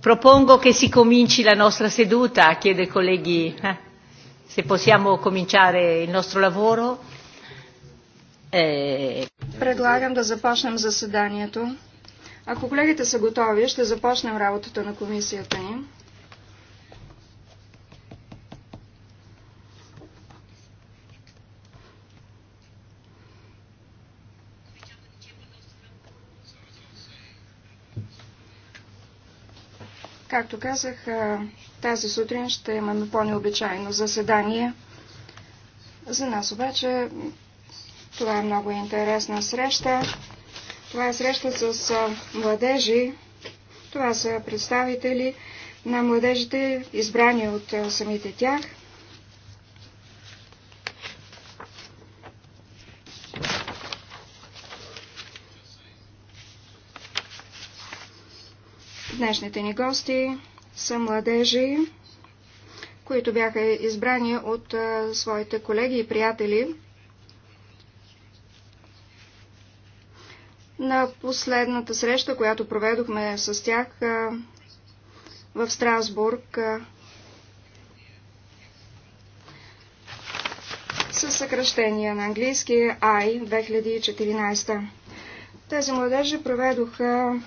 Propongo che si cominci la nostra seduta, chiedo ai colleghi eh, se possiamo cominciare il nostro lavoro. Предлагам да започнем заседанието. Ако колегите са готови, ще започнем работата на комисията ни. Както казах, тази сутрин ще имаме по-необичайно заседание. За нас обаче това е много интересна среща. Това е среща с младежи. Това са представители на младежите, избрани от самите тях – Днешните ни гости са младежи, които бяха избрани от а, своите колеги и приятели на последната среща, която проведохме с тях а, в Страсбург а, с съкръщение на английски I 2014. Тези младежи проведоха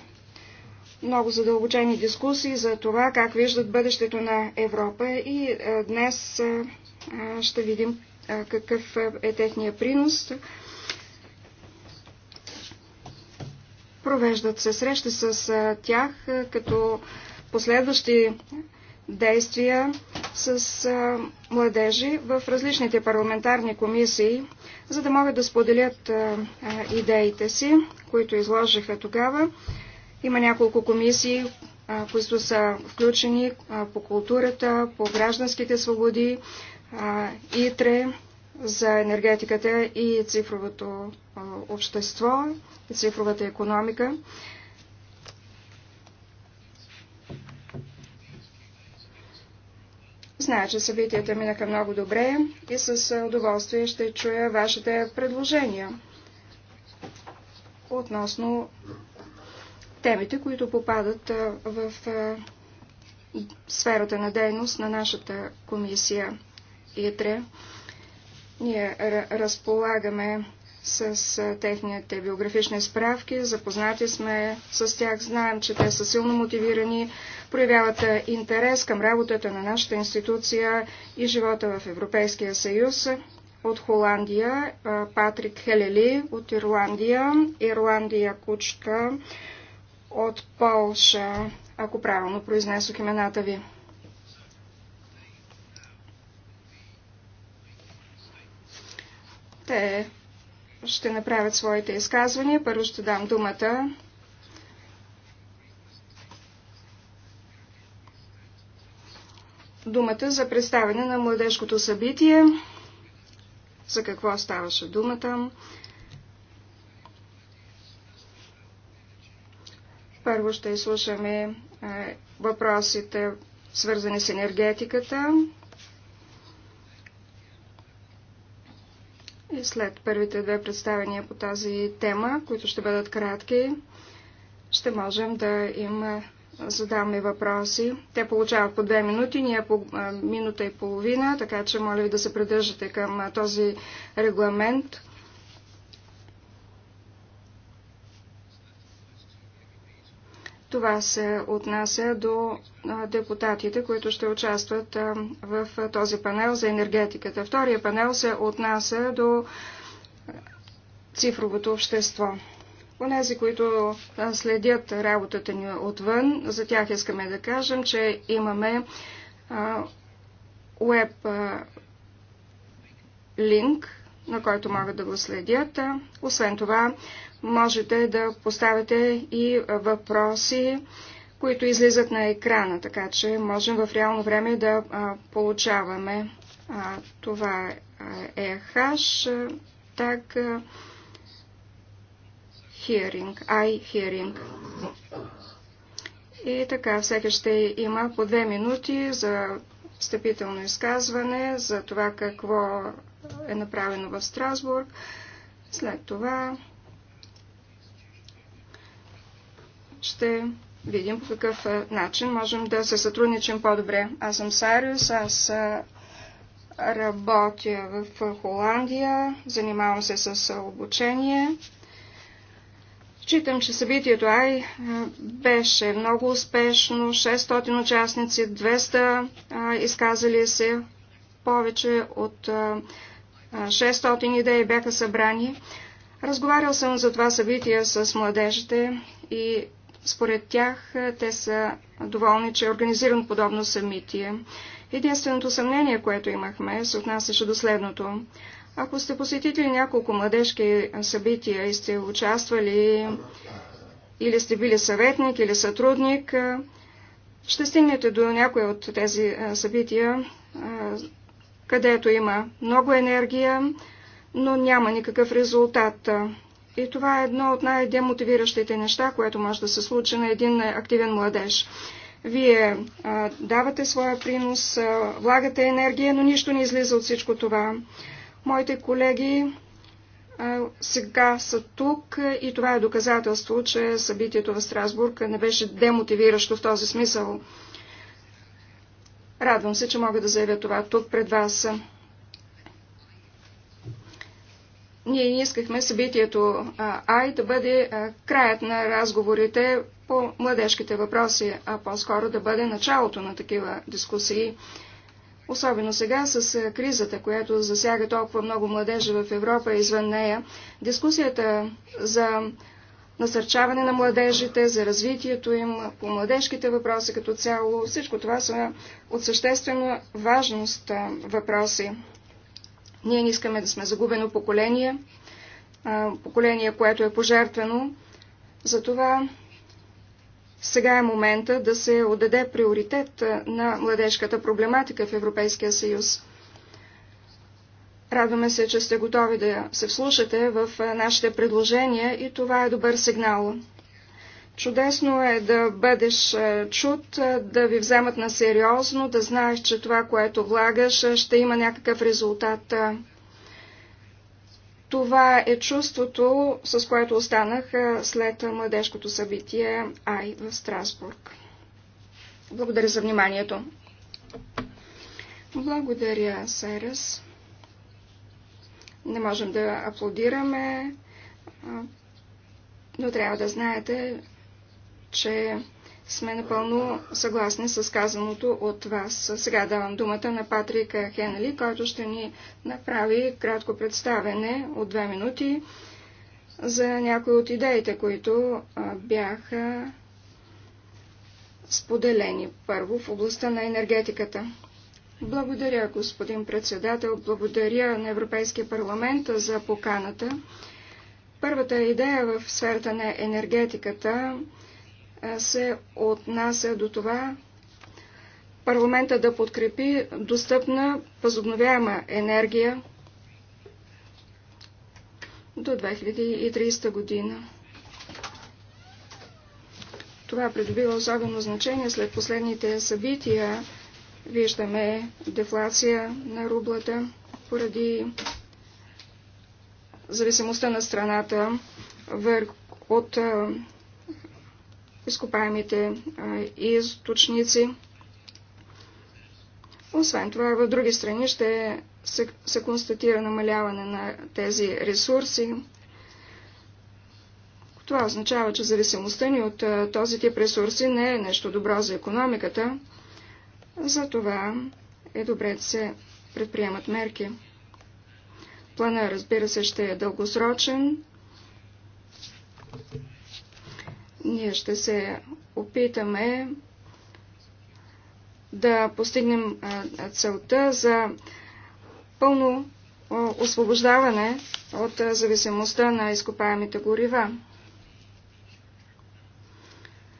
много задълбочени дискусии за това как виждат бъдещето на Европа и е, днес е, е, ще видим какъв е техния принос. Провеждат се срещи с тях като последващи действия с младежи в различните парламентарни комисии, за да могат да споделят идеите си, които изложиха тогава. Има няколко комисии, които са включени по културата, по гражданските свободи, ИТРЕ, за енергетиката и цифровото общество, и цифровата економика. Зная, че събитията минаха много добре и с удоволствие ще чуя вашите предложения относно темите, които попадат в сферата на дейност на нашата комисия ИТРЕ. Ние разполагаме с техните биографични справки, запознати сме с тях, знаем, че те са силно мотивирани, проявяват интерес към работата на нашата институция и живота в Европейския съюз. От Холандия Патрик Хелели, от Ирландия, Ирландия Кучка, от Полша, ако правилно произнесох имената ви. Те ще направят своите изказвания. Първо ще дам думата думата за представяне на младежкото събитие, за какво ставаше думата, Първо ще изслушаме въпросите, свързани с енергетиката. И след първите две представения по тази тема, които ще бъдат кратки, ще можем да им задаваме въпроси. Те получават по две минути, ние по минута и половина, така че моля ви да се придържате към този регламент. Това се отнася до депутатите, които ще участват в този панел за енергетиката. Втория панел се отнася до цифровото общество. Понези, които следят работата ни отвън, за тях искаме да кажем, че имаме веб линк, на който могат да го следят. Освен това, можете да поставите и въпроси, които излизат на екрана, така че можем в реално време да получаваме. това е хаш, так, hearing, I hearing. И така, всеки ще има по две минути за встъпително изказване, за това какво е направено в Страсбург. След това ще видим по какъв начин можем да се сътрудничим по-добре. Аз съм Сариус, аз работя в Холандия, занимавам се с обучение. Читам, че събитието Ай беше много успешно, 600 участници, 200 изказали се, повече от 600 идеи бяха събрани. Разговарял съм за това събитие с младежите и според тях е, те са доволни, че е организирано подобно събитие. Единственото съмнение, което имахме, се отнасяше до следното. Ако сте посетители няколко младежки събития и сте участвали или сте били съветник или сътрудник, е, ще стигнете до някои от тези е, събития, където има много енергия, но няма никакъв резултат. И това е едно от най-демотивиращите неща, което може да се случи на един активен младеж. Вие а, давате своя принос, а, влагате енергия, но нищо не излиза от всичко това. Моите колеги а, сега са тук и това е доказателство, че събитието в Страсбург не беше демотивиращо в този смисъл. Радвам се, че мога да заявя това тук пред вас. Ние не искахме събитието Ай да бъде краят на разговорите по младежките въпроси, а по-скоро да бъде началото на такива дискусии. Особено сега с кризата, която засяга толкова много младежи в Европа и извън нея, дискусията за насърчаване на младежите, за развитието им, по младежките въпроси като цяло, всичко това са от съществена важност въпроси. Ние не искаме да сме загубено поколение, поколение, което е пожертвено. Затова сега е момента да се отдаде приоритет на младежката проблематика в Европейския съюз. Радваме се, че сте готови да се вслушате в нашите предложения и това е добър сигнал. Чудесно е да бъдеш е, чут, е, да ви вземат на сериозно, да знаеш, че това, което влагаш, е, ще има някакъв резултат. Това е чувството, с което останах след младежкото събитие Ай в Страсбург. Благодаря за вниманието. Благодаря, Серес. Не можем да аплодираме, но трябва да знаете, че сме напълно съгласни с казаното от вас. Сега давам думата на Патрика Хенли, който ще ни направи кратко представене от две минути за някои от идеите, които бяха споделени първо в областта на енергетиката. Благодаря, господин председател, благодаря на Европейския парламент за поканата. Първата идея в сферата на енергетиката се отнася до това парламента да подкрепи достъпна възобновяема енергия до 2030 година. Това придобива особено значение след последните събития. Виждаме дефлация на рублата поради зависимостта на страната от изкопаемите източници. Освен това, в други страни ще се, се констатира намаляване на тези ресурси. Това означава, че зависимостта ни от този тип ресурси не е нещо добро за економиката. Затова е добре да се предприемат мерки. Плана, разбира се, ще е дългосрочен. Ние ще се опитаме да постигнем целта за пълно освобождаване от зависимостта на изкопаемите горива.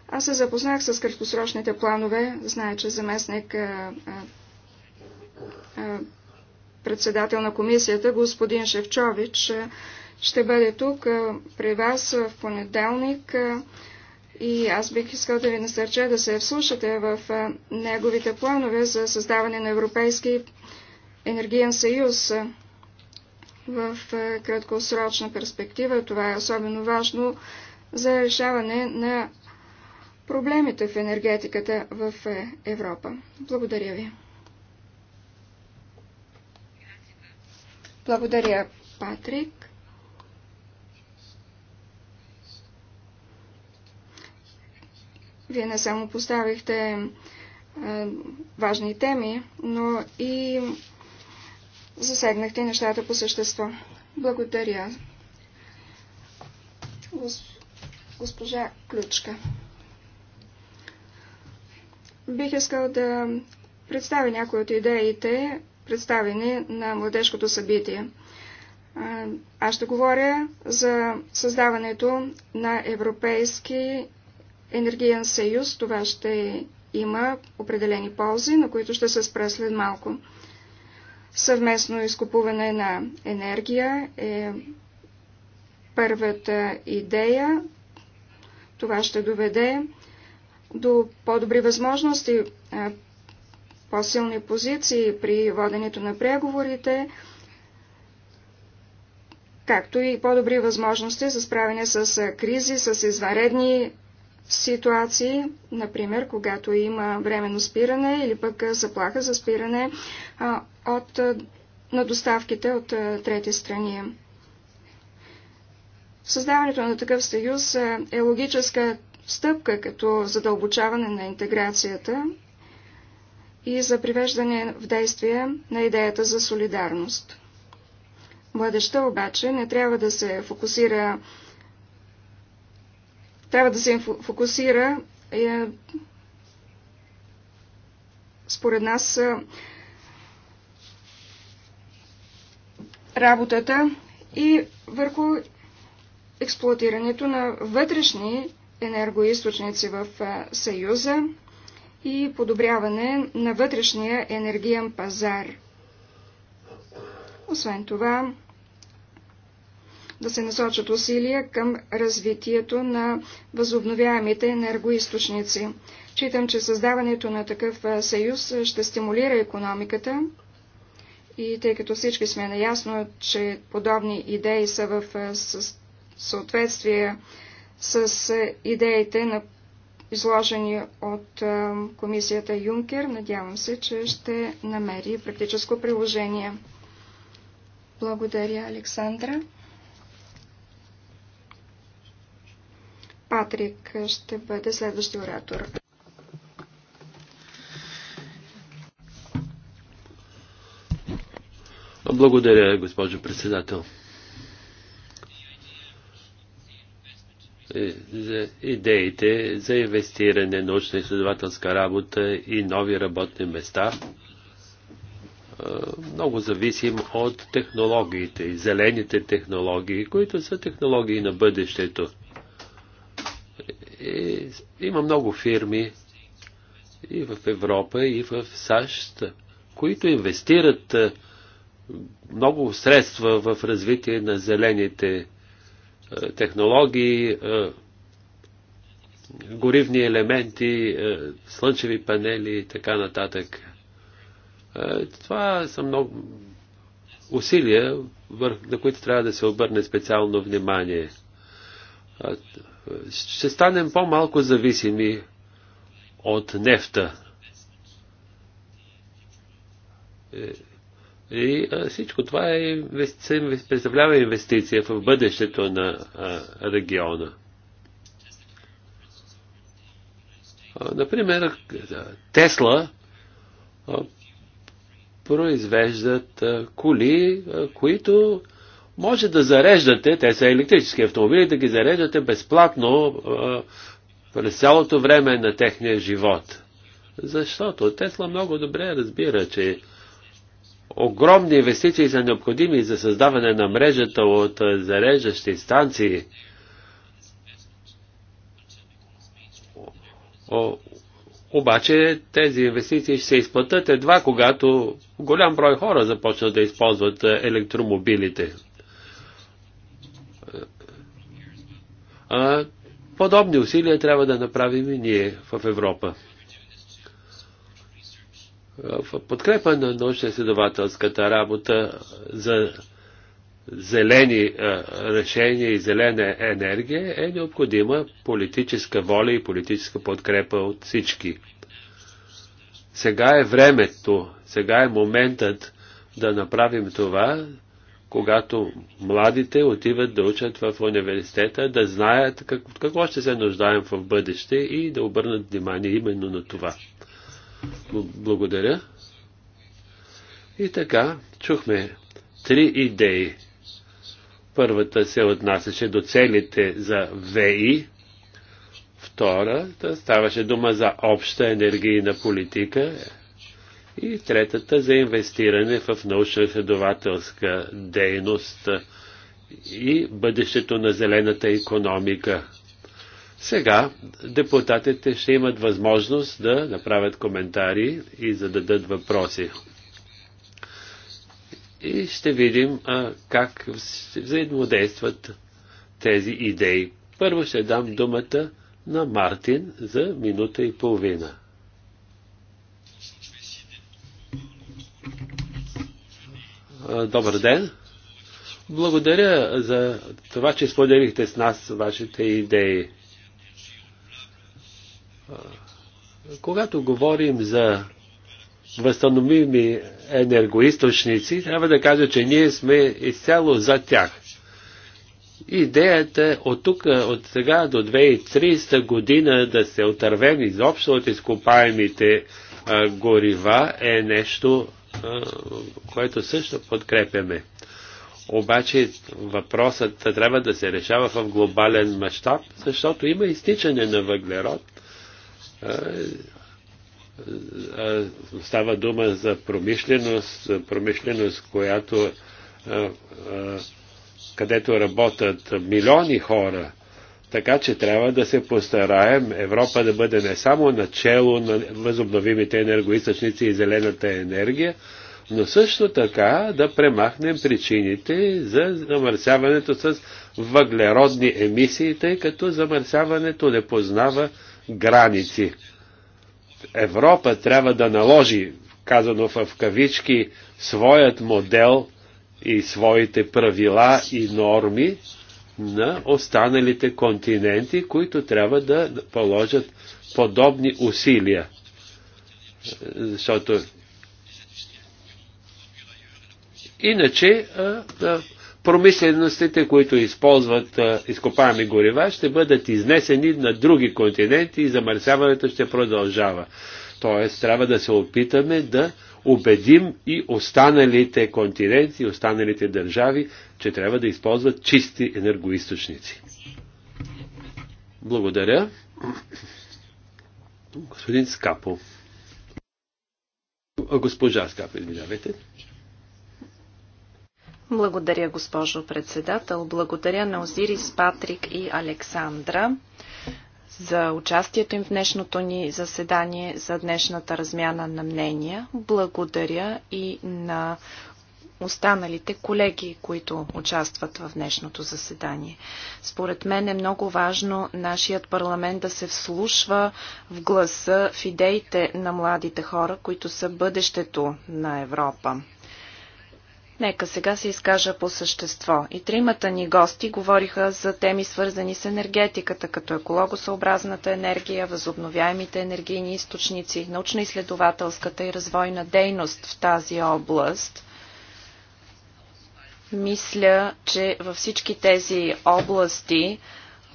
Аз се запознах с краткосрочните планове. Знае, че заместник а, а, председател на комисията, господин Шевчович, ще бъде тук а, при вас в понеделник. А, и аз бих искал да ви насърча да се вслушате в неговите планове за създаване на Европейски енергиен съюз. В краткосрочна перспектива това е особено важно за решаване на проблемите в енергетиката в Европа. Благодаря ви. Благодаря, Патрик. Вие не само поставихте е, важни теми, но и засегнахте нещата по същество. Благодаря. Госпожа Ключка. Бих искал да представя някои от идеите, представени на младежкото събитие. Е, аз ще говоря за създаването на европейски енергиен съюз. Това ще има определени ползи, на които ще се спра след малко. Съвместно изкупуване на енергия е първата идея. Това ще доведе до по-добри възможности, по-силни позиции при воденето на преговорите, както и по-добри възможности за справяне с кризи, с изваредни ситуации, например, когато има временно спиране или пък заплаха за спиране от, на доставките от трети страни. Създаването на такъв съюз е логическа стъпка като задълбочаване на интеграцията и за привеждане в действие на идеята за солидарност. Младеща обаче не трябва да се фокусира трябва да се фокусира е, според нас е, работата и върху експлуатирането на вътрешни енергоисточници в е, Съюза и подобряване на вътрешния енергиен пазар. Освен това, да се насочат усилия към развитието на възобновяемите енергоисточници. Читам, че създаването на такъв съюз ще стимулира економиката и тъй като всички сме наясно, че подобни идеи са в съответствие с идеите на изложени от комисията Юнкер. Надявам се, че ще намери практическо приложение. Благодаря, Александра. Патрик ще бъде следващия оратор. Благодаря, госпожо председател. Е, за идеите за инвестиране, научно-изследователска работа и нови работни места е, много зависим от технологиите, зелените технологии, които са технологии на бъдещето. Има много фирми и в Европа, и в САЩ, които инвестират е, много средства в развитие на зелените е, технологии, е, горивни елементи, слънчеви панели и така нататък. Това са много усилия, на които трябва да се обърне специално внимание – ще станем по-малко зависими от нефта. Е, и всичко това е, представлява инвестиция в бъдещето на региона. Например, Тесла произвеждат коли, които може да зареждате, те са електрически автомобили, да ги зареждате безплатно а, през цялото време на техния живот. Защото Тесла много добре разбира, че огромни инвестиции са необходими за създаване на мрежата от зареждащи станции. О, обаче тези инвестиции ще се изплатят едва когато голям брой хора започнат да използват електромобилите. А, подобни усилия трябва да направим и ние в Европа. В подкрепа на научно-изследователската работа за зелени решения и зелена енергия е необходима политическа воля и политическа подкрепа от всички. Сега е времето, сега е моментът да направим това когато младите отиват да учат в университета, да знаят как, какво ще се нуждаем в бъдеще и да обърнат внимание именно на това. Благодаря. И така, чухме три идеи. Първата се отнасяше до целите за ВИ, втората ставаше дума за обща енергийна политика, и третата за инвестиране в научно-изследователска дейност и бъдещето на зелената економика. Сега депутатите ще имат възможност да направят коментари и зададат въпроси. И ще видим а, как взаимодействат тези идеи. Първо ще дам думата на Мартин за минута и половина. Добър ден! Благодаря за това, че споделихте с нас вашите идеи. Когато говорим за възстановими енергоисточници, трябва да кажа, че ние сме изцяло за тях. Идеята е от тук, от сега до 2030 година да се отървем изобщо от изкопаемите горива е нещо което също подкрепяме. Обаче въпросът трябва да се решава в глобален мащаб, защото има изтичане на въглерод. Става дума за промишленост, промишленост, която където работят милиони хора – така че трябва да се постараем Европа да бъде не само начало на възобновимите енергоисточници и зелената енергия, но също така да премахнем причините за замърсяването с въглеродни емисии, тъй като замърсяването не познава граници. Европа трябва да наложи, казано в кавички, своят модел и своите правила и норми, на останалите континенти, които трябва да положат подобни усилия. Защото иначе промишленостите, които използват изкопаеми горива, ще бъдат изнесени на други континенти и замърсяването ще продължава. Тоест, трябва да се опитаме да убедим и останалите континенти, и останалите държави, че трябва да използват чисти енергоисточници. Благодаря. Господин Скапо. Госпожа Скапо, извинявайте. Благодаря, госпожо председател. Благодаря на Озирис, Патрик и Александра за участието им в днешното ни заседание, за днешната размяна на мнения. Благодаря и на останалите колеги, които участват в днешното заседание. Според мен е много важно нашият парламент да се вслушва в гласа, в идеите на младите хора, които са бъдещето на Европа. Нека сега се изкажа по същество. И тримата ни гости говориха за теми свързани с енергетиката, като екологосъобразната енергия, възобновяемите енергийни източници, научно-изследователската и развойна дейност в тази област. Мисля, че във всички тези области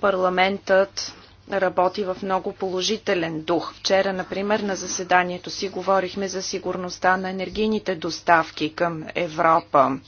парламентът работи в много положителен дух. Вчера, например, на заседанието си говорихме за сигурността на енергийните доставки към Европа.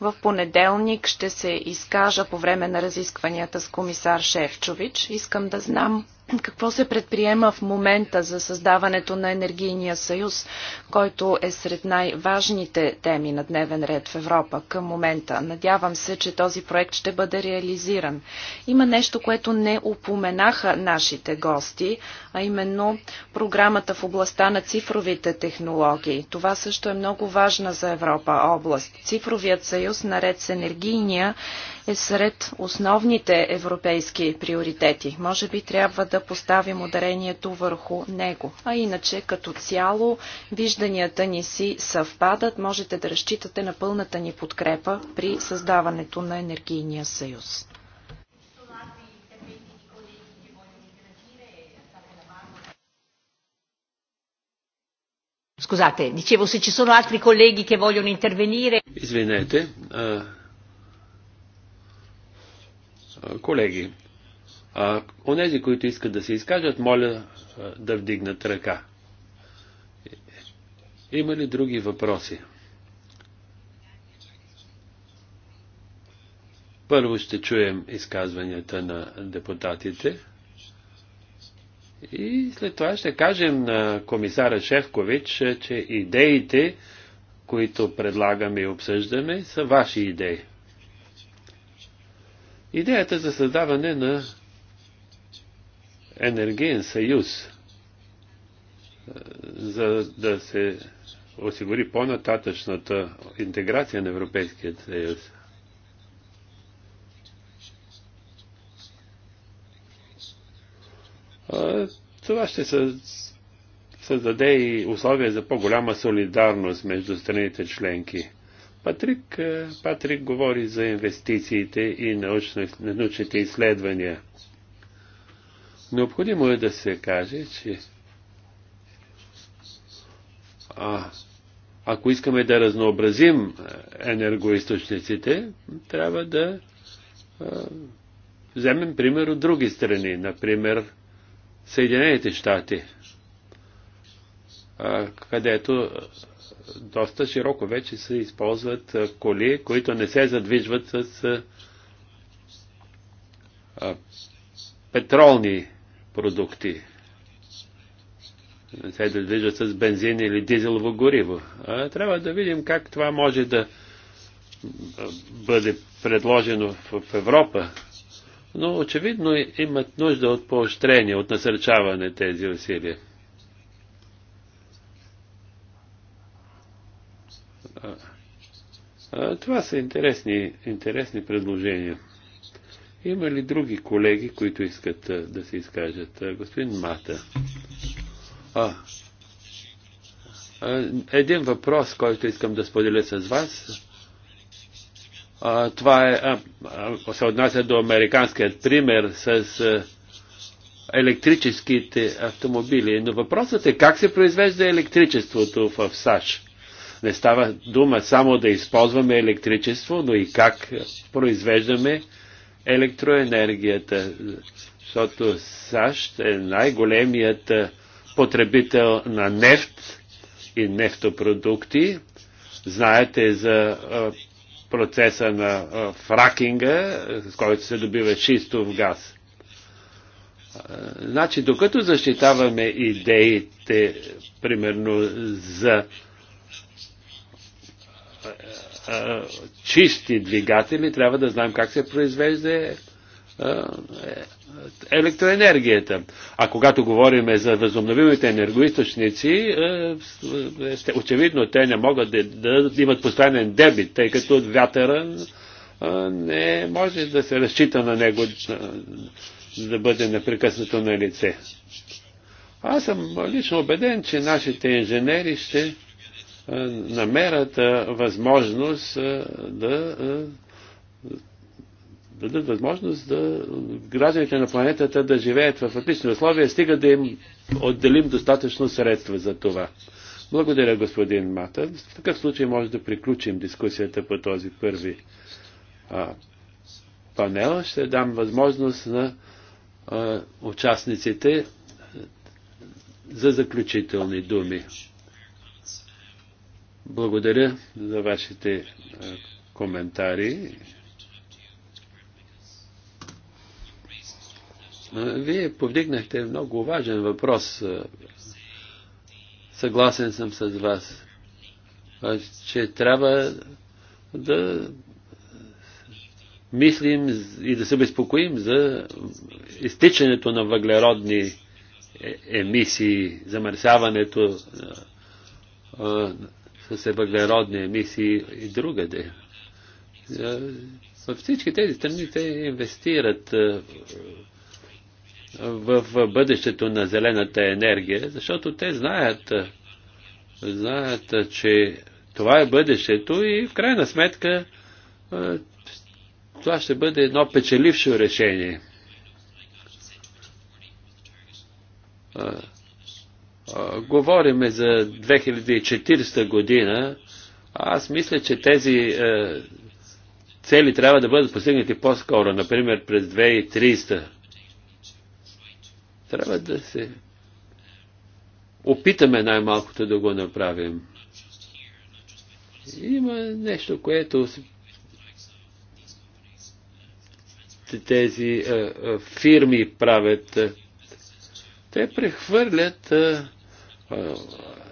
В понеделник ще се изкажа по време на разискванията с комисар Шефчович. Искам да знам какво се предприема в момента за създаването на енергийния съюз, който е сред най-важните теми на дневен ред в Европа към момента? Надявам се, че този проект ще бъде реализиран. Има нещо, което не упоменаха нашите гости, а именно програмата в областта на цифровите технологии. Това също е много важна за Европа област. Цифровият съюз, наред с енергийния, е сред основните европейски приоритети. Може би трябва да да поставим ударението върху него. А иначе, като цяло, вижданията ни си съвпадат. Можете да разчитате на пълната ни подкрепа при създаването на енергийния съюз. Scusate, dicevo se ci sono altri colleghi che vogliono intervenire. uh, колеги, а, онези, които искат да се изкажат, моля а, да вдигнат ръка. Има ли други въпроси? Първо ще чуем изказванията на депутатите и след това ще кажем на комисара Шевкович, е, че идеите, които предлагаме и обсъждаме, са ваши идеи. Идеята за създаване на енергиен съюз, е, за да се осигури по-нататъчната интеграция на Европейския съюз. Това ще създаде и условия за по-голяма солидарност между страните членки. Патрик, е, Патрик говори за инвестициите и научно, научните изследвания – Необходимо е да се каже, че а, ако искаме да разнообразим е, енергоисточниците, трябва да а, е, вземем пример от други страни, например Съединените щати, а, е, където доста широко вече се използват коли, които не се задвижват с а, петролни продукти. Те да движат с бензин или дизелово гориво. А, трябва да видим как това може да бъде предложено в Европа. Но очевидно имат нужда от поощрение, от насърчаване тези усилия. Това са интересни, интересни предложения. Има ли други колеги, които искат да се изкажат? Господин Мата. А, един въпрос, който искам да споделя с вас. А, това е, а, а, се отнася до американският пример с а, електрическите автомобили. Но въпросът е как се произвежда електричеството в, САЩ. Не става дума само да използваме електричество, но и как произвеждаме електроенергията, защото САЩ е най-големият потребител на нефт и нефтопродукти. Знаете за процеса на фракинга, с който се добива чистов газ. Значи, докато защитаваме идеите, примерно, за чисти двигатели, трябва да знаем как се произвежда е, електроенергията. А когато говорим за възобновимите енергоисточници, е, очевидно те не могат да, да имат постоянен дебит, тъй като вятъра не може да се разчита на него да бъде непрекъснато на лице. Аз съм лично убеден, че нашите инженери ще е, намерят е, възможност е, да дадат възможност да гражданите на планетата да живеят в отлични условия, стига да им отделим достатъчно средства за това. Благодаря, господин Мата. В такъв случай може да приключим дискусията по този първи а, панел. Ще дам възможност на а, участниците за заключителни думи. Благодаря за вашите е, коментари. Вие повдигнахте много важен въпрос. Съгласен съм с вас, че трябва да мислим и да се безпокоим за изтичането на въглеродни е, емисии, замърсяването с въглеродни емисии и другаде. Е, във всички тези страни те инвестират е, в бъдещето на зелената енергия, защото те знаят, е, знаят, че това е бъдещето и в крайна сметка това ще бъде едно печелившо решение говориме за 2040 година, аз мисля, че тези е, цели трябва да бъдат постигнати по-скоро, например през 2300. Трябва да се опитаме най-малкото да го направим. Има нещо, което тези е, е, фирми правят. Те прехвърлят е,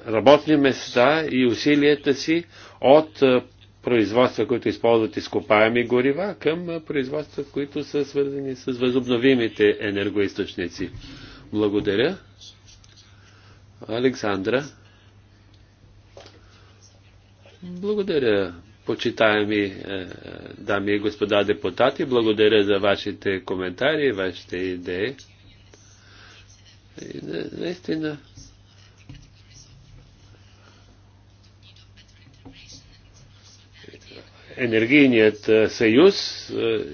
работни места и усилията си от производства, които използват изкопаеми горива, към производства, които са свързани с възобновимите енергоисточници. Благодаря. Александра. Благодаря, почитаеми е, е, дами и господа депутати. Благодаря за вашите коментари, вашите идеи. И, е, наистина, енергийният съюз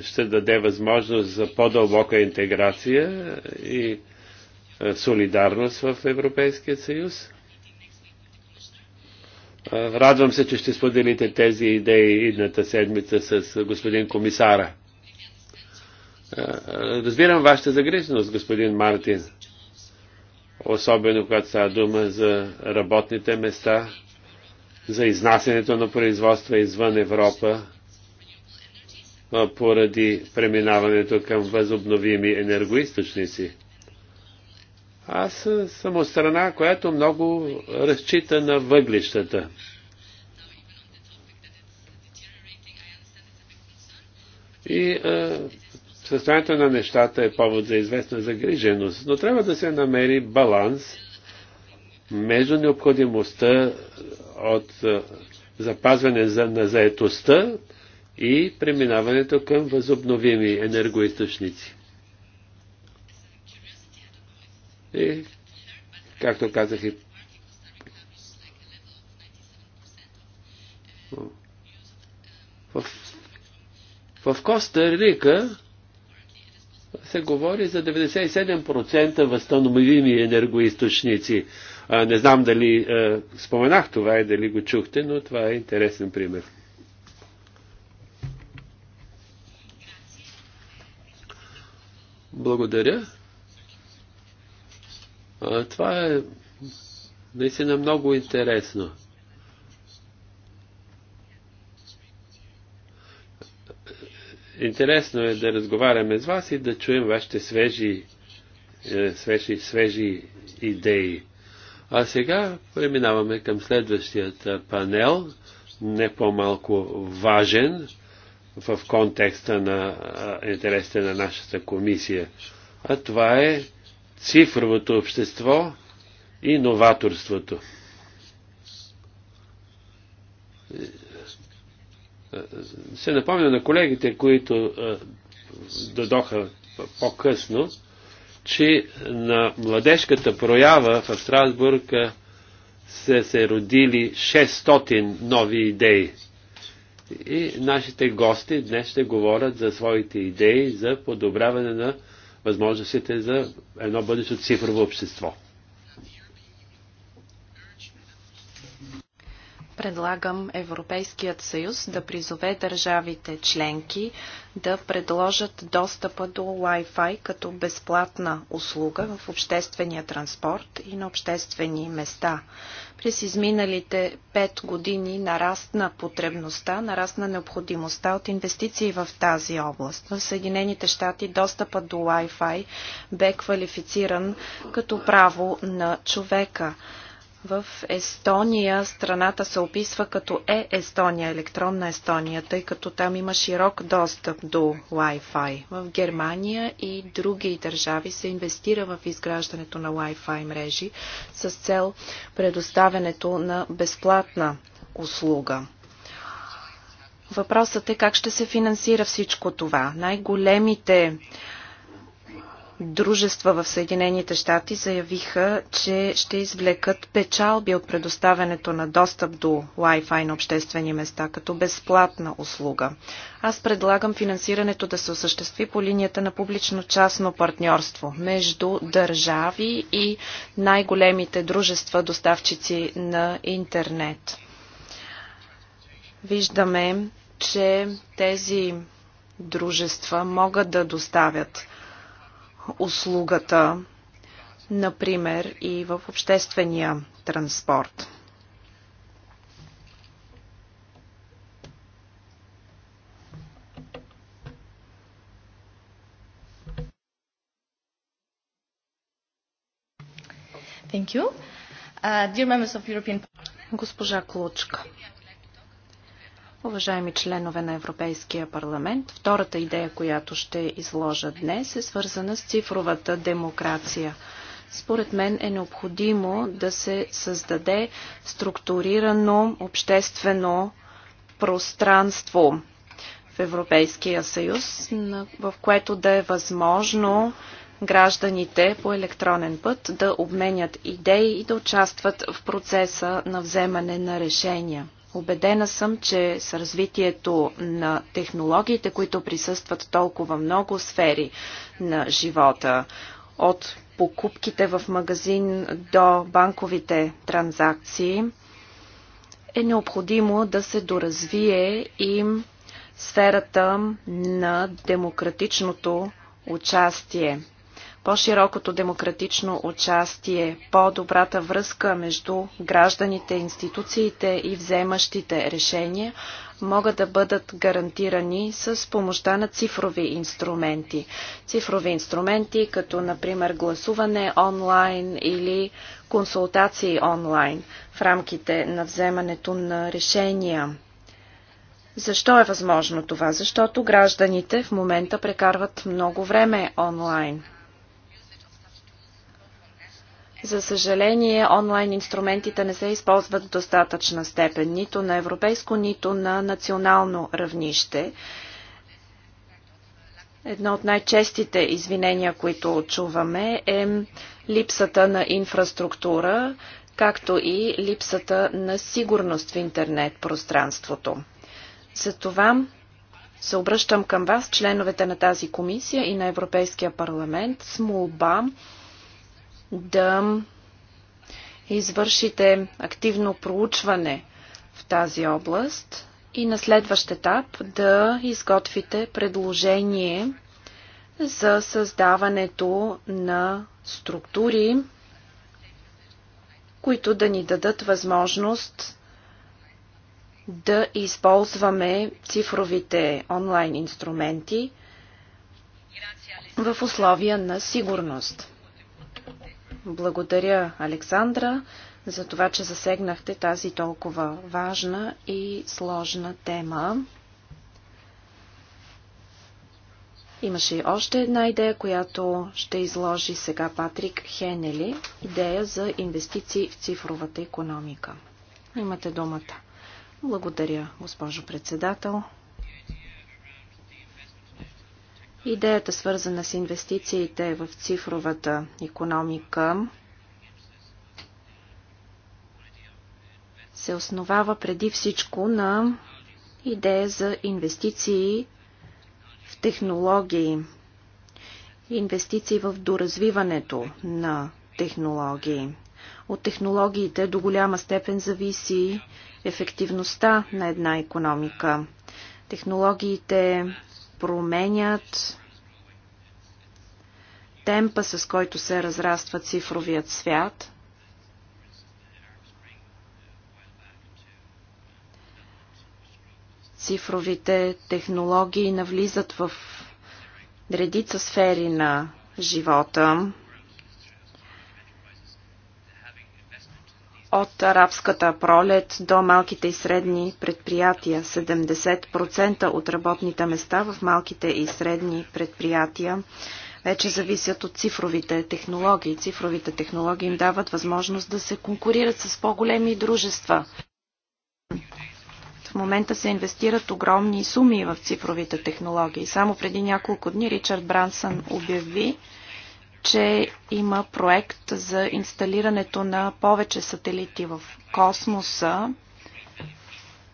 ще даде възможност за по-дълбока интеграция и солидарност в Европейския съюз. Радвам се, че ще споделите тези идеи идната седмица с господин комисара. Разбирам вашата загриженост, господин Мартин, особено когато става дума за работните места за изнасянето на производства извън Европа поради преминаването към възобновими енергоисточници. Аз съм от страна, която много разчита на въглищата. И а, състоянието на нещата е повод за известна загриженост, но трябва да се намери баланс между необходимостта от е, запазване за, на заетостта и преминаването към възобновими енергоисточници. И, както казах и в, в Коста Рика се говори за 97% възстановими енергоисточници. Не знам дали споменах това и дали го чухте, но това е интересен пример. Благодаря. Това е наистина много интересно. Интересно е да разговаряме с вас и да чуем вашите свежи, е, свежи, свежи идеи. А сега преминаваме към следващият панел, не по-малко важен в контекста на интересите на нашата комисия. А това е цифровото общество и новаторството. Се напомня на колегите, които додоха по-късно, че на младежката проява в Страсбург са се родили 600 нови идеи. И нашите гости днес ще говорят за своите идеи за подобряване на възможностите за едно бъдещо цифрово общество. предлагам Европейският съюз да призове държавите членки да предложат достъпа до Wi-Fi като безплатна услуга в обществения транспорт и на обществени места. През изминалите пет години нарасна потребността, нарасна необходимостта от инвестиции в тази област. В Съединените щати достъпът до Wi-Fi бе квалифициран като право на човека. В Естония страната се описва като е Естония, електронна Естония, тъй като там има широк достъп до Wi-Fi. В Германия и други държави се инвестира в изграждането на Wi-Fi мрежи с цел предоставянето на безплатна услуга. Въпросът е как ще се финансира всичко това. Най-големите дружества в Съединените щати заявиха, че ще извлекат печалби от предоставянето на достъп до Wi-Fi на обществени места като безплатна услуга. Аз предлагам финансирането да се осъществи по линията на публично-частно партньорство между държави и най-големите дружества доставчици на интернет. Виждаме, че тези дружества могат да доставят услугата, например и в обществения транспорт. Thank you. Uh, dear members of European Госпожа Клочка. Уважаеми членове на Европейския парламент, втората идея, която ще изложа днес е свързана с цифровата демокрация. Според мен е необходимо да се създаде структурирано обществено пространство в Европейския съюз, в което да е възможно гражданите по електронен път да обменят идеи и да участват в процеса на вземане на решения. Обедена съм, че с развитието на технологиите, които присъстват толкова много сфери на живота, от покупките в магазин до банковите транзакции, е необходимо да се доразвие и сферата на демократичното участие по-широкото демократично участие, по-добрата връзка между гражданите, институциите и вземащите решения могат да бъдат гарантирани с помощта на цифрови инструменти. Цифрови инструменти, като например гласуване онлайн или консултации онлайн в рамките на вземането на решения. Защо е възможно това? Защото гражданите в момента прекарват много време онлайн. За съжаление, онлайн инструментите не се използват в достатъчна степен, нито на европейско, нито на национално равнище. Едно от най-честите извинения, които чуваме, е липсата на инфраструктура, както и липсата на сигурност в интернет пространството. Затова се обръщам към вас, членовете на тази комисия и на Европейския парламент, с молба да извършите активно проучване в тази област и на следващ етап да изготвите предложение за създаването на структури, които да ни дадат възможност да използваме цифровите онлайн инструменти в условия на сигурност. Благодаря, Александра, за това, че засегнахте тази толкова важна и сложна тема. Имаше и още една идея, която ще изложи сега Патрик Хенели. Идея за инвестиции в цифровата економика. Имате думата. Благодаря, госпожо председател. Идеята, свързана с инвестициите в цифровата економика, се основава преди всичко на идея за инвестиции в технологии, инвестиции в доразвиването на технологии. От технологиите до голяма степен зависи ефективността на една економика. Технологиите променят темпа, с който се разраства цифровият свят. Цифровите технологии навлизат в редица сфери на живота, от арабската пролет до малките и средни предприятия. 70% от работните места в малките и средни предприятия вече зависят от цифровите технологии. Цифровите технологии им дават възможност да се конкурират с по-големи дружества. В момента се инвестират огромни суми в цифровите технологии. Само преди няколко дни Ричард Брансън обяви, че има проект за инсталирането на повече сателити в космоса.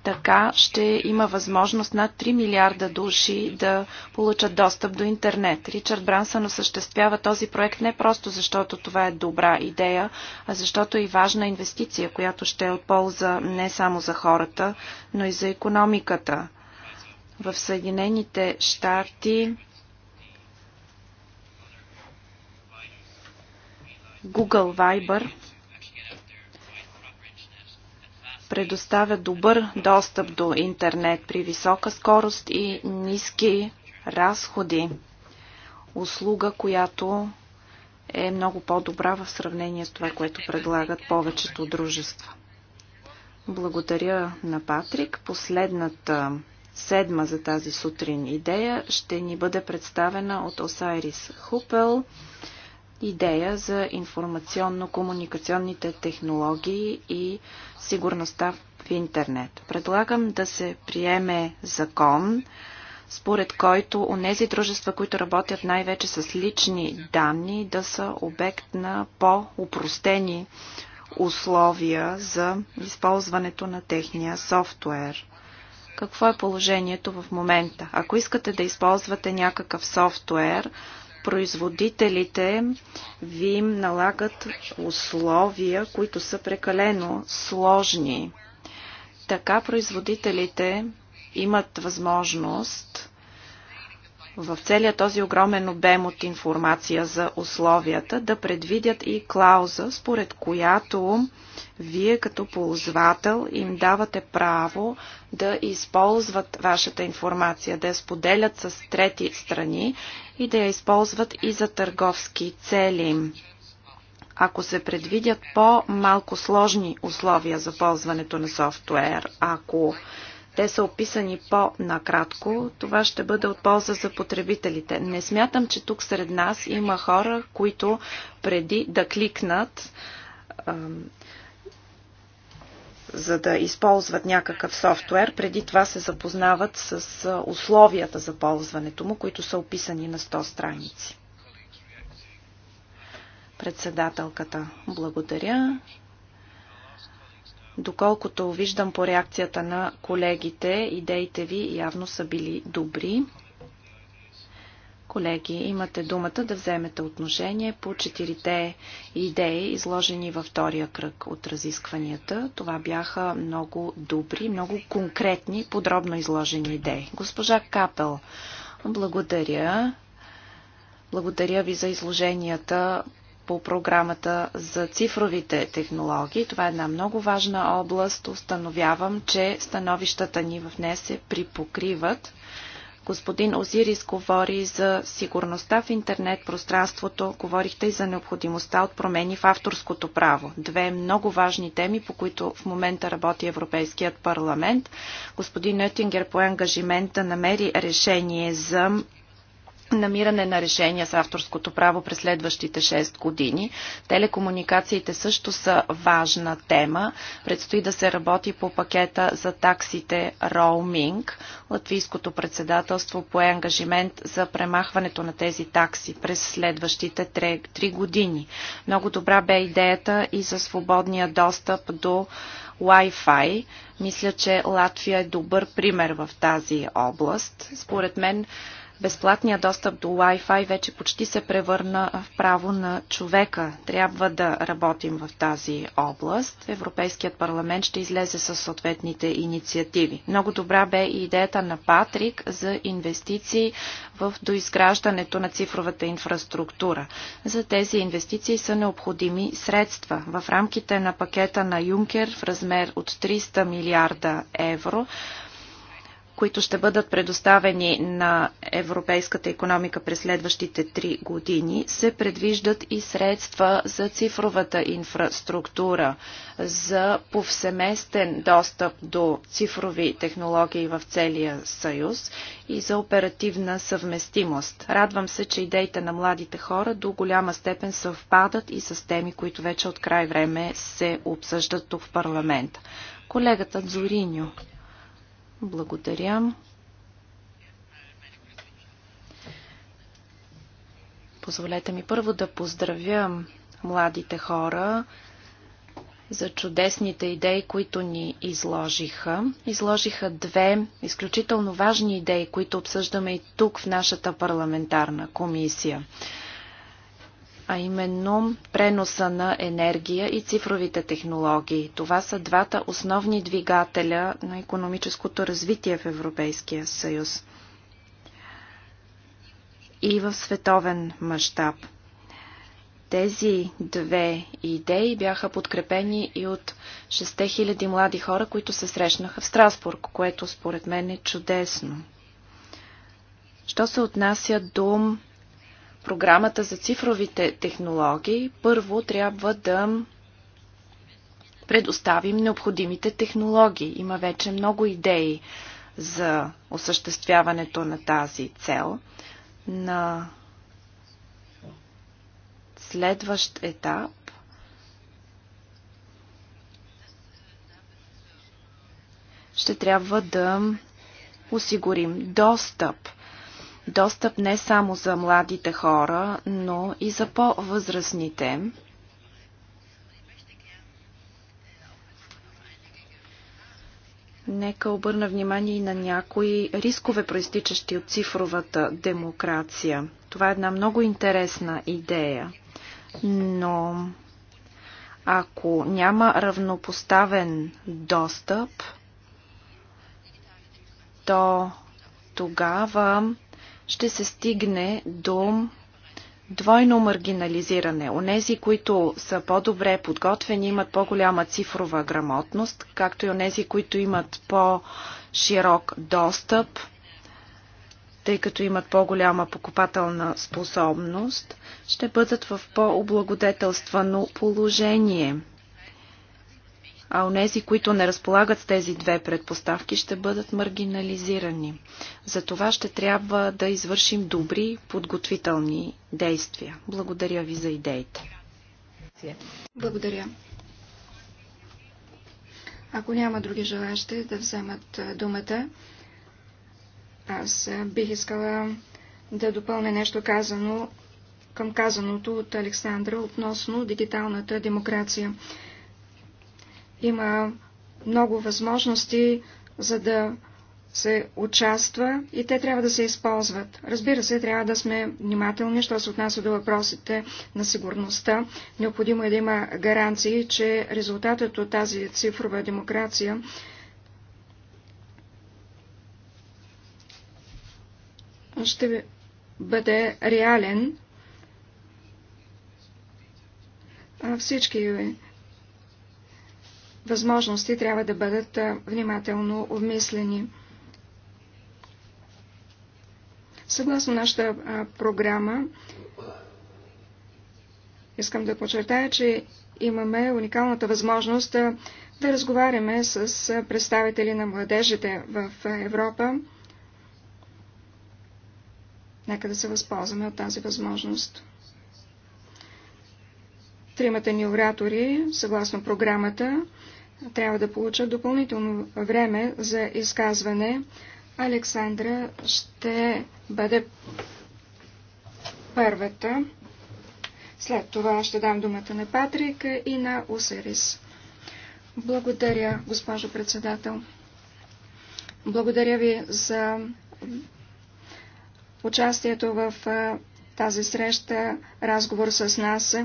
Така ще има възможност над 3 милиарда души да получат достъп до интернет. Ричард Брансън осъществява този проект не просто защото това е добра идея, а защото е и важна инвестиция, която ще е от полза не само за хората, но и за економиката. В Съединените щати Google Viber предоставя добър достъп до интернет при висока скорост и ниски разходи. Услуга, която е много по-добра в сравнение с това, което предлагат повечето дружества. Благодаря на Патрик. Последната седма за тази сутрин идея ще ни бъде представена от Осайрис Хупел идея за информационно-комуникационните технологии и сигурността в интернет. Предлагам да се приеме закон, според който онези дружества, които работят най-вече с лични данни, да са обект на по-упростени условия за използването на техния софтуер. Какво е положението в момента? Ако искате да използвате някакъв софтуер, производителите ви им налагат условия, които са прекалено сложни. Така производителите имат възможност в целият този огромен обем от информация за условията да предвидят и клауза, според която вие като ползвател им давате право да използват вашата информация, да я споделят с трети страни и да я използват и за търговски цели. Ако се предвидят по-малко сложни условия за ползването на софтуер, ако те са описани по-накратко, това ще бъде от полза за потребителите. Не смятам, че тук сред нас има хора, които преди да кликнат, за да използват някакъв софтуер, преди това се запознават с условията за ползването му, които са описани на 100 страници. Председателката, благодаря. Доколкото виждам по реакцията на колегите, идеите ви явно са били добри. Колеги, имате думата да вземете отношение по четирите идеи, изложени във втория кръг от разискванията. Това бяха много добри, много конкретни, подробно изложени идеи. Госпожа Капел, благодаря. Благодаря ви за изложенията по програмата за цифровите технологии. Това е една много важна област. Установявам, че становищата ни в нея се припокриват. Господин Озирис говори за сигурността в интернет пространството, говорихте и за необходимостта от промени в авторското право. Две много важни теми, по които в момента работи Европейският парламент. Господин Нетингер по ангажимент да намери решение за намиране на решения с авторското право през следващите 6 години. Телекомуникациите също са важна тема. Предстои да се работи по пакета за таксите роуминг. Латвийското председателство пое ангажимент за премахването на тези такси през следващите 3, 3 години. Много добра бе идеята и за свободния достъп до Wi-Fi. Мисля, че Латвия е добър пример в тази област. Според мен безплатният достъп до Wi-Fi вече почти се превърна в право на човека. Трябва да работим в тази област. Европейският парламент ще излезе с съответните инициативи. Много добра бе и идеята на Патрик за инвестиции в доизграждането на цифровата инфраструктура. За тези инвестиции са необходими средства. В рамките на пакета на Юнкер в размер от 300 милиарда евро които ще бъдат предоставени на европейската економика през следващите три години, се предвиждат и средства за цифровата инфраструктура, за повсеместен достъп до цифрови технологии в целия съюз и за оперативна съвместимост. Радвам се, че идеите на младите хора до голяма степен съвпадат и с теми, които вече от край време се обсъждат тук в парламента. Колегата Дзориньо. Благодаря. Позволете ми първо да поздравя младите хора за чудесните идеи, които ни изложиха. Изложиха две изключително важни идеи, които обсъждаме и тук в нашата парламентарна комисия а именно преноса на енергия и цифровите технологии. Това са двата основни двигателя на економическото развитие в Европейския съюз и в световен мащаб. Тези две идеи бяха подкрепени и от 6000 млади хора, които се срещнаха в Страсбург, което според мен е чудесно. Що се отнася до програмата за цифровите технологии, първо трябва да предоставим необходимите технологии. Има вече много идеи за осъществяването на тази цел. На следващ етап ще трябва да осигурим достъп Достъп не само за младите хора, но и за по-възрастните. Нека обърна внимание и на някои рискове, проистичащи от цифровата демокрация. Това е една много интересна идея, но ако няма равнопоставен достъп, то тогава ще се стигне до двойно маргинализиране. Онези, които са по-добре подготвени, имат по-голяма цифрова грамотност, както и онези, които имат по-широк достъп, тъй като имат по-голяма покупателна способност, ще бъдат в по-облагодетелствано положение – а онези, които не разполагат с тези две предпоставки, ще бъдат маргинализирани. За това ще трябва да извършим добри подготвителни действия. Благодаря ви за идеите. Благодаря. Ако няма други желащи да вземат думата, аз бих искала да допълня нещо казано към казаното от Александра относно дигиталната демокрация. Има много възможности, за да се участва и те трябва да се използват. Разбира се, трябва да сме внимателни, що се отнася до въпросите на сигурността. Необходимо е да има гаранции, че резултатът от тази цифрова демокрация ще бъде реален. Всички възможности трябва да бъдат внимателно обмислени. Съгласно нашата програма, искам да подчертая, че имаме уникалната възможност да, да разговаряме с представители на младежите в Европа. Нека да се възползваме от тази възможност. Тримата ни оратори, съгласно програмата, трябва да получат допълнително време за изказване. Александра ще бъде първата. След това ще дам думата на Патрик и на Усерис. Благодаря, госпожо председател. Благодаря ви за участието в тази среща, разговор с нас.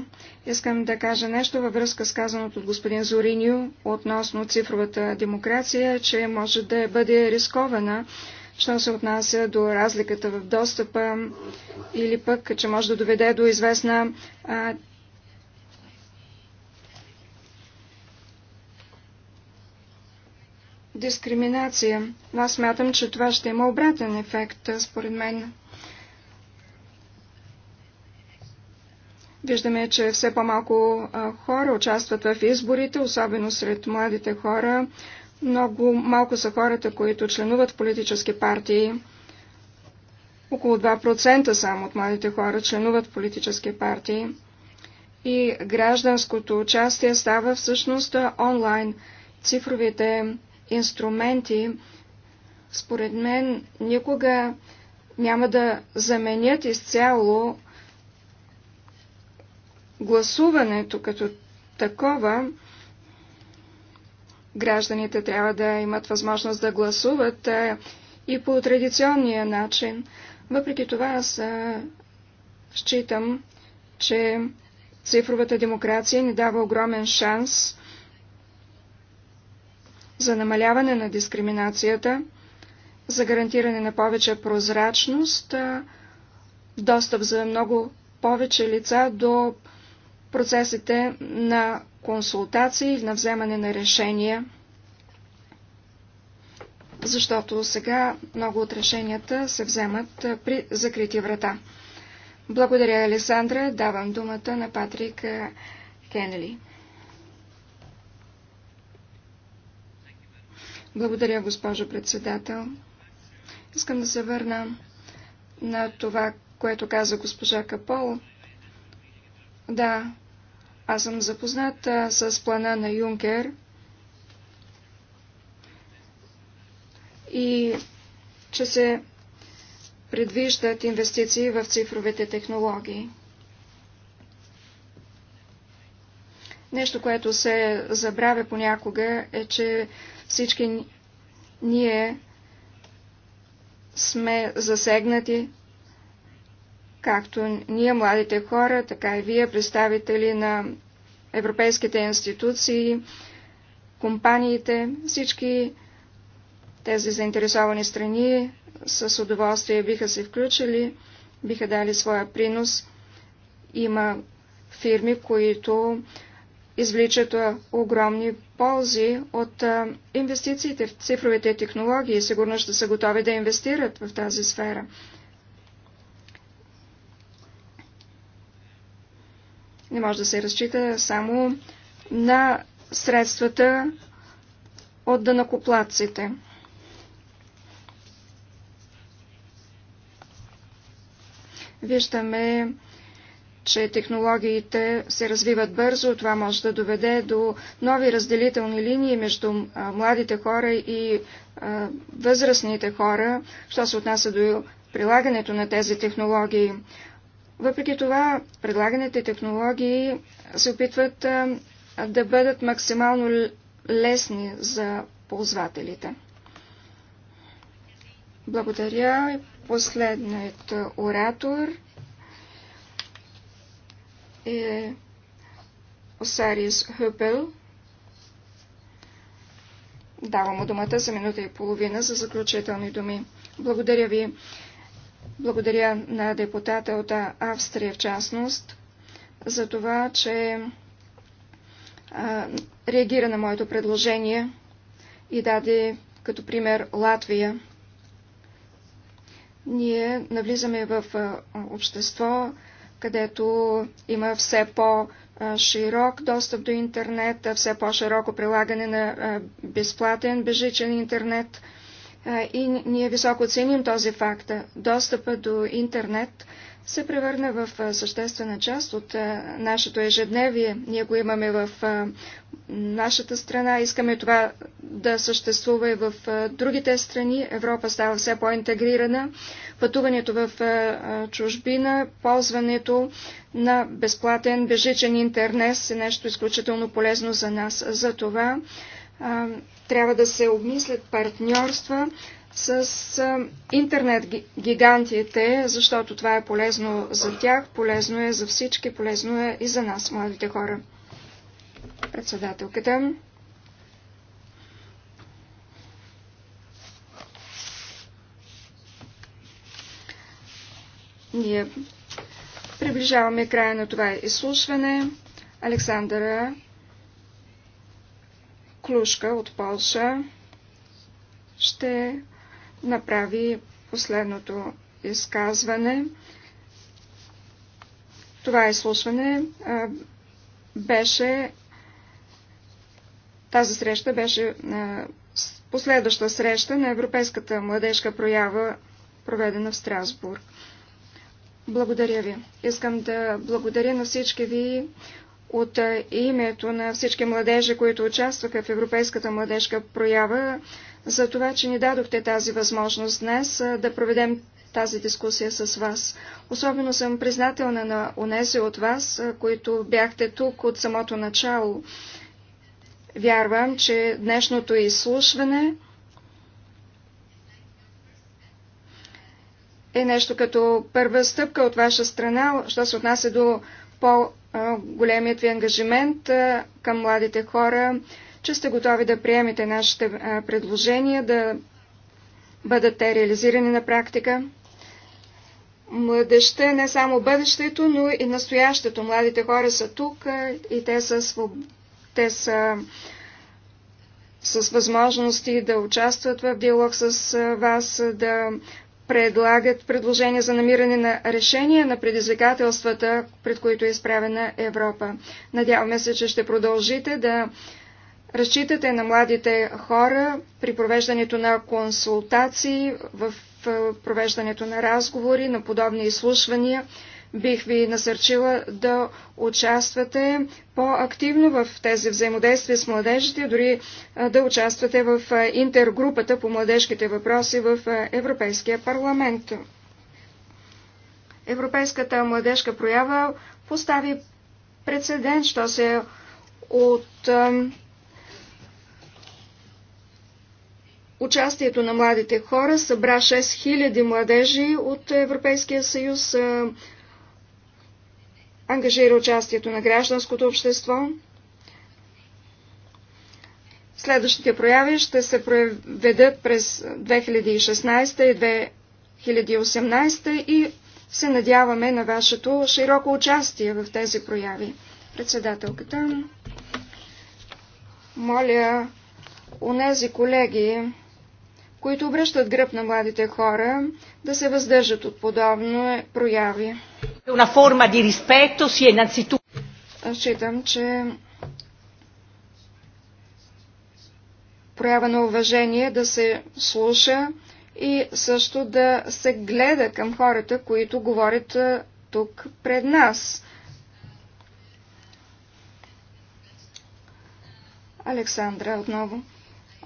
Искам да кажа нещо във връзка с казаното от господин Зориню относно цифровата демокрация, че може да бъде рискована, що се отнася до разликата в достъпа или пък, че може да доведе до известна а, дискриминация. Аз смятам, че това ще има обратен ефект, според мен. Виждаме, че все по-малко хора участват в изборите, особено сред младите хора. Много малко са хората, които членуват в политически партии. Около 2% само от младите хора членуват в политически партии. И гражданското участие става всъщност онлайн. Цифровите инструменти, според мен, никога няма да заменят изцяло гласуването като такова, гражданите трябва да имат възможност да гласуват и по традиционния начин. Въпреки това аз считам, че цифровата демокрация ни дава огромен шанс за намаляване на дискриминацията, за гарантиране на повече прозрачност, достъп за много повече лица до процесите на консултации или на вземане на решения, защото сега много от решенията се вземат при закрити врата. Благодаря, Алесандра. Давам думата на Патрик е, Кенели. Благодаря, госпожо председател. Искам да се върна на това, което каза госпожа Капол да, аз съм запозната с плана на Юнкер и че се предвиждат инвестиции в цифровите технологии. Нещо, което се забравя понякога е, че всички ние сме засегнати както ние, младите хора, така и вие, представители на европейските институции, компаниите, всички тези заинтересовани страни с удоволствие биха се включили, биха дали своя принос. Има фирми, които извличат огромни ползи от инвестициите в цифровите технологии и сигурно ще са готови да инвестират в тази сфера. Не може да се разчита само на средствата от дънакоплатците. Виждаме, че технологиите се развиват бързо. Това може да доведе до нови разделителни линии между младите хора и възрастните хора, що се отнася до прилагането на тези технологии. Въпреки това, предлаганите технологии се опитват да бъдат максимално лесни за ползвателите. Благодаря. Последният оратор е Осарис Хъпел. Давам му думата за минута и половина за заключителни думи. Благодаря ви. Благодаря на депутата от Австрия в частност за това, че а, реагира на моето предложение и даде като пример Латвия. Ние навлизаме в общество, където има все по-широк достъп до интернет, все по-широко прилагане на безплатен бежичен интернет – и ние високо ценим този факт. Достъпа до интернет се превърна в съществена част от нашето ежедневие. Ние го имаме в нашата страна, искаме това да съществува и в другите страни. Европа става все по-интегрирана. Пътуването в чужбина, ползването на безплатен бежичен интернет е нещо изключително полезно за нас. За това трябва да се обмислят партньорства с интернет гигантите, защото това е полезно за тях, полезно е за всички, полезно е и за нас, младите хора. Председателката. Ние приближаваме края на това изслушване. Александъра Клюшка от Полша ще направи последното изказване. Това изслушване беше тази среща беше последваща среща на Европейската младежка проява, проведена в Страсбург. Благодаря ви. Искам да благодаря на всички ви от името на всички младежи, които участваха в Европейската младежка проява, за това, че ни дадохте тази възможност днес да проведем тази дискусия с вас. Особено съм признателна на унези от вас, които бяхте тук от самото начало. Вярвам, че днешното изслушване е нещо като първа стъпка от ваша страна, що се отнася до по големият ви ангажимент към младите хора, че сте готови да приемете нашите предложения, да бъдат те реализирани на практика. Младеща е не само бъдещето, но и настоящето. Младите хора са тук и те са, своб... те са с възможности да участват в диалог с вас, да предлагат предложения за намиране на решение на предизвикателствата, пред които е изправена Европа. Надяваме се, че ще продължите да разчитате на младите хора при провеждането на консултации, в провеждането на разговори, на подобни изслушвания. Бих ви насърчила да участвате по-активно в тези взаимодействия с младежите, дори да участвате в интергрупата по младежките въпроси в Европейския парламент. Европейската младежка проява постави прецедент, що се от Участието на младите хора събра 6000 младежи от Европейския съюз, ангажира участието на гражданското общество. Следващите прояви ще се проведат през 2016 и 2018 и се надяваме на вашето широко участие в тези прояви. Председателката, моля, унези колеги, които обръщат гръб на младите хора, да се въздържат от подобно прояви. Una Считам, че проява на уважение да се слуша и също да се гледа към хората, които говорят тук пред нас. Александра, отново.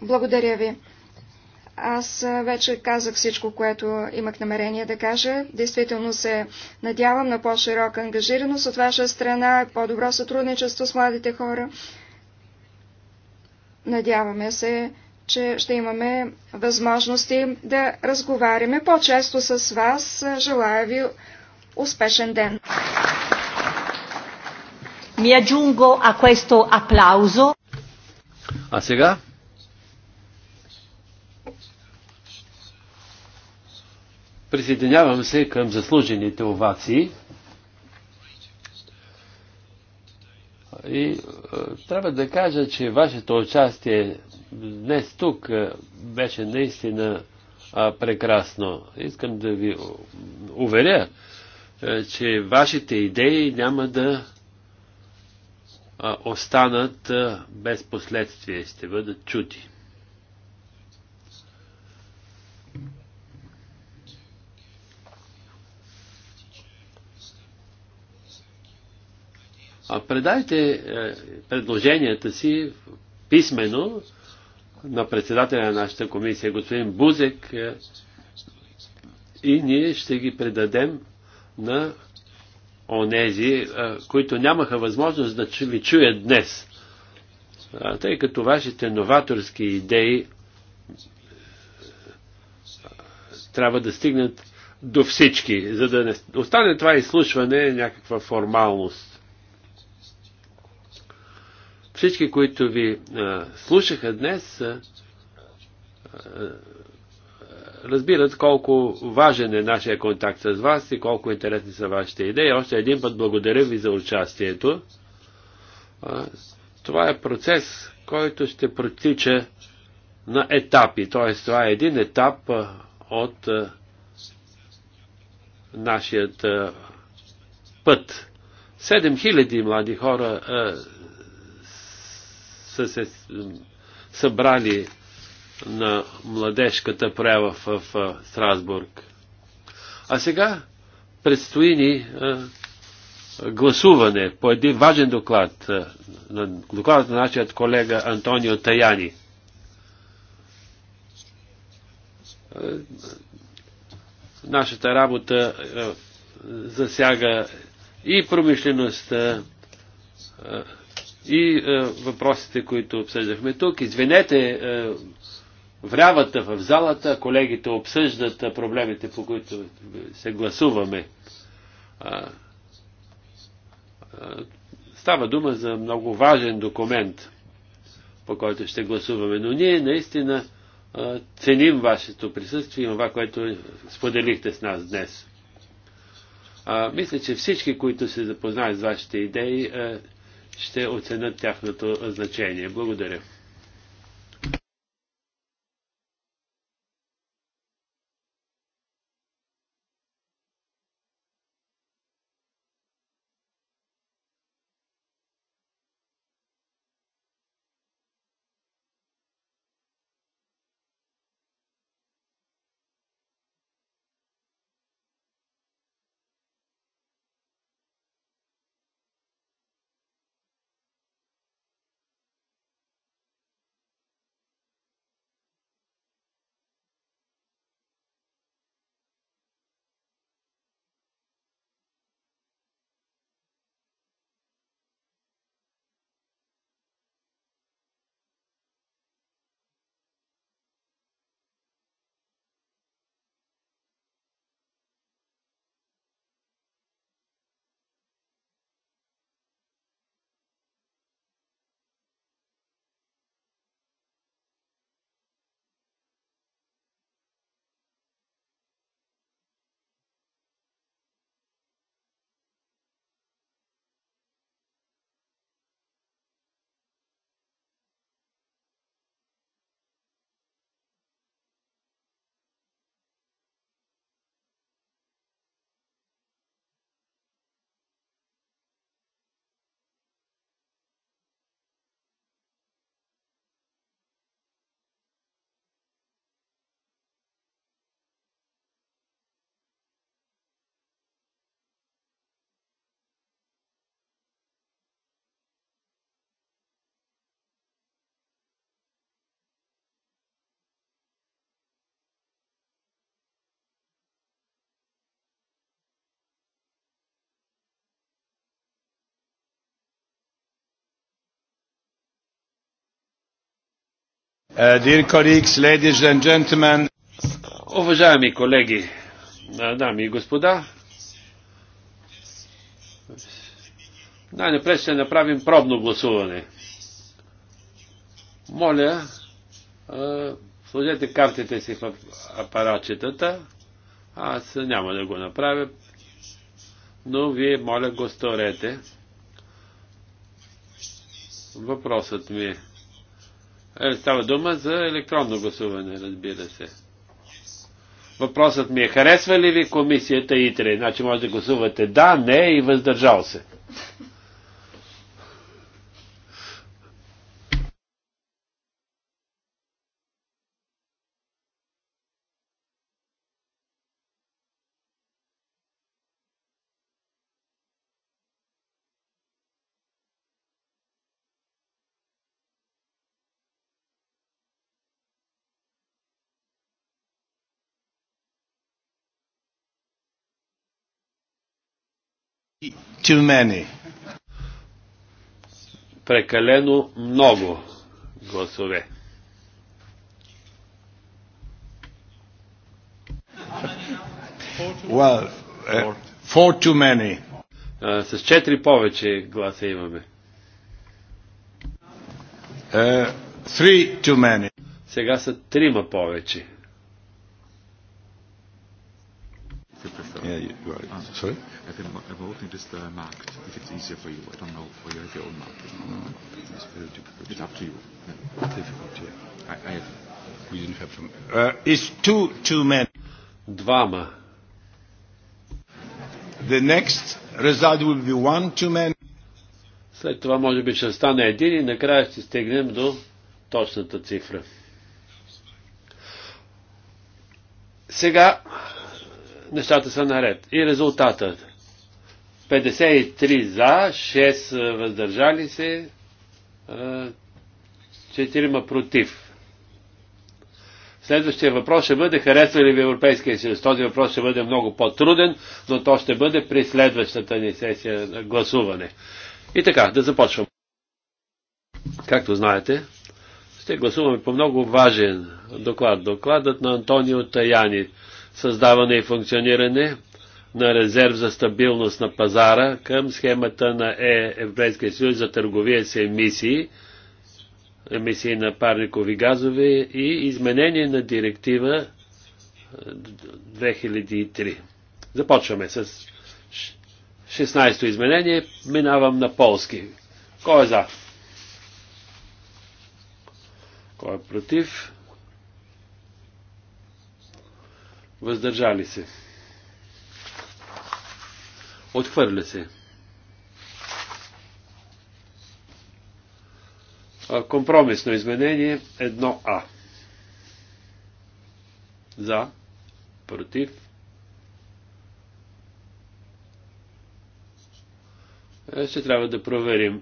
Благодаря ви. Аз вече казах всичко, което имах намерение да кажа. Действително се надявам на по-широка ангажираност от ваша страна, по-добро сътрудничество с младите хора. Надяваме се, че ще имаме възможности да разговаряме по-често с вас. Желая ви успешен ден! Ми аджунго а questo аплаузо. А сега Присъединявам се към заслужените овации. И е, трябва да кажа, че вашето участие днес тук е, беше наистина прекрасно. Искам да ви е, уверя, че вашите идеи няма да останат без последствие, ще бъдат чути. Предайте е, предложенията си писменно на председателя на нашата комисия, господин Бузек, е, и ние ще ги предадем на онези, е, които нямаха възможност да ви чуят днес, тъй като вашите новаторски идеи трябва да стигнат до всички, за да не остане това изслушване някаква формалност. Всички, които ви а, слушаха днес, а, а, разбират колко важен е нашия контакт с вас и колко интересни са вашите идеи. Още един път благодаря ви за участието. А, това е процес, който ще протича на етапи. Т.е. това е един етап от нашият път. 7000 млади хора са се събрали на младежката проява в Страсбург. А сега предстои ни е, гласуване по един важен доклад, е, докладът на нашия колега Антонио Таяни. Е, нашата работа засяга и промишлеността, и е, въпросите, които обсъждахме тук. Извинете е, врявата в залата, колегите обсъждат е, проблемите, по които се гласуваме. А, е, а, е, става дума за много важен документ, по който ще гласуваме, но ние наистина а, ценим вашето присъствие и това, което споделихте с нас днес. А, мисля, че всички, които се запознаят с вашите идеи, а, ще оценят тяхното значение. Благодаря. Uh, Уважаеми колеги, дами и господа, най-напред ще направим пробно гласуване. Моля, сложете картите си в апаратчетата. Аз няма да го направя, но вие, моля, го сторете. Въпросът ми е. Е, става дума за електронно гласуване, разбира се. Въпросът ми е, харесва ли ви комисията ИТРЕ? Значи може да гласувате да, не и въздържал се. Too many. Прекалено много гласове. Well, uh, four too many. Uh, с четири повече гласа имаме. Uh, three too many. Сега са трима повече. Yeah, you are. Ah, Sorry? I've been, I've been looking at this uh, marked, if it's easier for you. I don't know for you if you own marked. No. It's very difficult. It's up to you. Yeah. Difficult, yeah. I, I have. We didn't have some. Uh, it's two, two men. Dvama. The next result will be one, two men. След това може би ще стане един и накрая ще стигнем до точната цифра. Сега нещата са наред. И резултатът. 53 за, 6 въздържали се, 4 против. Следващия въпрос ще бъде харесва ли ви Европейския съюз. Този въпрос ще бъде много по-труден, но то ще бъде при следващата ни сесия на гласуване. И така, да започвам. Както знаете, ще гласуваме по много важен доклад. Докладът на Антонио Таяни създаване и функциониране на резерв за стабилност на пазара към схемата на е, Европейския съюз за търговия с емисии, емисии на парникови газове и изменение на директива 2003. Започваме с 16-то изменение, минавам на полски. Кой е за? Кой е против? Въздържали се. Отхвърля се. Компромисно изменение 1А. За. Против. Е, ще трябва да проверим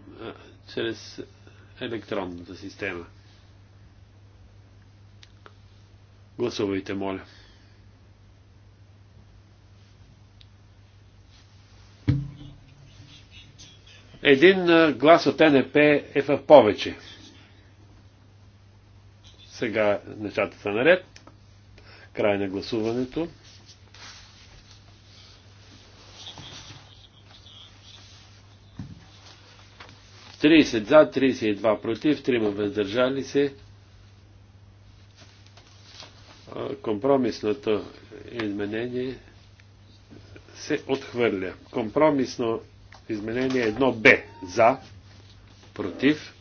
чрез електронната система. Гласувайте, моля. Един глас от НП е в повече. Сега нещата са наред. Край на гласуването. за, 32 против, 3 въздържали се. Компромисното изменение се отхвърля. Компромисно Изменение 1Б. За. Против.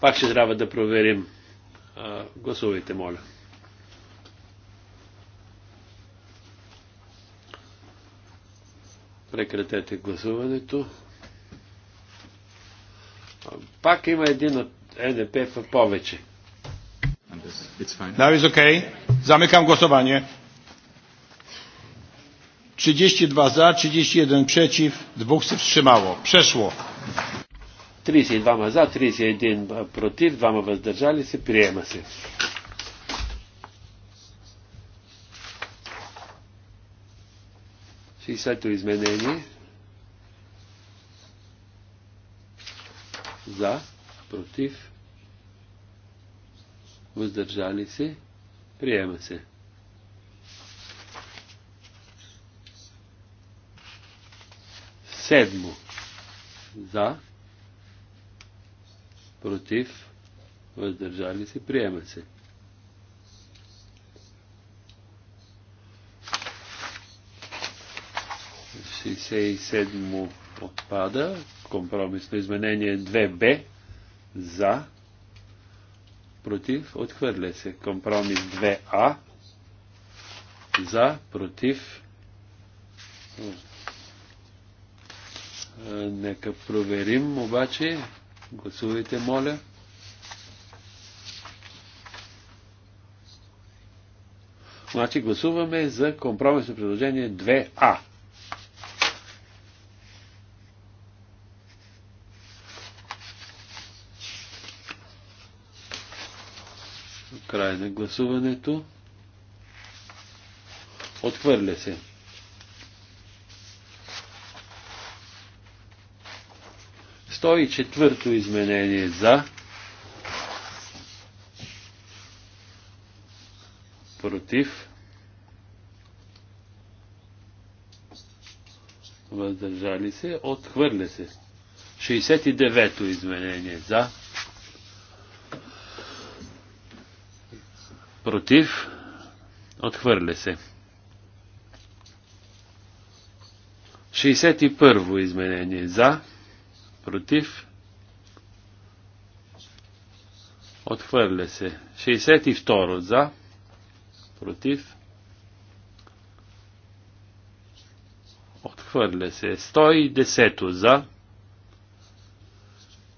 Пак ще трябва да проверим. Гласувайте, моля. Прекратете гласуването. Пак има един от НДП е повече. Now is okay. Замикам głosowanie. 32 za, 31 przeciw, dwóch się wstrzymało. Przeszło. 32 за, 31 против, 2 въздържали се, приема се. Шестото изменение. За, против, въздържали се, приема се. Седмо. За. Против. Въздържали се. Приема се. Шестдесет и седмо отпада. Компромисно изменение 2Б. За. Против. Отхвърля се. Компромис 2А. За. Против. Нека проверим обаче. Гласувайте, моля. Значи гласуваме за компромисно предложение 2А. Край на гласуването. Отхвърля се. 104-то изменение за, против, въздържали се, отхвърля се. 69-то изменение за, против, отхвърля се. 61-во изменение за, против, отхвърля се. 62 за, против, отхвърля се. 110 за,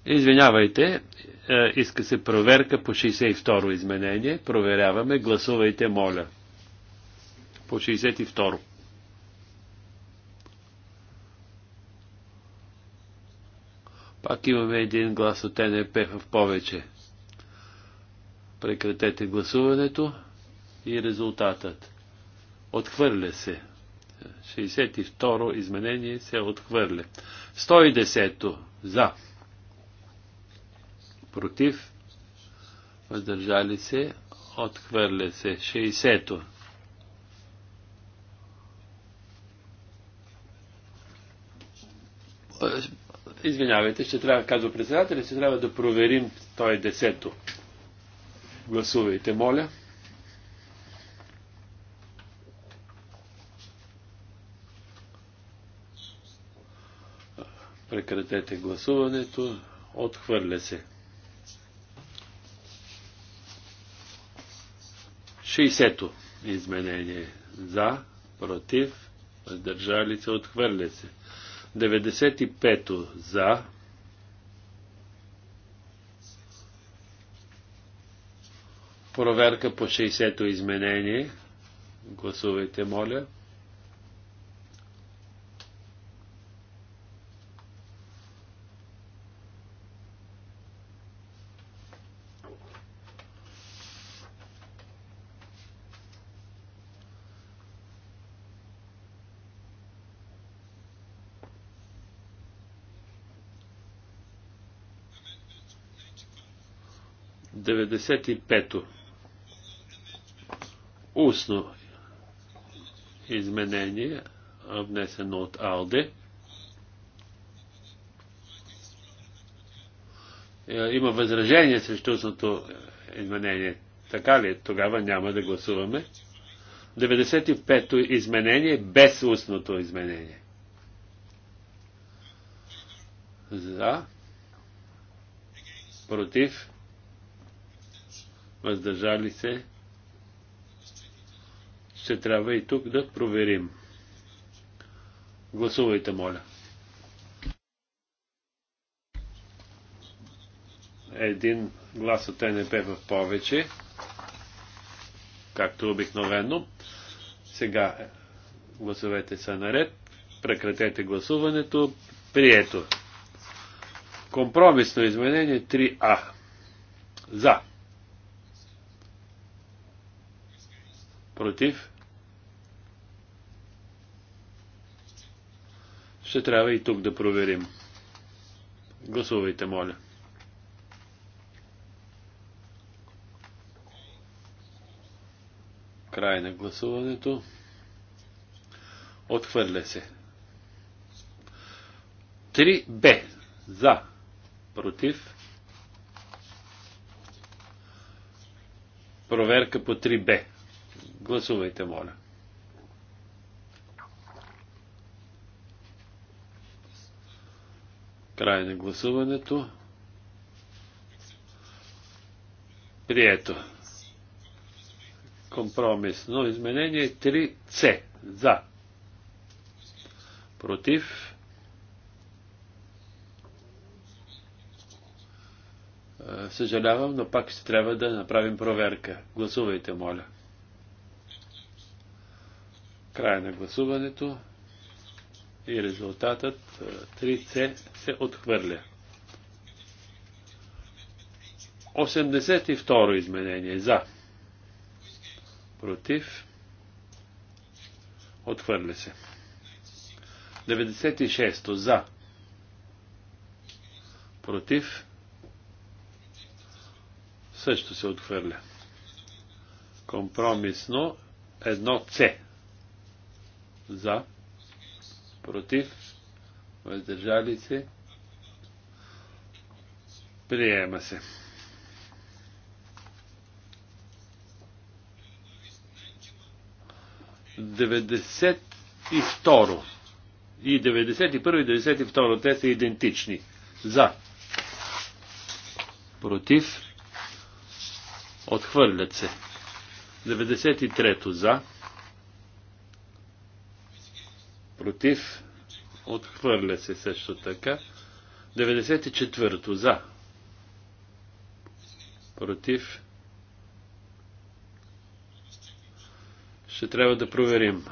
извинявайте, е, иска се проверка по 62 изменение. Проверяваме. Гласувайте, моля. По 62. Пак имаме един глас от НЕП в повече. Прекратете гласуването и резултатът. Отхвърля се. 62-ро изменение се отхвърля. 110-то за. Против. Въздържали се. Отхвърля се. 60-то. Извинявайте, ще трябва, казва председателя, ще трябва да проверим той десето. Гласувайте, моля. Прекратете гласуването. Отхвърля се. 60-то изменение. За, против, въздържали се, отхвърля се. 95-то за. Проверка по 60-то изменение. Гласувайте, моля. 95 95 Устно изменение, внесено от АЛДЕ. Е, има възражение срещу устното изменение. Така ли? Тогава няма да гласуваме. 95-то изменение без устното изменение. За. Против въздържали се, ще трябва и тук да проверим. Гласувайте, моля. Един глас от НП в повече, както обикновено. Сега гласовете са наред. Прекратете гласуването. Прието. Компромисно изменение 3А. За. против, ще трябва и тук да проверим. Гласувайте, моля. Край на гласуването. Отхвърля се. 3Б. За. Против. Проверка по 3Б. Гласувайте, моля. Край на гласуването. Прието. Компромисно изменение 3C. За. Против. Е, съжалявам, но пак ще трябва да направим проверка. Гласувайте, моля. Края на гласуването и резултатът 3C е, се отхвърля. 82 изменение за. Против. Отхвърля се. 96 за. Против. Също се отхвърля. Компромисно едно C. За. Против. Въздържали се. Приема се. Деведесет и второ. И 91 и 92 те са идентични. За. Против. Отхвърлят се. 93 за против, отхвърля се също така. 94-то за, против, ще трябва да проверим.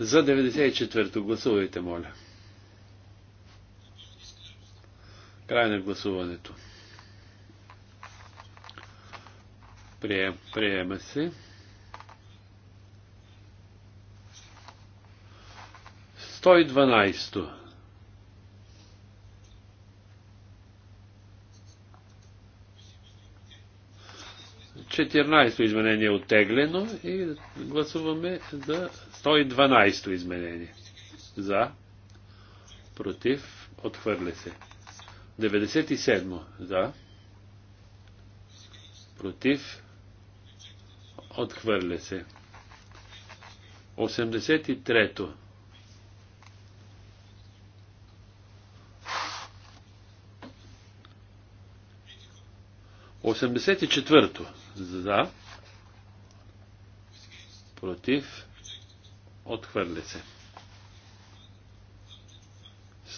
За 94-то гласувайте, моля. Край на гласуването. Прием, приема се. 112. 14-то изменение е оттеглено и гласуваме за 112 то изменение. За, против, отхвърля се. 97 за, против, отхвърля се. 83-то 84-то. За. Против. Отхвърля се.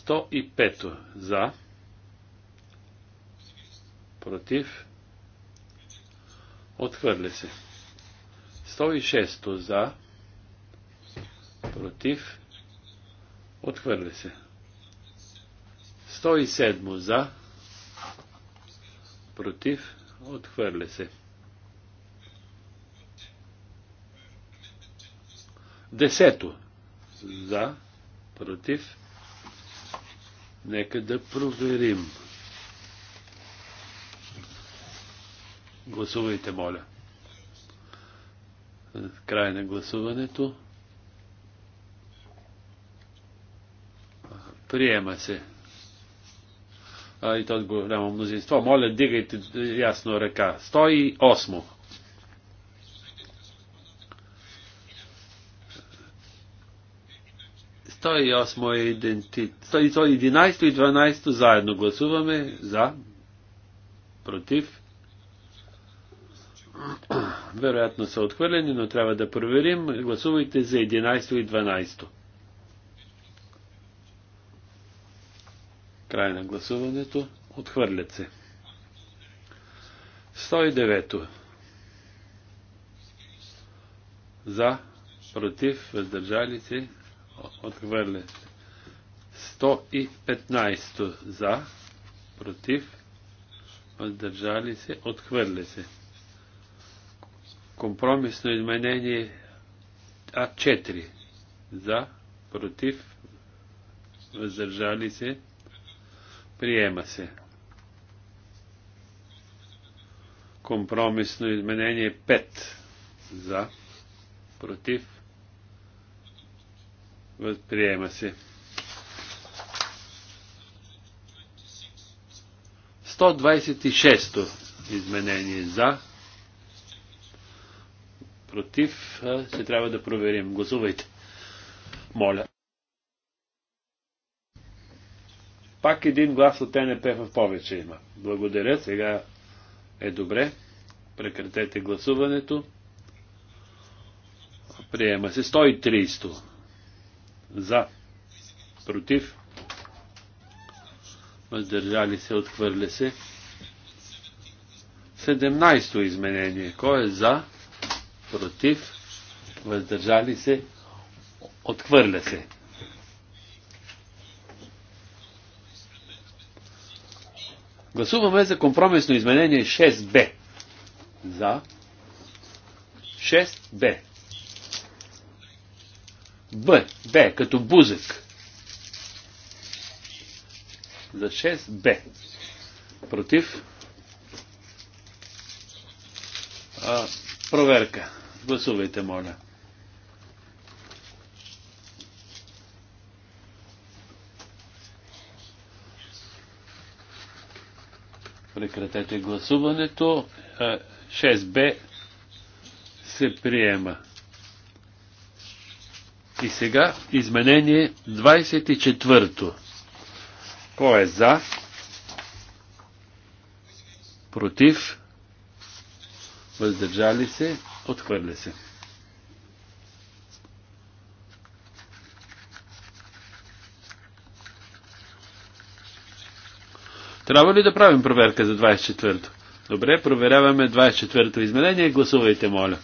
105-то. За. Против. Отхвърля се. 106-то. За. Против. Отхвърля се. 107 за. Против. Отхвърля се. Десето. За, против. Нека да проверим. Гласувайте, моля. Край на гласуването. Приема се а, и то голямо мнозинство. Моля, дигайте ясно ръка. 108. и 108 е идентит. 111 и 12 заедно гласуваме за, против. Вероятно са отхвърлени, но трябва да проверим. Гласувайте за 11 и 12. Край на гласуването. Отхвърлят се. 109. За, против, въздържали се, отхвърля се. 115. За, против, въздържали се, отхвърля се. Компромисно изменение А4. За, против, въздържали се, Приема се. Компромисно изменение 5. За. Против. Приема се. 126-то изменение за. Против. Ще трябва да проверим. Гласувайте. Моля. Пак един глас от ТНП в повече има. Благодаря, сега е добре. Прекратете гласуването. Приема се 130. За. Против. Въздържали се, отхвърля се. 17-то изменение. Кой е за? Против. Въздържали се. Отхвърля се. Гласуваме за компромисно изменение 6Б. За 6Б. Б. Б. Като бузък. За 6Б. Против. А, проверка. Гласувайте, моля. Прекратете гласуването. 6Б се приема. И сега изменение 24-то. Кой е за? Против? Въздържали се? Отхвърля се. Трябва ли да правим проверка за 24-то? Добре, проверяваме 24-то изменение. Гласувайте, моля.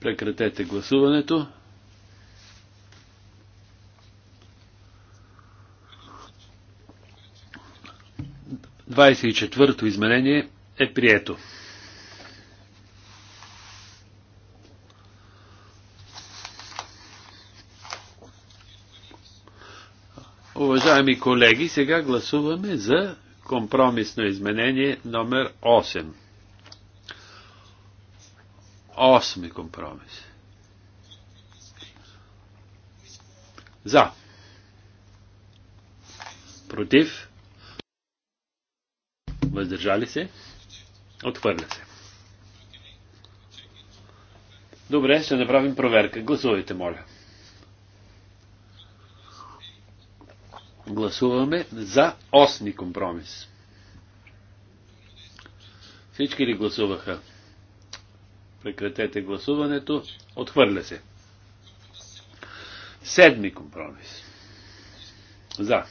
Прекратете гласуването. Двадесет и четвърто изменение е прието. Уважаеми колеги, сега гласуваме за компромисно изменение номер 8. Осми компромис. За. Против. Въздържали се. Отхвърля се. Добре, ще направим проверка. Гласувайте, моля. Гласуваме за осми компромис. Всички ли гласуваха? Прекратете гласуването. Отхвърля се. Седми компромис. За.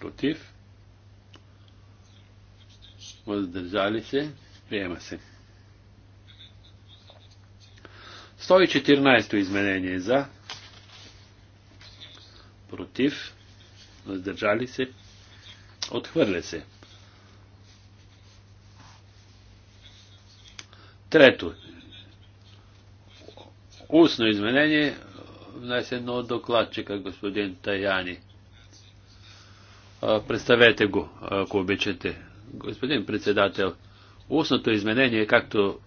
Против. Въздържали се. Приема се. 114 изменение за против, въздържали се, отхвърля се. Трето, устно изменение, внесено от докладчика господин Таяни. Представете го, ако обичате. Господин председател, устното изменение, както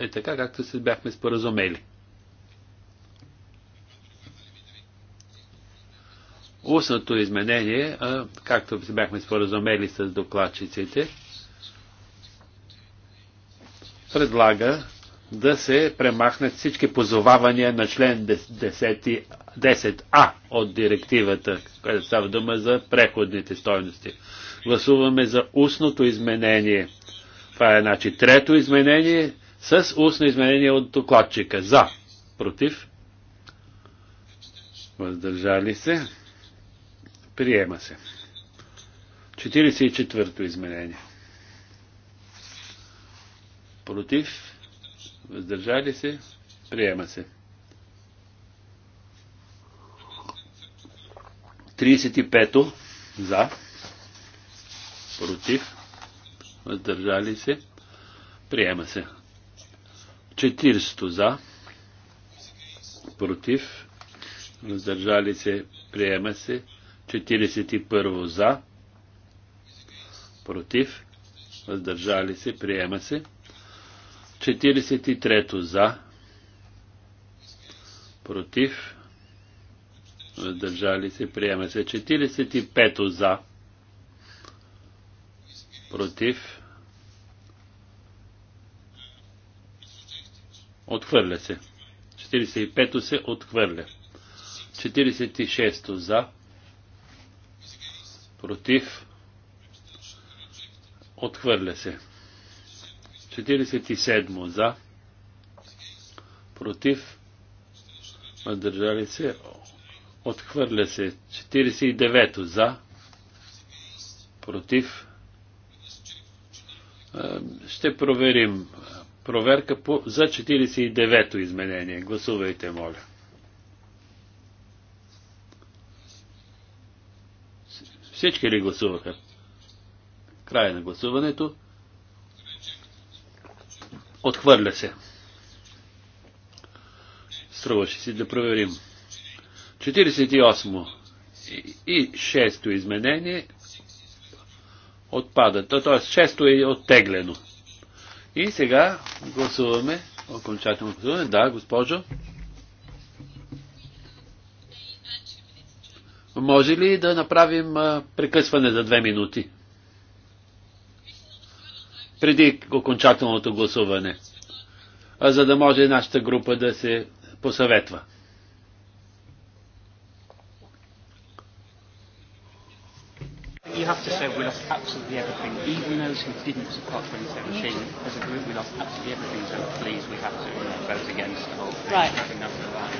е така, както се бяхме споразумели. устното изменение, а, както се бяхме споразумели с докладчиците, предлага да се премахнат всички позовавания на член 10, а от директивата, която става дума за преходните стойности. Гласуваме за устното изменение. Това е значи трето изменение с устно изменение от докладчика. За. Против. Въздържали се. Приема се. 44-то изменение. Против. Въздържали се. Приема се. 35-то. За. Против. Въздържали се. Приема се. 40 за. Против. Въздържали се. Приема се. 41 за, против, въздържали се, приема се. 43 за, против, въздържали се, приема се. 45 за, против, отхвърля се. 45 се отхвърля. 46 за, против, отхвърля се. 47 за, против, въздържали се, отхвърля се. 49 за, против, ще проверим проверка по, за 49-то изменение. Гласувайте, моля. Всички ли гласуваха? Края на гласуването. Отхвърля се. Струваше си да проверим. 48 и 6 изменение отпадат. Т.е. 6-то е оттеглено. И сега гласуваме окончателно гласуване. Да, госпожо. Може ли да направим прекъсване за две минути? Преди окончателното гласуване. За да може нашата група да се посъветва. you have to say we lost absolutely everything. Even those who didn't support 2017, as a group, we lost absolutely everything. So please, we have to vote against the whole thing. Right. I think that's the line.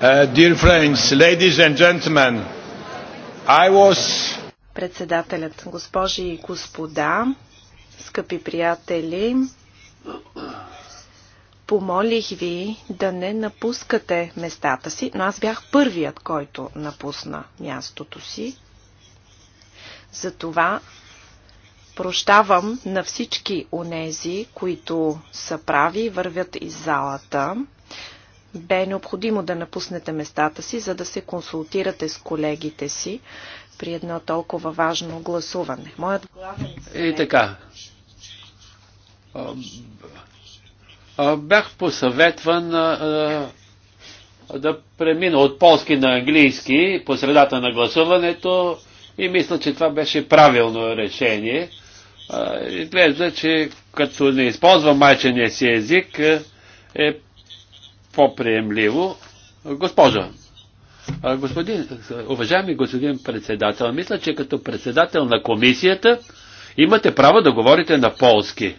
Uh, dear friends, ladies and gentlemen, I was... Председателят, госпожи и господа, скъпи приятели, помолих ви да не напускате местата си, но аз бях първият, който напусна мястото си. Затова прощавам на всички онези, които са прави, вървят из залата бе необходимо да напуснете местата си, за да се консултирате с колегите си при едно толкова важно гласуване. Моят главен... И така. Бях посъветван да премина от полски на английски по средата на гласуването и мисля, че това беше правилно решение. Изглежда, че като не използвам майчения си език, е по-приемливо. Госпожо, господин, уважаеми господин председател, мисля, че като председател на комисията имате право да говорите на полски.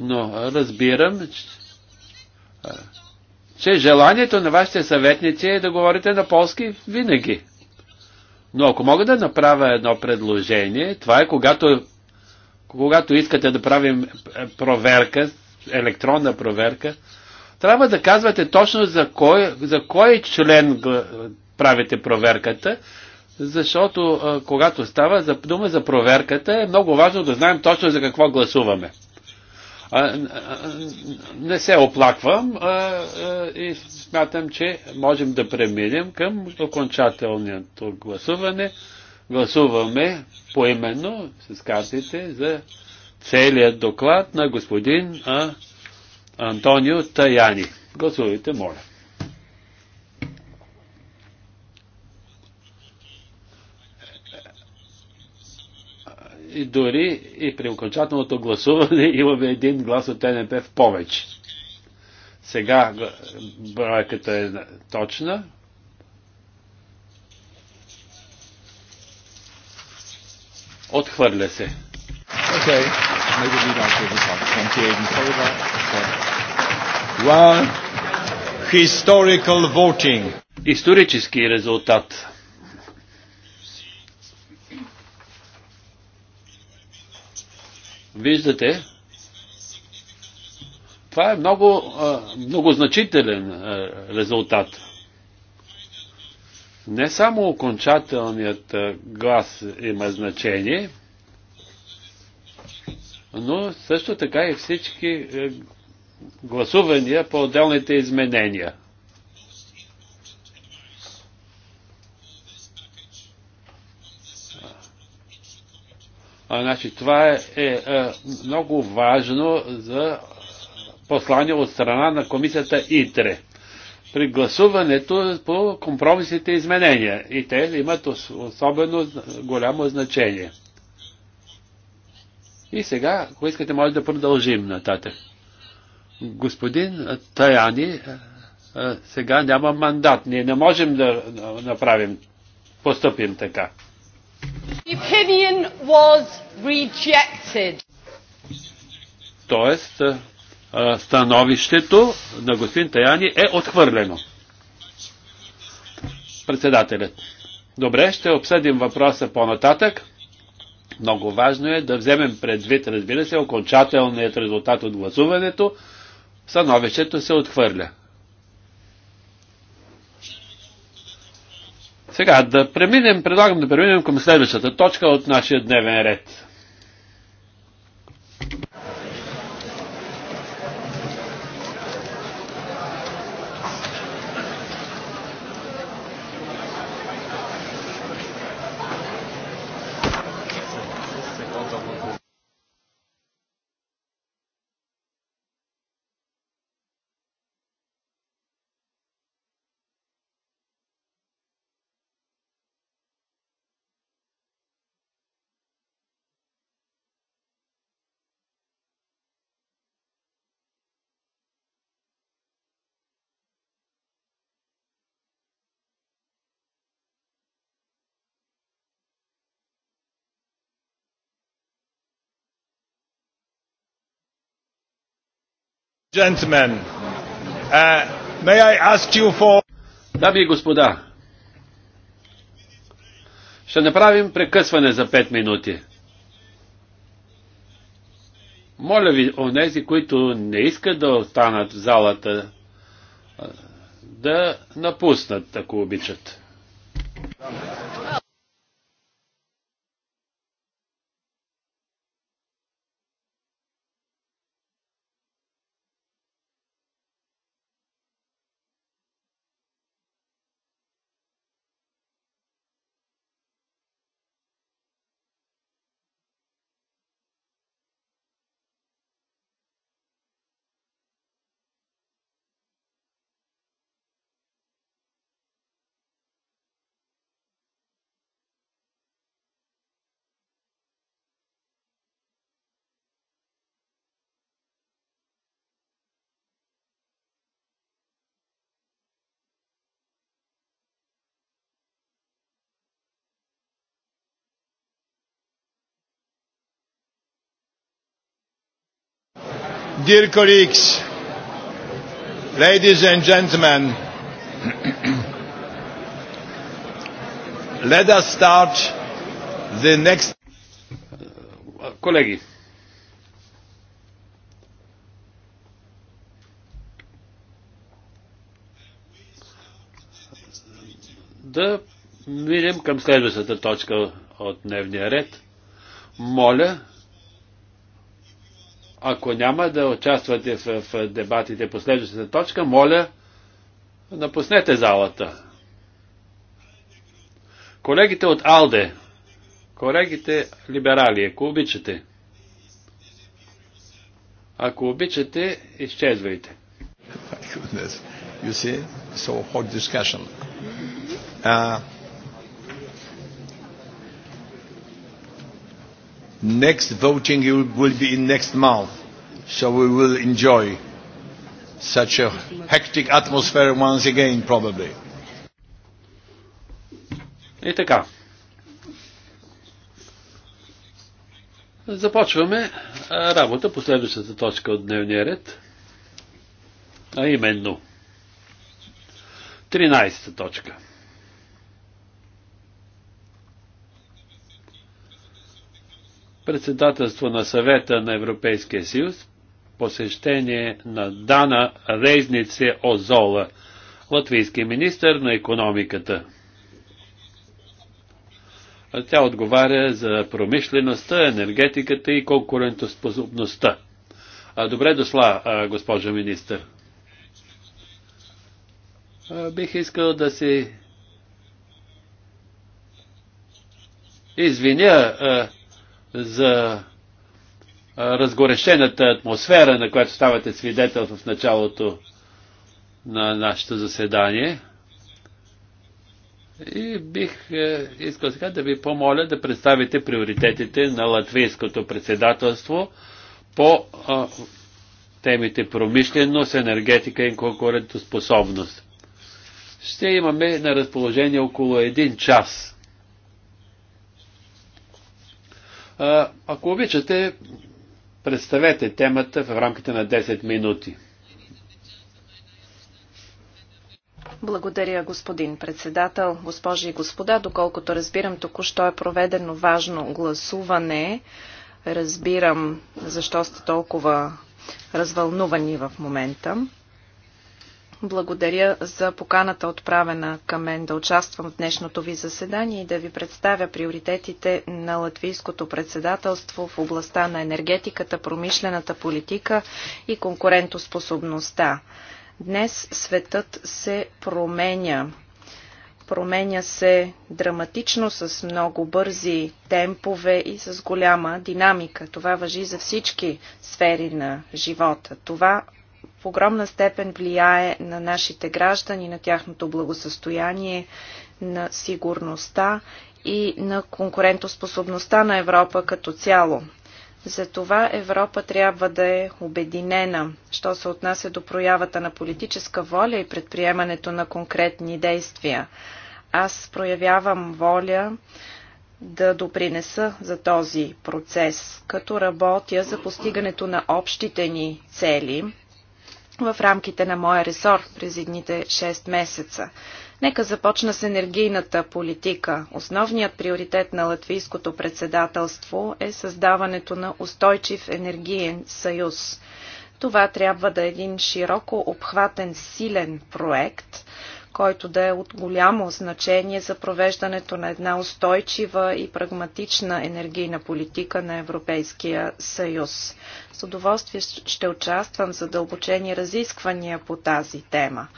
Но разбирам, че желанието на вашите съветници е да говорите на полски винаги. Но ако мога да направя едно предложение, това е когато, когато искате да правим е, проверка, електронна проверка, трябва да казвате точно за кой, за кой член правите проверката, защото когато става за дума за проверката, е много важно да знаем точно за какво гласуваме. А, не се оплаквам а, а, и смятам, че можем да преминем към окончателното гласуване. Гласуваме поименно с картите за целият доклад на господин а, Антонио Таяни. Гласувайте, моля. И дори и при окончателното гласуване имаме един глас от ТНП в повече. Сега бройката е точна. Отхвърля се. Okay. Maybe we don't give a Исторически резултат. Виждате, това е много, много значителен резултат. Не само окончателният глас има значение, но също така и всички гласувания по отделните изменения. А, значи, това е, е, е много важно за послание от страна на комисията ИТРЕ при гласуването по компромисните изменения. И те имат особено голямо значение. И сега, ако искате, може да продължим нататък господин Таяни е, е, сега няма мандат. Ние не можем да направим, постъпим така. Тоест, е, становището на господин Таяни е отхвърлено. Председателят. Добре, ще обсъдим въпроса по-нататък. Много важно е да вземем предвид, разбира се, окончателният резултат от гласуването Становището се отхвърля. Сега да преминем, предлагам да преминем към следващата точка от нашия дневен ред. Gentlemen, uh, may I ask you for... Дами и господа, ще направим прекъсване за 5 минути. Моля ви, онези, които не искат да останат в залата, да напуснат, ако обичат. Dear colleagues, ladies and gentlemen, let us start the next. Колеги, да минем към следващата точка от дневния ред. Моля, ако няма да участвате в, в дебатите по следващата точка, моля, напуснете залата. Колегите от Алде, колегите либерали, ако обичате, ако обичате, изчезвайте. You see, so hot discussion. Uh, Next voting will be in next month, so we will enjoy such a hectic atmosphere once again, probably. И така. Започваме работа по следващата точка от дневния ред, а именно 13 точка. председателство на съвета на Европейския съюз, посещение на Дана Резнице Озола, латвийски министр на економиката. Тя отговаря за промишлеността, енергетиката и конкурентоспособността. Добре дошла, госпожа министр. Бих искал да си извиня за разгорещената атмосфера, на която ставате свидетел в началото на нашето заседание. И бих е, искал сега да ви помоля да представите приоритетите на латвийското председателство по темите промишленост, енергетика и конкурентоспособност. Ще имаме на разположение около един час Ако обичате, представете темата в рамките на 10 минути. Благодаря, господин председател. Госпожи и господа, доколкото разбирам, току-що е проведено важно гласуване. Разбирам защо сте толкова развълнувани в момента. Благодаря за поканата отправена към мен да участвам в днешното ви заседание и да ви представя приоритетите на латвийското председателство в областта на енергетиката, промишлената политика и конкурентоспособността. Днес светът се променя. Променя се драматично с много бързи темпове и с голяма динамика. Това въжи за всички сфери на живота. Това в огромна степен влияе на нашите граждани, на тяхното благосъстояние, на сигурността и на конкурентоспособността на Европа като цяло. Затова Европа трябва да е обединена, що се отнася до проявата на политическа воля и предприемането на конкретни действия. Аз проявявам воля да допринеса за този процес, като работя за постигането на общите ни цели, в рамките на моя ресор през едните 6 месеца. Нека започна с енергийната политика. Основният приоритет на латвийското председателство е създаването на устойчив енергиен съюз. Това трябва да е един широко обхватен силен проект, който да е от голямо значение за провеждането на една устойчива и прагматична енергийна политика на Европейския съюз. С удоволствие ще участвам в задълбочени разисквания по тази тема.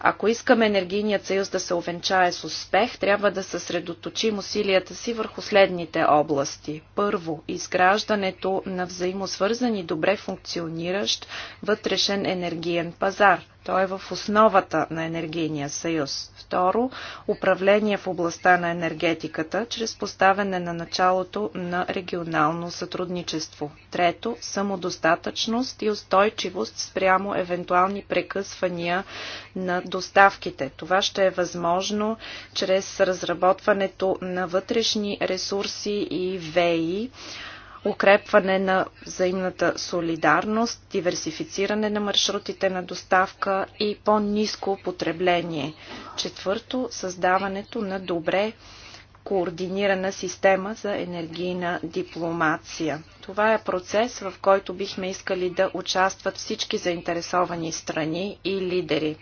Ако искаме енергийният съюз да се овенчае с успех, трябва да съсредоточим усилията си върху следните области. Първо, изграждането на взаимосвързан и добре функциониращ вътрешен енергиен пазар – той е в основата на енергийния съюз. Второ, управление в областта на енергетиката чрез поставяне на началото на регионално сътрудничество. Трето, самодостатъчност и устойчивост спрямо евентуални прекъсвания на доставките. Това ще е възможно чрез разработването на вътрешни ресурси и ВЕИ, укрепване на взаимната солидарност, диверсифициране на маршрутите на доставка и по-низко потребление. Четвърто, създаването на добре координирана система за енергийна дипломация. Това е процес, в който бихме искали да участват всички заинтересовани страни и лидери.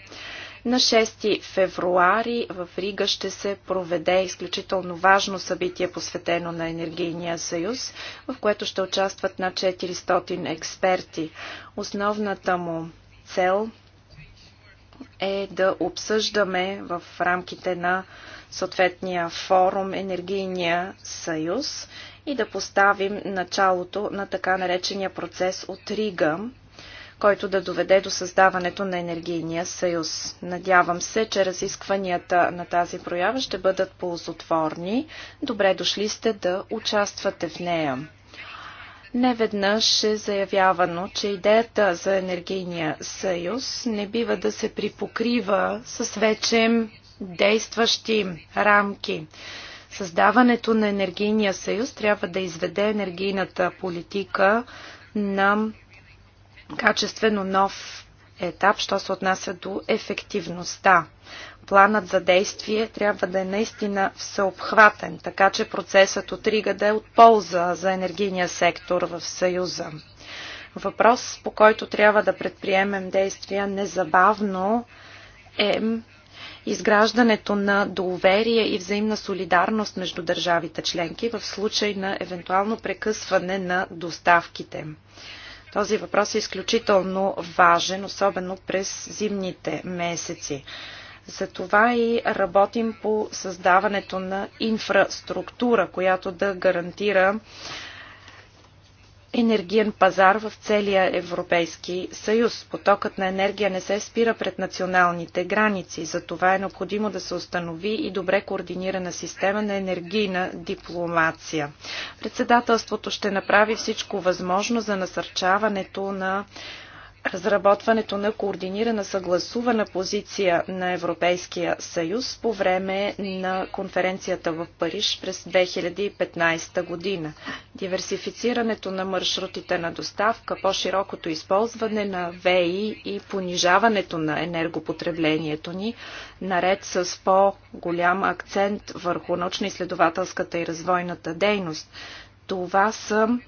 На 6 февруари в Рига ще се проведе изключително важно събитие, посветено на Енергийния съюз, в което ще участват на 400 експерти. Основната му цел е да обсъждаме в рамките на съответния форум Енергийния съюз и да поставим началото на така наречения процес от Рига, който да доведе до създаването на енергийния съюз. Надявам се, че разискванията на тази проява ще бъдат ползотворни. Добре дошли сте да участвате в нея. Неведнъж е заявявано, че идеята за енергийния съюз не бива да се припокрива с вече действащи рамки. Създаването на енергийния съюз трябва да изведе енергийната политика на качествено нов етап, що се отнася до ефективността. Планът за действие трябва да е наистина всеобхватен, така че процесът от Рига да е от полза за енергийния сектор в Съюза. Въпрос, по който трябва да предприемем действия незабавно е изграждането на доверие и взаимна солидарност между държавите членки в случай на евентуално прекъсване на доставките. Този въпрос е изключително важен, особено през зимните месеци. Затова и работим по създаването на инфраструктура, която да гарантира енергиен пазар в целия Европейски съюз. Потокът на енергия не се спира пред националните граници. За това е необходимо да се установи и добре координирана система на енергийна дипломация. Председателството ще направи всичко възможно за насърчаването на разработването на координирана съгласувана позиция на Европейския съюз по време на конференцията в Париж през 2015 година. Диверсифицирането на маршрутите на доставка, по-широкото използване на ВИ и понижаването на енергопотреблението ни, наред с по-голям акцент върху научно-изследователската и развойната дейност. Това са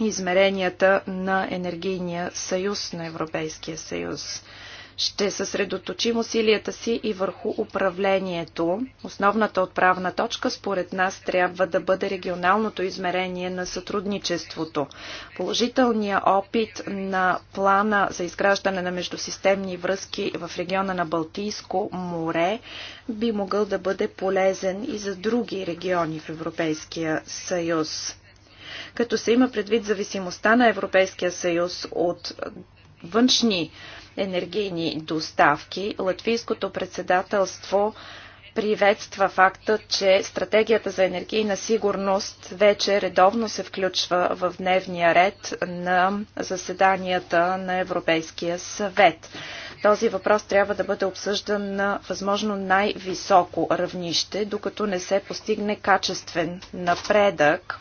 измеренията на енергийния съюз на Европейския съюз. Ще съсредоточим усилията си и върху управлението. Основната отправна точка според нас трябва да бъде регионалното измерение на сътрудничеството. Положителният опит на плана за изграждане на междусистемни връзки в региона на Балтийско море би могъл да бъде полезен и за други региони в Европейския съюз като се има предвид зависимостта на Европейския съюз от външни енергийни доставки, латвийското председателство приветства факта, че стратегията за енергийна сигурност вече редовно се включва в дневния ред на заседанията на Европейския съвет. Този въпрос трябва да бъде обсъждан на възможно най-високо равнище, докато не се постигне качествен напредък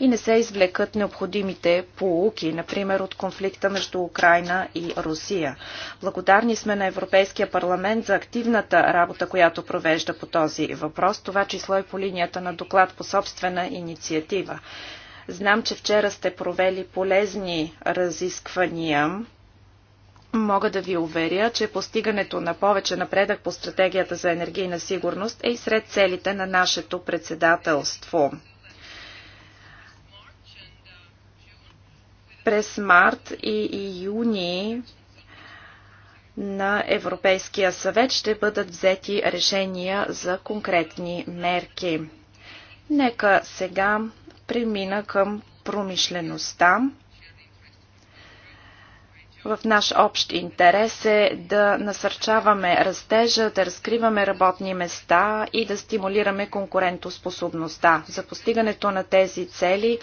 и не се извлекат необходимите полуки, например от конфликта между Украина и Русия. Благодарни сме на Европейския парламент за активната работа, която провежда по този въпрос, това число и по линията на доклад по собствена инициатива. Знам, че вчера сте провели полезни разисквания мога да ви уверя, че постигането на повече напредък по стратегията за енергийна сигурност е и сред целите на нашето председателство. През март и, июни юни на Европейския съвет ще бъдат взети решения за конкретни мерки. Нека сега премина към промишлеността. В наш общ интерес е да насърчаваме растежа, да разкриваме работни места и да стимулираме конкурентоспособността. За постигането на тези цели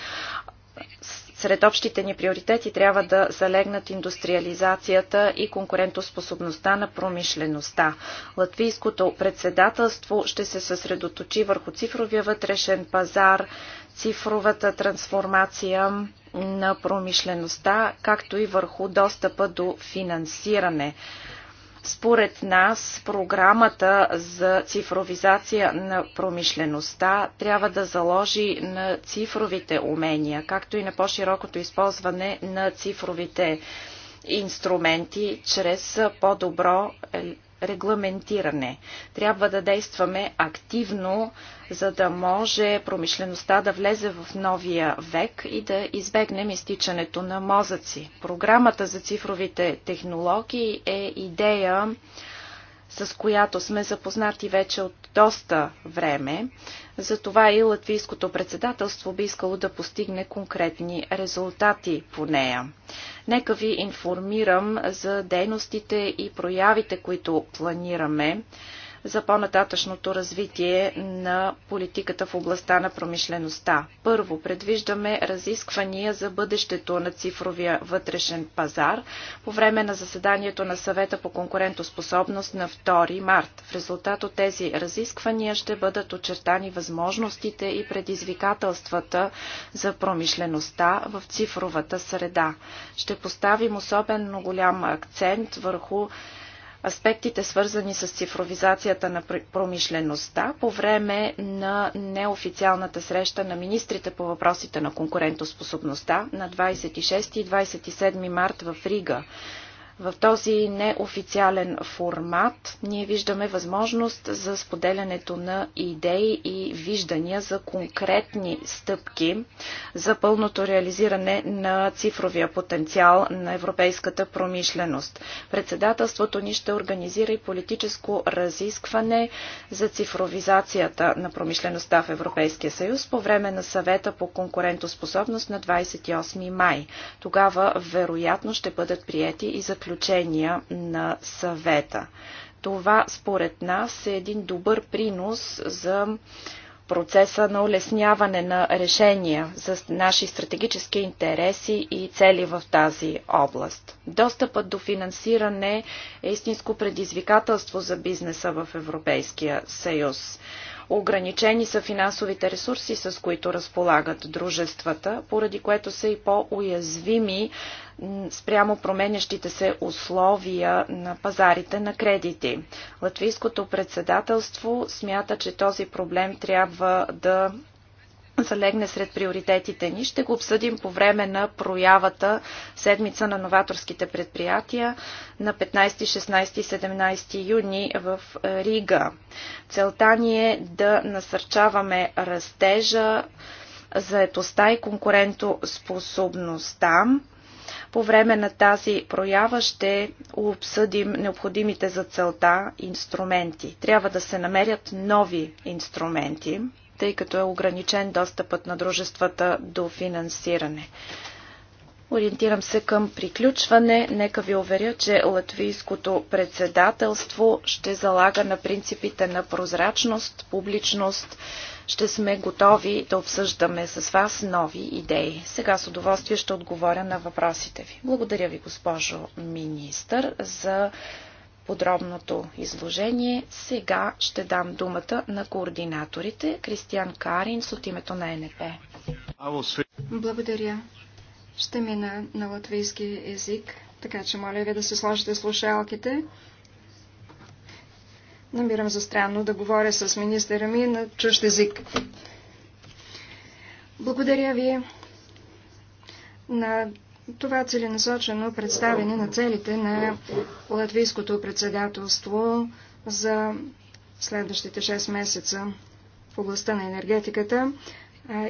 сред общите ни приоритети трябва да залегнат индустриализацията и конкурентоспособността на промишлеността. Латвийското председателство ще се съсредоточи върху цифровия вътрешен пазар, цифровата трансформация на промишлеността, както и върху достъпа до финансиране. Според нас програмата за цифровизация на промишлеността трябва да заложи на цифровите умения, както и на по-широкото използване на цифровите инструменти чрез по-добро регламентиране. Трябва да действаме активно, за да може промишлеността да влезе в новия век и да избегнем изтичането на мозъци. Програмата за цифровите технологии е идея, с която сме запознати вече от доста време. Затова и латвийското председателство би искало да постигне конкретни резултати по нея. Нека ви информирам за дейностите и проявите, които планираме за по-нататъчното развитие на политиката в областта на промишлеността. Първо, предвиждаме разисквания за бъдещето на цифровия вътрешен пазар по време на заседанието на съвета по конкурентоспособност на 2 март. В резултат от тези разисквания ще бъдат очертани възможностите и предизвикателствата за промишлеността в цифровата среда. Ще поставим особено голям акцент върху аспектите свързани с цифровизацията на промишлеността по време на неофициалната среща на министрите по въпросите на конкурентоспособността на 26 и 27 март в Рига. В този неофициален формат ние виждаме възможност за споделянето на идеи и виждания за конкретни стъпки за пълното реализиране на цифровия потенциал на европейската промишленост. Председателството ни ще организира и политическо разискване за цифровизацията на промишлеността в Европейския съюз по време на съвета по конкурентоспособност на 28 май. Тогава вероятно ще бъдат приети и заключени заключения на съвета. Това според нас е един добър принос за процеса на улесняване на решения за наши стратегически интереси и цели в тази област. Достъпът до финансиране е истинско предизвикателство за бизнеса в Европейския съюз. Ограничени са финансовите ресурси, с които разполагат дружествата, поради което са и по-уязвими спрямо променящите се условия на пазарите на кредити. Латвийското председателство смята, че този проблем трябва да залегне сред приоритетите ни. Ще го обсъдим по време на проявата Седмица на новаторските предприятия на 15, 16 и 17 юни в е, Рига. Целта ни е да насърчаваме растежа, заетостта и конкурентоспособността. По време на тази проява ще обсъдим необходимите за целта инструменти. Трябва да се намерят нови инструменти тъй като е ограничен достъпът на дружествата до финансиране. Ориентирам се към приключване. Нека ви уверя, че латвийското председателство ще залага на принципите на прозрачност, публичност. Ще сме готови да обсъждаме с вас нови идеи. Сега с удоволствие ще отговоря на въпросите ви. Благодаря ви, госпожо министър, за подробното изложение. Сега ще дам думата на координаторите. Кристиан Каринс от името на НП. Благодаря. Ще мина на латвийски език, така че моля ви да се сложите слушалките. Намирам за странно да говоря с министъра ми на чужд език. Благодаря ви на това целенасочено представяне на целите на латвийското председателство за следващите 6 месеца в областта на енергетиката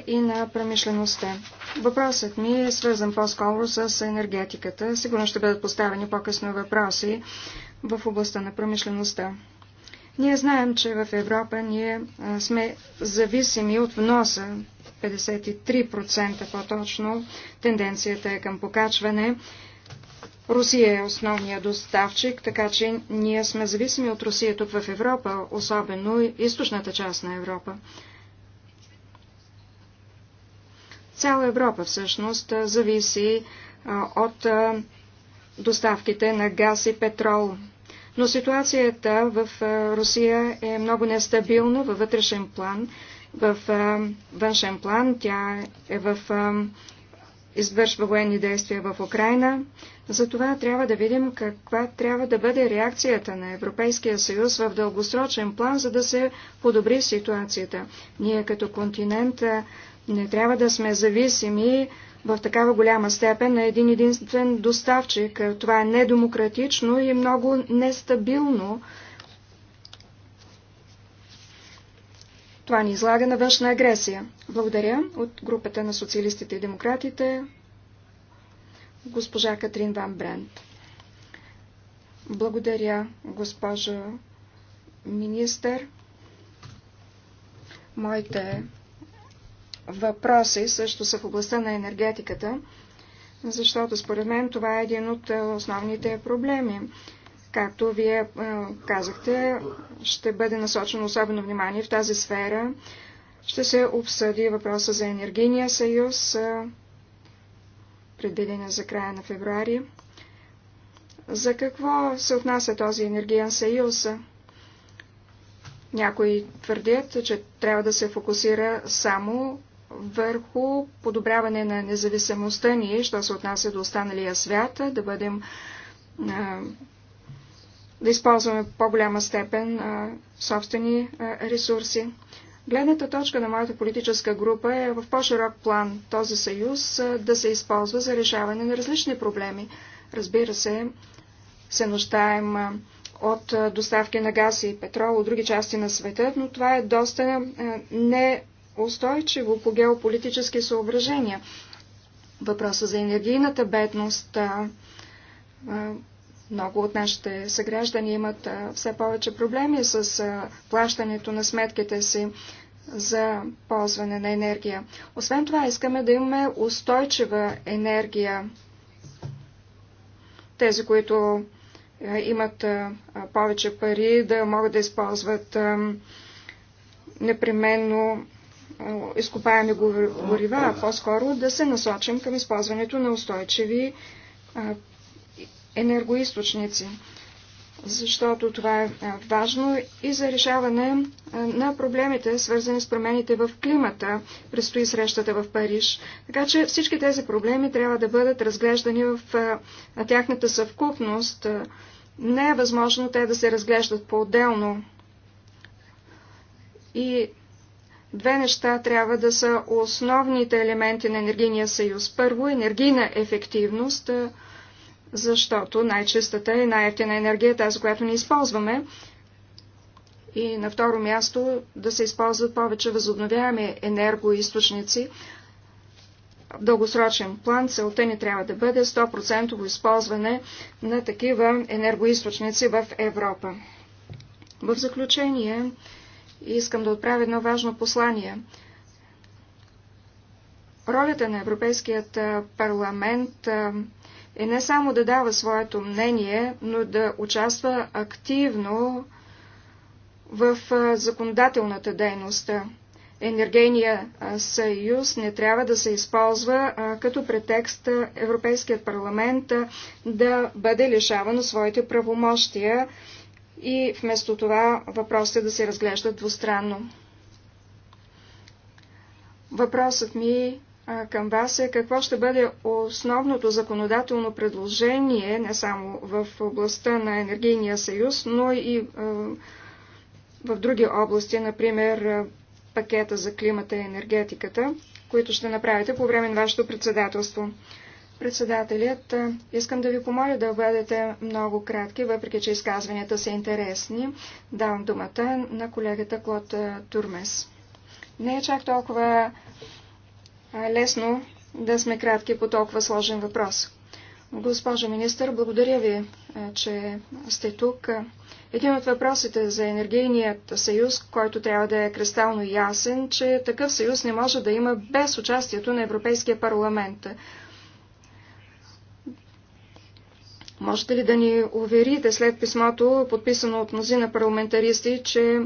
и на промишлеността. Въпросът ми е свързан по-скоро с енергетиката. Сигурно ще бъдат поставени по-късно въпроси в областта на промишлеността. Ние знаем, че в Европа ние сме зависими от вноса 53% по-точно. Тенденцията е към покачване. Русия е основният доставчик, така че ние сме зависими от Русия тук в Европа, особено източната част на Европа. Цяла Европа всъщност зависи от доставките на газ и петрол. Но ситуацията в Русия е много нестабилна във вътрешен план в външен план. Тя е в извършва военни действия в Украина. Затова трябва да видим каква трябва да бъде реакцията на Европейския съюз в дългосрочен план, за да се подобри ситуацията. Ние като континент не трябва да сме зависими в такава голяма степен на един единствен доставчик. Това е недемократично и много нестабилно Това ни излага на външна агресия. Благодаря от групата на социалистите и демократите, госпожа Катрин Ван Брент. Благодаря, госпожа министър. Моите въпроси също са в областта на енергетиката, защото според мен това е един от основните проблеми. Както вие е, казахте, ще бъде насочено особено внимание в тази сфера. Ще се обсъди въпроса за енергийния съюз, е, предвидена за края на февруари. За какво се отнася този енергиен съюз? Някои твърдят, че трябва да се фокусира само върху подобряване на независимостта ни, що се отнася до останалия свят, да бъдем е, да използваме по-голяма степен а, собствени а, ресурси. Гледната точка на моята политическа група е в по-широк план този съюз а, да се използва за решаване на различни проблеми. Разбира се, се нуждаем а, от а, доставки на газ и петрол от други части на света, но това е доста а, неустойчиво по геополитически съображения. Въпроса за енергийната бедност. А, много от нашите съграждани имат все повече проблеми с плащането на сметките си за ползване на енергия. Освен това, искаме да имаме устойчива енергия. Тези, които имат повече пари, да могат да използват непременно изкопаеми горива, а по-скоро да се насочим към използването на устойчиви енергоисточници, защото това е важно и за решаване на проблемите, свързани с промените в климата. Предстои срещата в Париж. Така че всички тези проблеми трябва да бъдат разглеждани в тяхната съвкупност. Не е възможно те да се разглеждат по-отделно. И две неща трябва да са основните елементи на енергийния съюз. Първо, енергийна ефективност – защото най-чистата и най-ефтина енергия е тази, която не използваме. И на второ място да се използват повече възобновяеми енергоисточници. В дългосрочен план целта ни трябва да бъде 100% използване на такива енергоисточници в Европа. В заключение искам да отправя едно важно послание. Ролята на Европейският парламент е не само да дава своето мнение, но да участва активно в законодателната дейност. Енергейният съюз не трябва да се използва като претекст Европейският парламент да бъде лишаван от своите правомощия и вместо това въпросите да се разглеждат двустранно. Въпросът ми към вас е какво ще бъде основното законодателно предложение, не само в областта на енергийния съюз, но и в други области, например пакета за климата и енергетиката, които ще направите по време на вашето председателство. Председателят, искам да ви помоля да бъдете много кратки, въпреки че изказванията са интересни. Давам думата на колегата Клод Турмес. Не е чак толкова е лесно да сме кратки по толкова сложен въпрос. Госпожо министър, благодаря ви, е, че сте тук. Един от въпросите за енергийният съюз, който трябва да е кристално ясен, че такъв съюз не може да има без участието на Европейския парламент. Можете ли да ни уверите след писмото, подписано от мнозина парламентаристи, че,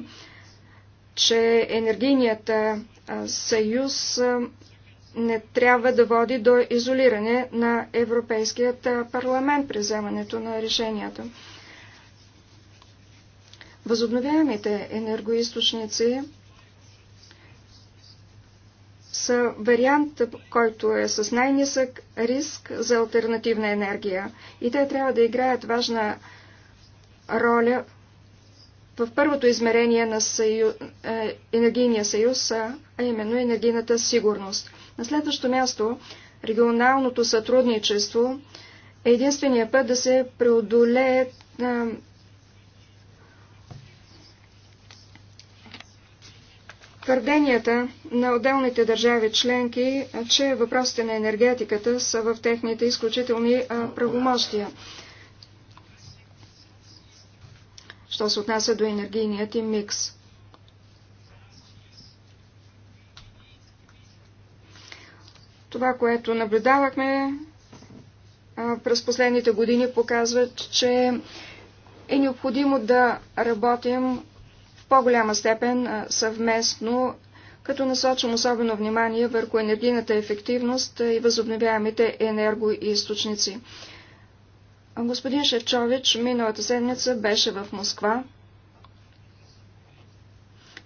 че енергийният съюз не трябва да води до изолиране на Европейският парламент при вземането на решенията. Възобновяемите енергоисточници са вариант, който е с най-нисък риск за альтернативна енергия. И те трябва да играят важна роля в първото измерение на съю... Е, енергийния съюз, а именно енергийната сигурност. На следващо място, регионалното сътрудничество е единствения път да се преодолее твърденията на отделните държави членки, че въпросите на енергетиката са в техните изключителни правомощия. Що се отнася до енергийният им микс. Това, което наблюдавахме през последните години, показва, че е необходимо да работим в по-голяма степен съвместно, като насочим особено внимание върху енергийната ефективност и възобновяемите енергоисточници. Господин Шевчович миналата седмица беше в Москва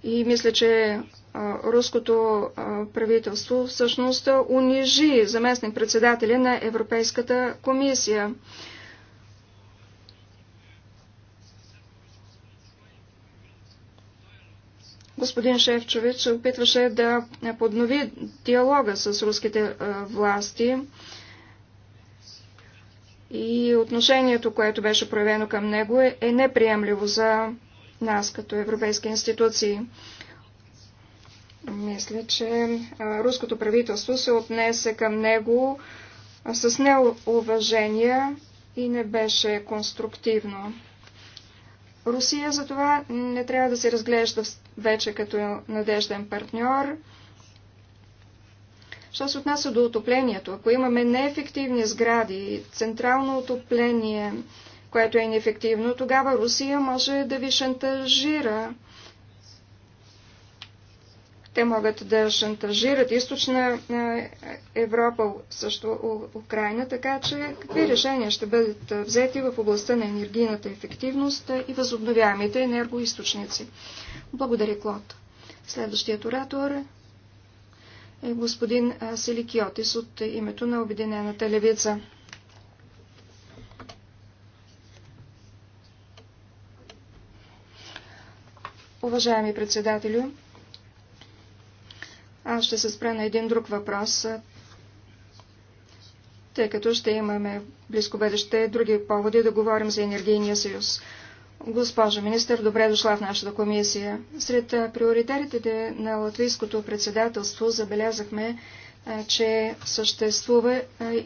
и мисля, че руското правителство всъщност унижи заместник председателя на Европейската комисия. Господин Шевчович опитваше да поднови диалога с руските власти и отношението, което беше проявено към него е, е неприемливо за нас като европейски институции. Мисля, че руското правителство се отнесе към него с неуважение и не беше конструктивно. Русия за това не трябва да се разглежда вече като надежден партньор. Що се отнася до отоплението, ако имаме неефективни сгради, централно отопление, което е неефективно, тогава Русия може да ви шантажира. Те могат да шантажират източна е, Европа, също Украина, така че какви решения ще бъдат е, взети в областта на енергийната ефективност е, и възобновяемите енергоисточници. Благодаря, Клод. Следващият оратор е господин Селикиотис от името на Обединената левица. Уважаеми председателю, аз ще се спра на един друг въпрос, тъй като ще имаме близко бъдеще други поводи да говорим за енергийния съюз. Госпожо министър, добре дошла в нашата комисия. Сред приоритетите на латвийското председателство забелязахме, че съществува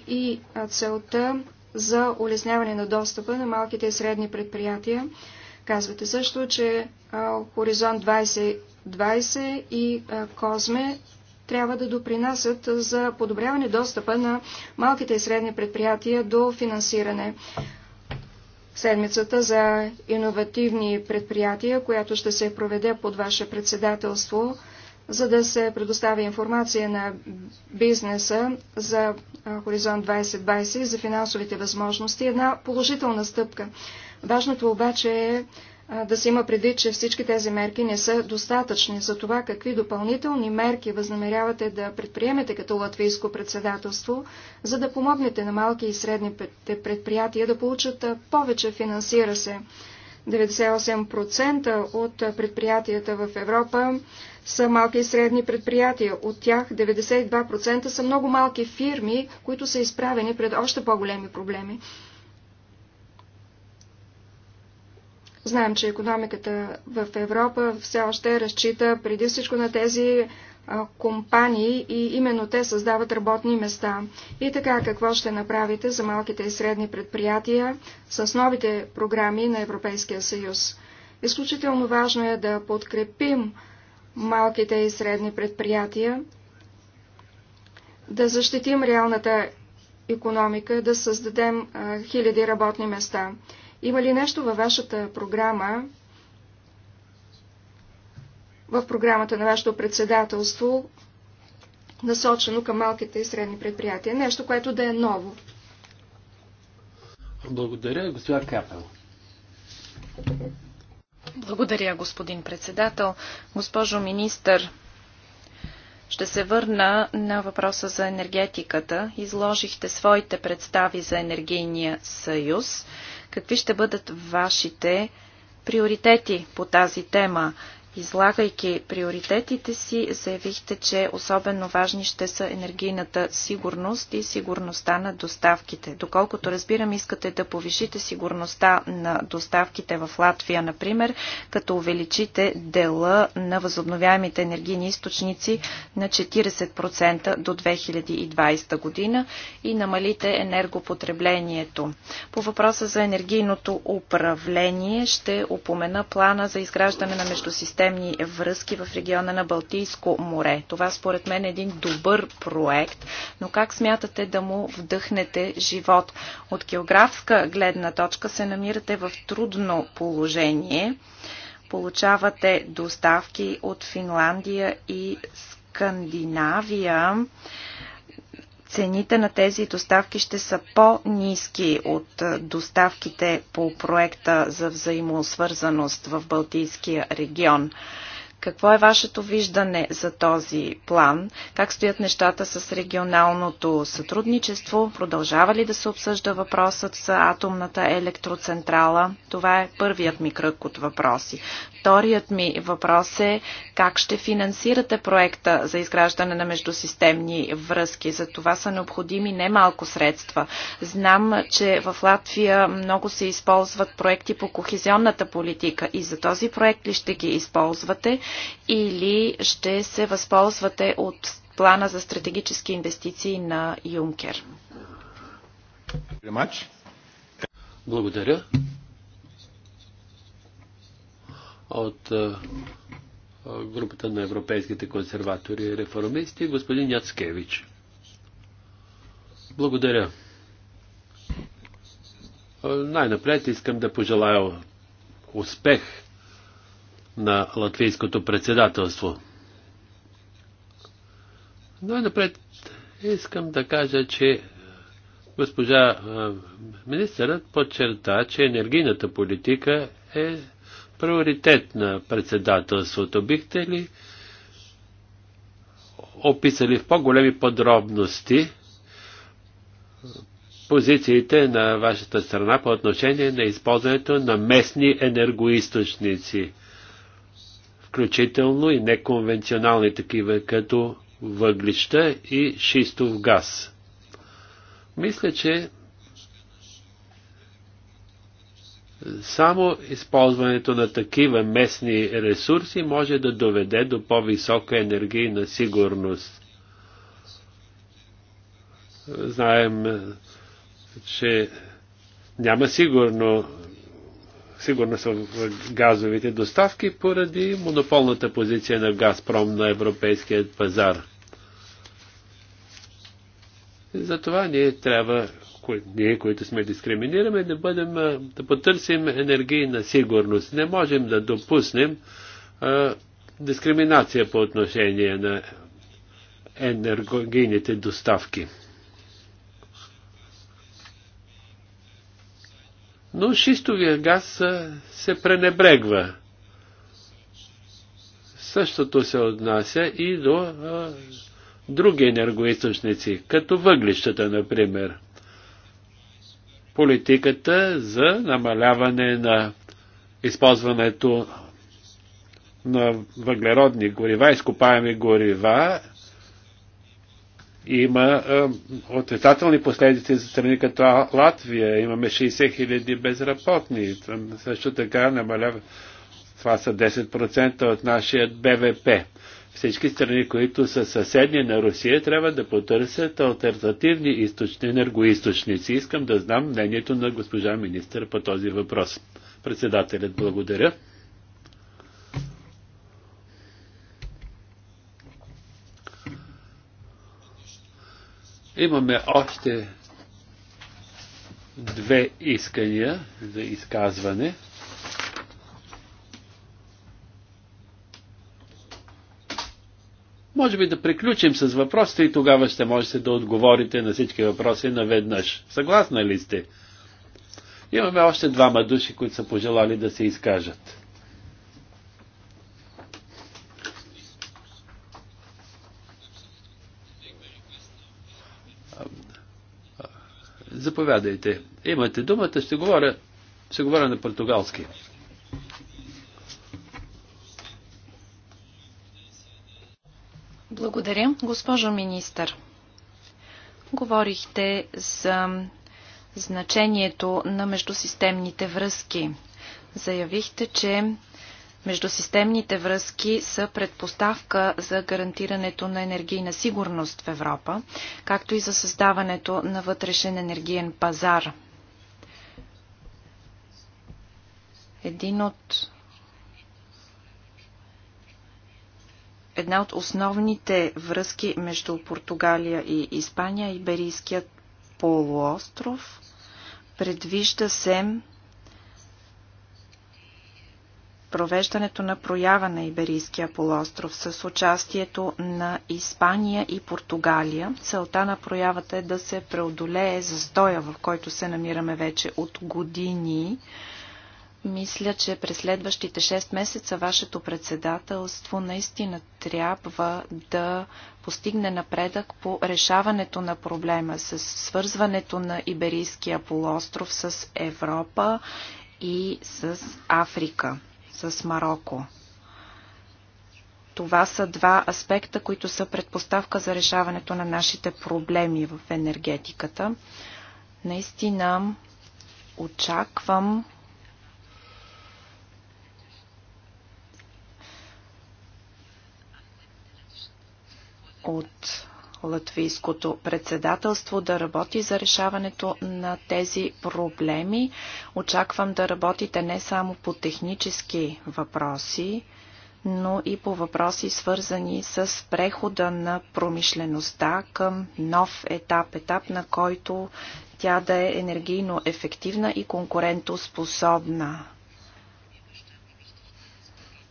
и целта за улесняване на достъпа на малките и средни предприятия. Казвате също, че Хоризонт 20 20 и Козме трябва да допринасят за подобряване достъпа на малките и средни предприятия до финансиране. Седмицата за иновативни предприятия, която ще се проведе под ваше председателство, за да се предостави информация на бизнеса за Хоризонт 2020 и за финансовите възможности, е една положителна стъпка. Важното обаче е да се има предвид, че всички тези мерки не са достатъчни. За това какви допълнителни мерки възнамерявате да предприемете като латвийско председателство, за да помогнете на малки и средни предприятия да получат повече финансира се. 98% от предприятията в Европа са малки и средни предприятия. От тях 92% са много малки фирми, които са изправени пред още по-големи проблеми. Знаем, че економиката в Европа все още разчита преди всичко на тези компании и именно те създават работни места. И така, какво ще направите за малките и средни предприятия с новите програми на Европейския съюз? Изключително важно е да подкрепим малките и средни предприятия, да защитим реалната економика, да създадем хиляди работни места. Има ли нещо във вашата програма, в програмата на вашето председателство, насочено към малките и средни предприятия? Нещо, което да е ново. Благодаря, госпожа Капел. Благодаря, господин председател. Госпожо министър, ще се върна на въпроса за енергетиката. Изложихте своите представи за енергийния съюз. Какви ще бъдат вашите приоритети по тази тема? Излагайки приоритетите си, заявихте, че особено важни ще са енергийната сигурност и сигурността на доставките. Доколкото разбирам, искате да повишите сигурността на доставките в Латвия, например, като увеличите дела на възобновяемите енергийни източници на 40% до 2020 година и намалите енергопотреблението. По въпроса за енергийното управление ще упомена плана за изграждане на междусистемите системни връзки в региона на Балтийско море. Това според мен е един добър проект, но как смятате да му вдъхнете живот? От географска гледна точка се намирате в трудно положение. Получавате доставки от Финландия и Скандинавия. Скандинавия цените на тези доставки ще са по-низки от доставките по проекта за взаимосвързаност в Балтийския регион. Какво е вашето виждане за този план? Как стоят нещата с регионалното сътрудничество? Продължава ли да се обсъжда въпросът за атомната електроцентрала? Това е първият ми кръг от въпроси. Вторият ми въпрос е как ще финансирате проекта за изграждане на междусистемни връзки. За това са необходими немалко средства. Знам, че в Латвия много се използват проекти по кохезионната политика и за този проект ли ще ги използвате? или ще се възползвате от плана за стратегически инвестиции на Юнкер? Благодаря. От групата на европейските консерватори и реформисти, господин Яцкевич. Благодаря. Най-напред искам да пожелая успех на латвийското председателство. Но и напред искам да кажа, че госпожа министърът подчерта, че енергийната политика е приоритет на председателството. Бихте ли описали в по-големи подробности позициите на вашата страна по отношение на използването на местни енергоисточници? включително и неконвенционални такива, като въглища и шистов газ. Мисля, че само използването на такива местни ресурси може да доведе до по-висока енергийна сигурност. Знаем, че няма сигурно сигурност са газовите доставки поради монополната позиция на Газпром на европейския пазар. Затова ние трябва, кои, ние, които сме дискриминираме, да, бъдем, да потърсим енергийна сигурност. Не можем да допуснем а, дискриминация по отношение на енергийните доставки. но шистовия газ се пренебрегва. Същото се отнася и до а, други енергоисточници, като въглищата, например. Политиката за намаляване на използването на въглеродни горива, изкопаеми горива, има е, отрицателни последици за страни като Латвия. Имаме 60 хиляди безработни. Това също така намалява. Това са 10% от нашия БВП. Всички страни, които са съседни на Русия, трябва да потърсят альтернативни източни, енергоисточници. Искам да знам мнението на госпожа министър по този въпрос. Председателят, благодаря. Имаме още две искания за изказване. Може би да приключим с въпросите и тогава ще можете да отговорите на всички въпроси наведнъж. Съгласна ли сте? Имаме още двама души, които са пожелали да се изкажат. Заповядайте. Имате думата, ще говоря, ще говоря на португалски. Благодаря, госпожо министър. Говорихте за значението на междусистемните връзки. Заявихте, че Междусистемните връзки са предпоставка за гарантирането на енергийна сигурност в Европа, както и за създаването на вътрешен енергиен пазар. Един от една от основните връзки между Португалия и Испания, е Иберийският полуостров. Предвижда се провеждането на проява на Иберийския полуостров с участието на Испания и Португалия. Целта на проявата е да се преодолее застоя, в който се намираме вече от години. Мисля, че през следващите 6 месеца вашето председателство наистина трябва да постигне напредък по решаването на проблема с свързването на Иберийския полуостров с Европа и с Африка с Марокко. Това са два аспекта, които са предпоставка за решаването на нашите проблеми в енергетиката. Наистина очаквам от латвийското председателство да работи за решаването на тези проблеми. Очаквам да работите не само по технически въпроси, но и по въпроси свързани с прехода на промишлеността към нов етап, етап на който тя да е енергийно ефективна и конкурентоспособна.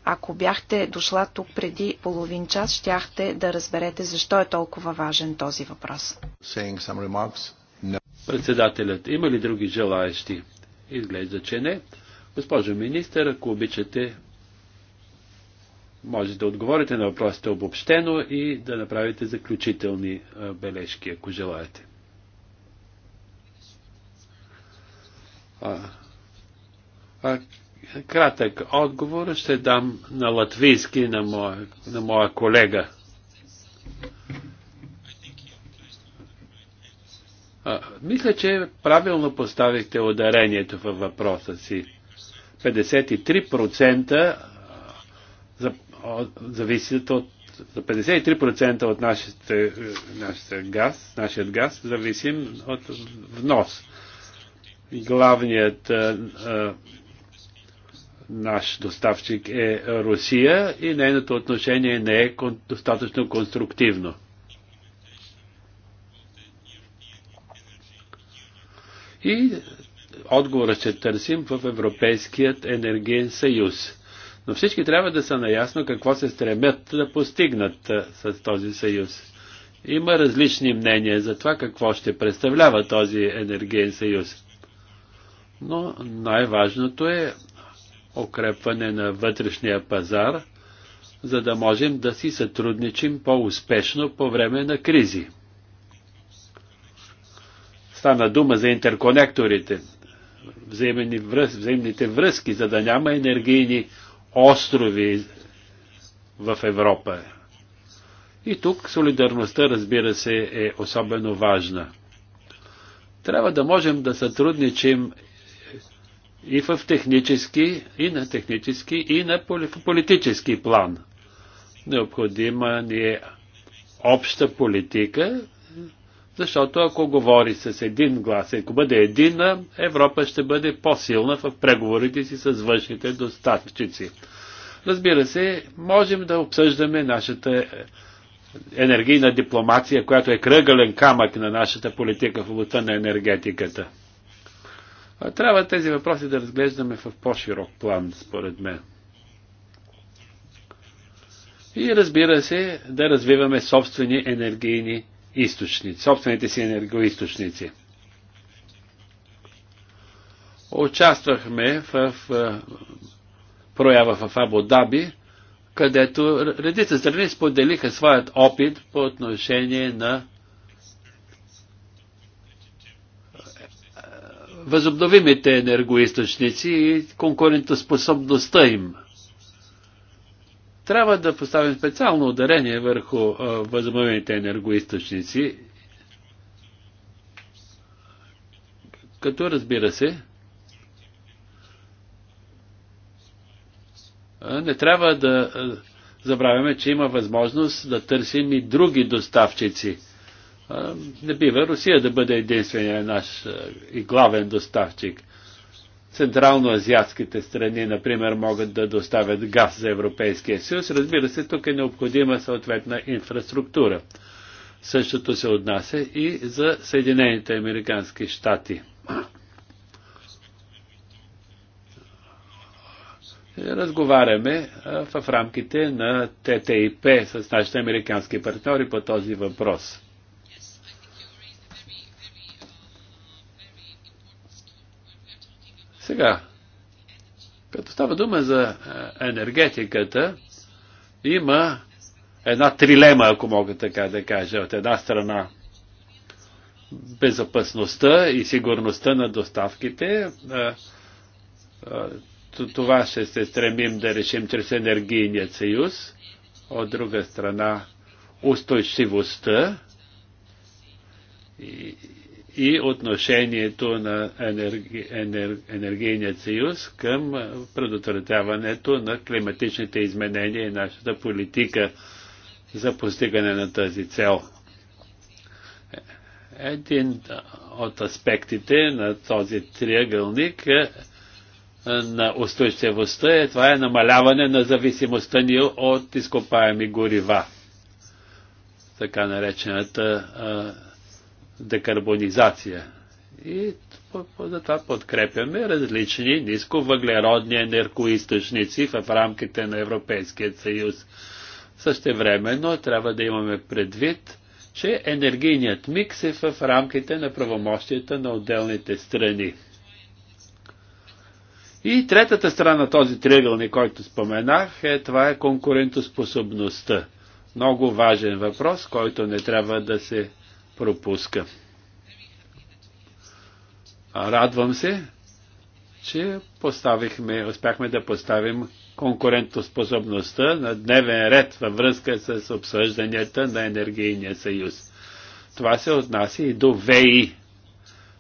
Ако бяхте дошла тук преди половин час, щяхте да разберете защо е толкова важен този въпрос. Председателят, има ли други желаящи? Изглежда, че не. Госпожо министър, ако обичате, може да отговорите на въпросите обобщено и да направите заключителни бележки, ако желаете. А, а, кратък отговор ще дам на латвийски на моя, на моя колега. А, мисля, че правилно поставихте ударението във въпроса си. 53% за, зависят от за 53% от нашите, нашите газ, нашият газ зависим от внос. Главният а, а, наш доставчик е Русия и нейното отношение не е достатъчно конструктивно. И отговорът ще търсим в Европейският енергиен съюз. Но всички трябва да са наясно какво се стремят да постигнат с този съюз. Има различни мнения за това какво ще представлява този енергиен съюз. Но най-важното е укрепване на вътрешния пазар, за да можем да си сътрудничим по-успешно по време на кризи. Стана дума за интерконекторите, взаимни връз, взаимните връзки, за да няма енергийни острови в Европа. И тук солидарността, разбира се, е особено важна. Трябва да можем да сътрудничим и в технически, и на технически, и на политически план. Необходима ни е обща политика, защото ако говори с един глас, ако бъде едина, Европа ще бъде по-силна в преговорите си с външните доставчици. Разбира се, можем да обсъждаме нашата енергийна дипломация, която е кръгален камък на нашата политика в областта на енергетиката. Трябва тези въпроси да разглеждаме в по-широк план, според мен. И разбира се, да развиваме собствени енергийни източници, собствените си енергоисточници. Участвахме в, в проява в Абу Даби, където редица страни споделиха своят опит по отношение на възобновимите енергоисточници и конкурентоспособността им. Трябва да поставим специално ударение върху възобновимите енергоисточници, като разбира се, не трябва да забравяме, че има възможност да търсим и други доставчици – не бива Русия да бъде единствения наш и главен доставчик. Централноазиатските страни, например, могат да доставят газ за Европейския съюз. Разбира се, тук е необходима съответна инфраструктура. Същото се отнася и за Съединените Американски щати. Разговаряме в рамките на ТТИП с нашите американски партньори по този въпрос. Сега, като става дума за е, енергетиката, има една трилема, ако мога така да кажа, от една страна безопасността и сигурността на доставките. Е, е, това ще се стремим да решим чрез енергийният съюз. От друга страна, устойчивостта и отношението на енергийният съюз към предотвратяването на климатичните изменения и нашата политика за постигане на тази цел. Един от аспектите на този триъгълник е, на устойчивостта е това е намаляване на зависимостта ни от изкопаеми горива. Така наречената е, декарбонизация. И затова подкрепяме различни нисковъглеродни енергоисточници в рамките на Европейския съюз. Същевременно трябва да имаме предвид, че енергийният микс е в рамките на правомощията на отделните страни. И третата страна на този триъгълник, който споменах, е това е конкурентоспособността. Много важен въпрос, който не трябва да се пропуска. Радвам се, че поставихме, успяхме да поставим конкурентоспособността на дневен ред във връзка с обсъжданията на енергийния съюз. Това се отнася и до ВИ.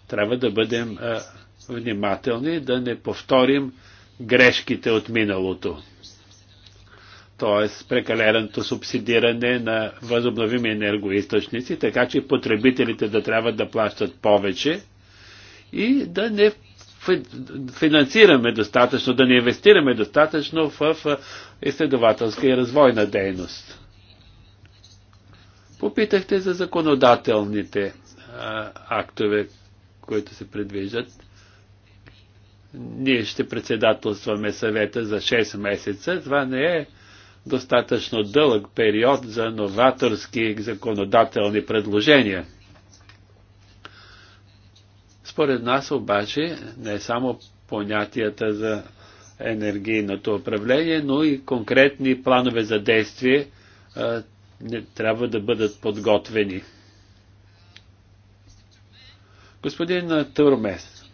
Трябва да бъдем а, внимателни, да не повторим грешките от миналото т.е. прекаленото субсидиране на възобновими енергоисточници, така че потребителите да трябва да плащат повече и да не финансираме достатъчно, да не инвестираме достатъчно в изследователска и развойна дейност. Попитахте за законодателните актове, които се предвиждат. Ние ще председателстваме съвета за 6 месеца. Това не е достатъчно дълъг период за новаторски законодателни предложения. Според нас обаче не само понятията за енергийното управление, но и конкретни планове за действие а, не трябва да бъдат подготвени. Господин Турмес,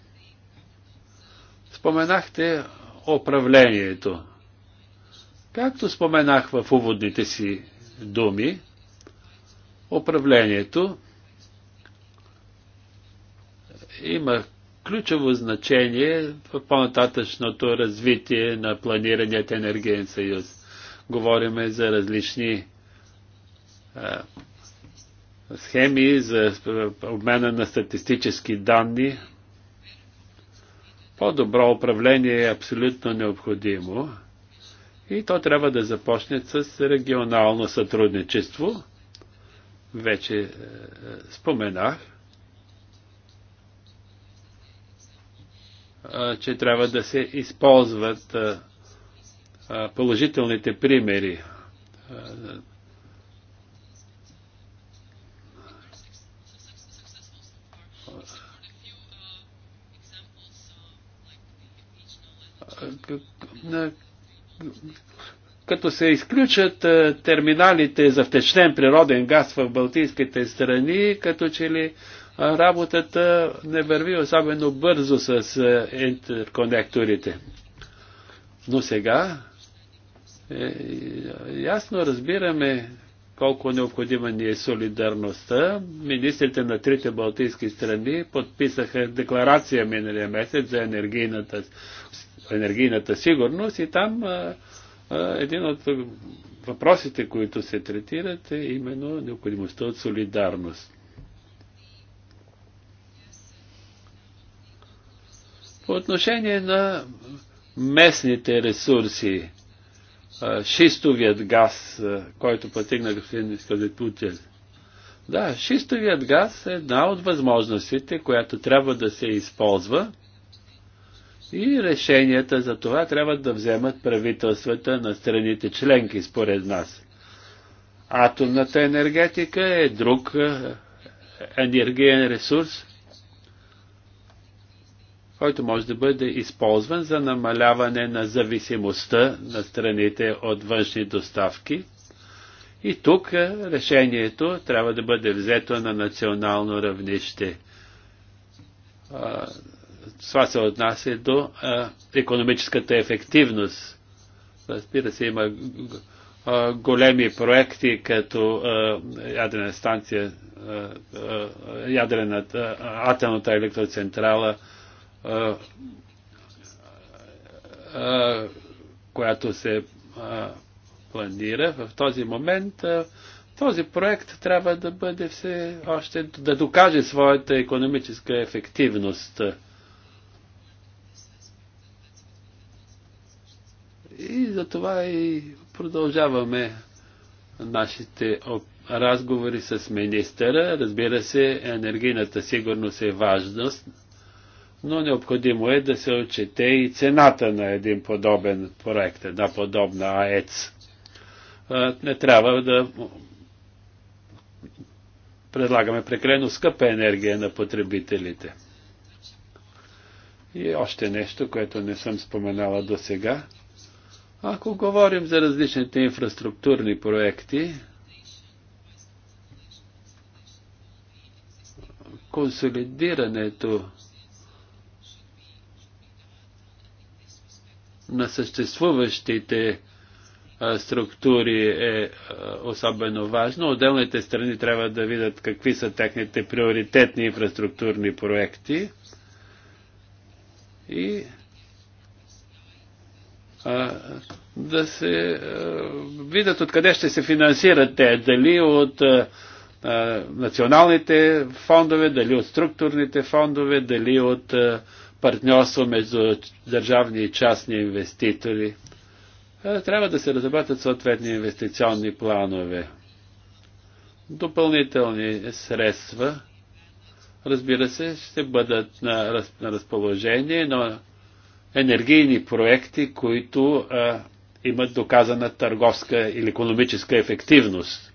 споменахте управлението, Както споменах в уводните си думи, управлението има ключово значение в по-нататъчното развитие на планираният енергиен съюз. Говориме за различни а, схеми, за обмена на статистически данни. По-добро управление е абсолютно необходимо и то трябва да започне с регионално сътрудничество. Вече е, е споменах, е, че трябва да се използват е, е положителните примери. на е, като се изключат е, терминалите за втечнен природен газ в Балтийските страни, като че ли е, работата не върви особено бързо с е, интерконекторите. Но сега е, ясно разбираме колко необходима ни е солидарността. Министрите на трите балтийски страни подписаха декларация миналия месец за енергийната енергийната сигурност и там а, а, един от въпросите, които се третират е именно необходимостта от солидарност. По отношение на местните ресурси, шистовият газ, който потигна господин Путин, Да, шистовият газ е една от възможностите, която трябва да се използва – и решенията за това трябва да вземат правителствата на страните членки, според нас. Атомната енергетика е друг е, енергиен ресурс, който може да бъде използван за намаляване на зависимостта на страните от външни доставки. И тук е, решението трябва да бъде взето на национално равнище това се отнася до а, економическата ефективност. Разбира се, има а, големи проекти, като а, ядрена станция, а, а, ядрената, атомната електроцентрала, а, а, която се а, планира. В този момент а, този проект трябва да бъде все още, да докаже своята економическа ефективност. И затова и продължаваме нашите разговори с министъра. Разбира се, енергийната сигурност е важност, но необходимо е да се отчете и цената на един подобен проект, една подобна АЕЦ. Не трябва да предлагаме прекалено скъпа енергия на потребителите. И още нещо, което не съм споменала до сега – ако говорим за различните инфраструктурни проекти, консолидирането на съществуващите структури е особено важно. Отделните страни трябва да видят какви са техните приоритетни инфраструктурни проекти и да се видят откъде ще се финансират те, дали от националните фондове, дали от структурните фондове, дали от партньорство между държавни и частни инвеститори. Трябва да се разработят съответни инвестиционни планове. Допълнителни средства, разбира се, ще бъдат на, на разположение, но енергийни проекти, които а, имат доказана търговска или економическа ефективност.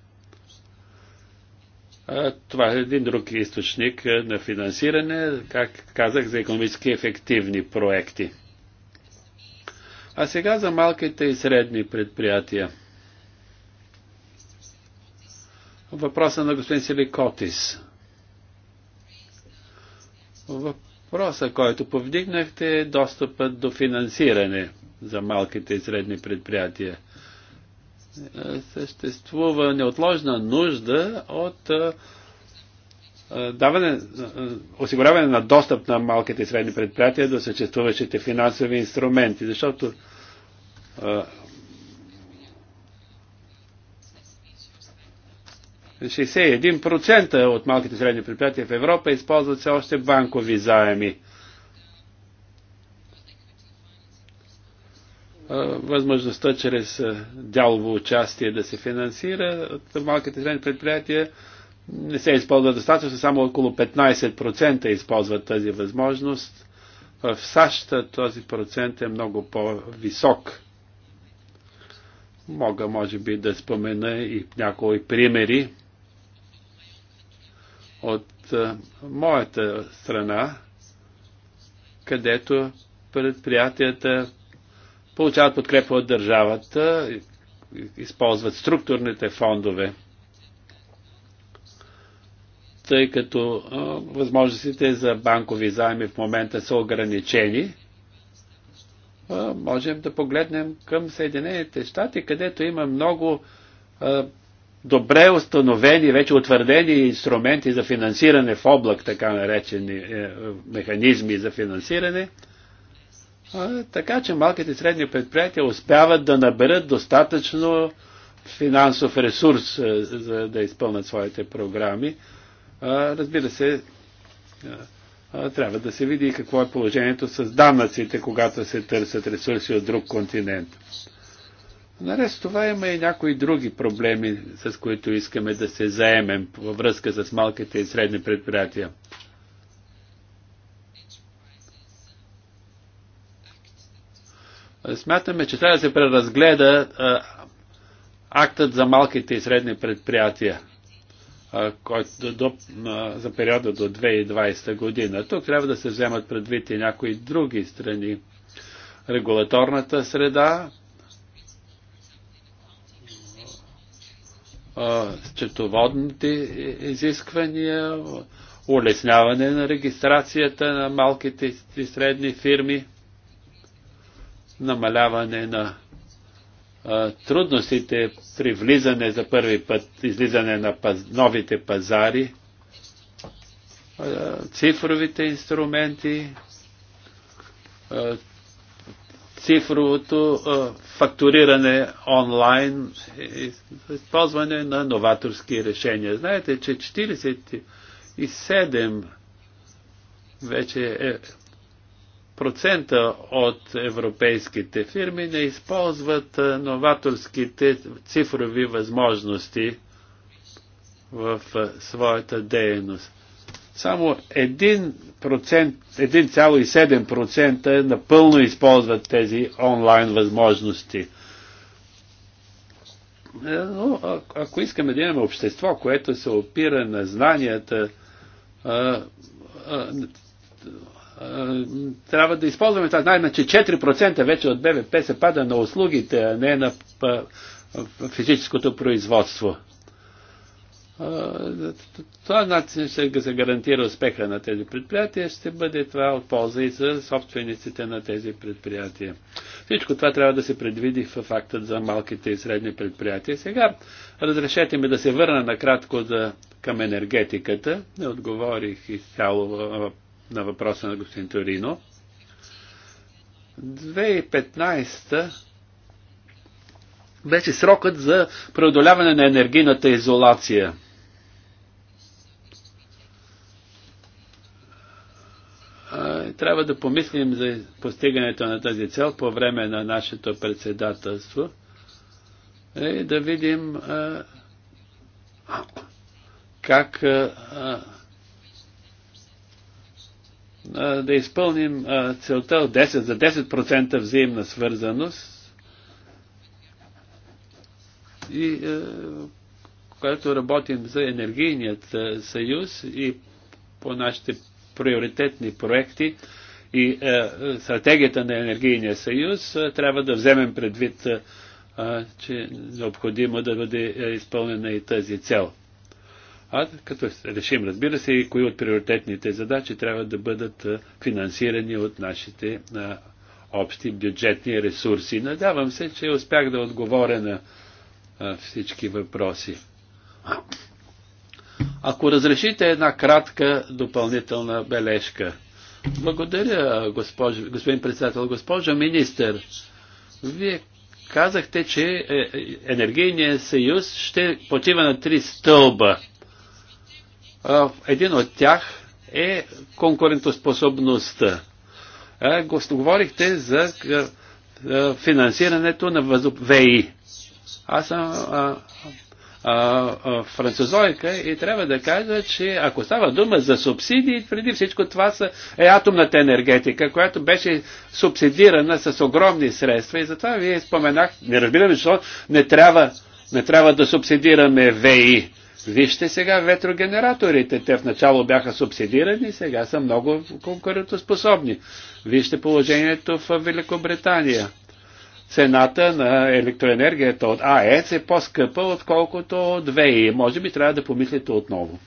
А, това е един друг източник на финансиране, как казах, за економически ефективни проекти. А сега за малките и средни предприятия. Въпроса на господин Силикотис. Въпроса, който повдигнахте е достъпът до финансиране за малките и средни предприятия. Е, съществува неотложна нужда от е, е, даване, осигуряване на достъп на малките и средни предприятия до съществуващите финансови инструменти, защото 61% от малките средни предприятия в Европа използват все още банкови заеми. Възможността чрез дялово участие да се финансира от малките средни предприятия не се използва достатъчно, само около 15% използват тази възможност. В САЩ този процент е много по-висок. Мога, може би, да спомена и някои примери от моята страна, където предприятията получават подкрепа от държавата, използват структурните фондове, тъй като възможностите за банкови заеми в момента са ограничени. можем да погледнем към Съединените щати, където има много добре установени, вече утвърдени инструменти за финансиране в облак, така наречени е, механизми за финансиране, а, така че малките и средни предприятия успяват да наберат достатъчно финансов ресурс, е, за да изпълнят своите програми. А, разбира се, е, а, трябва да се види какво е положението с данъците, когато се търсят ресурси от друг континент. Наред с това има и някои други проблеми, с които искаме да се заемем във връзка с малките и средни предприятия. Смятаме, че трябва да се преразгледа а, актът за малките и средни предприятия а, който, до, а, за периода до 2020 година. Тук трябва да се вземат предвид и някои други страни. Регулаторната среда, счетоводните изисквания, улесняване на регистрацията на малките и средни фирми, намаляване на трудностите при влизане за първи път, излизане на новите пазари, цифровите инструменти, цифровото фактуриране онлайн, и използване на новаторски решения. Знаете, че 47 вече е процента от европейските фирми не използват новаторските цифрови възможности в своята дейност. Само 1,7% напълно използват тези онлайн възможности. Е, но ако искаме да имаме общество, което се опира на знанията, е, е, трябва да използваме това. Знаем, че 4% вече от БВП се пада на услугите, а не на физическото производство. Това начин ще се гарантира успеха на тези предприятия, ще бъде това от полза и за собствениците на тези предприятия. Всичко това трябва да се предвиди в фактът за малките и средни предприятия. Сега разрешете ми да се върна накратко за, към енергетиката. Не отговорих изцяло на въпроса на господин Торино. 2015 беше срокът за преодоляване на енергийната изолация. трябва да помислим за постигането на тази цел по време на нашето председателство и да видим а, как а, а, да изпълним а, целта 10, за 10% взаимна свързаност и а, когато работим за енергийният съюз и по нашите приоритетни проекти и е, стратегията на Енергийния съюз, е, трябва да вземем предвид, е, че е необходимо да бъде изпълнена и тази цел. А като решим, разбира се, и кои от приоритетните задачи трябва да бъдат финансирани от нашите общи бюджетни ресурси. Надявам се, че успях да отговоря на всички въпроси. Ако разрешите една кратка допълнителна бележка. Благодаря, госпож, господин председател. Госпожа министър, вие казахте, че е, енергийният съюз ще почива на три стълба. Един от тях е конкурентоспособността. Говорихте за финансирането на веи. Аз съм французойка и трябва да кажа, че ако става дума за субсидии, преди всичко това са, е атомната енергетика, която беше субсидирана с огромни средства и затова вие споменах, не разбираме, защо не трябва, не трябва да субсидираме ВИ. Вижте сега ветрогенераторите. Те в начало бяха субсидирани, сега са много конкурентоспособни. Вижте положението в Великобритания цената на електроенергията от АЕЦ е по-скъпа, отколкото от ВЕИ. Може би трябва да помислите отново.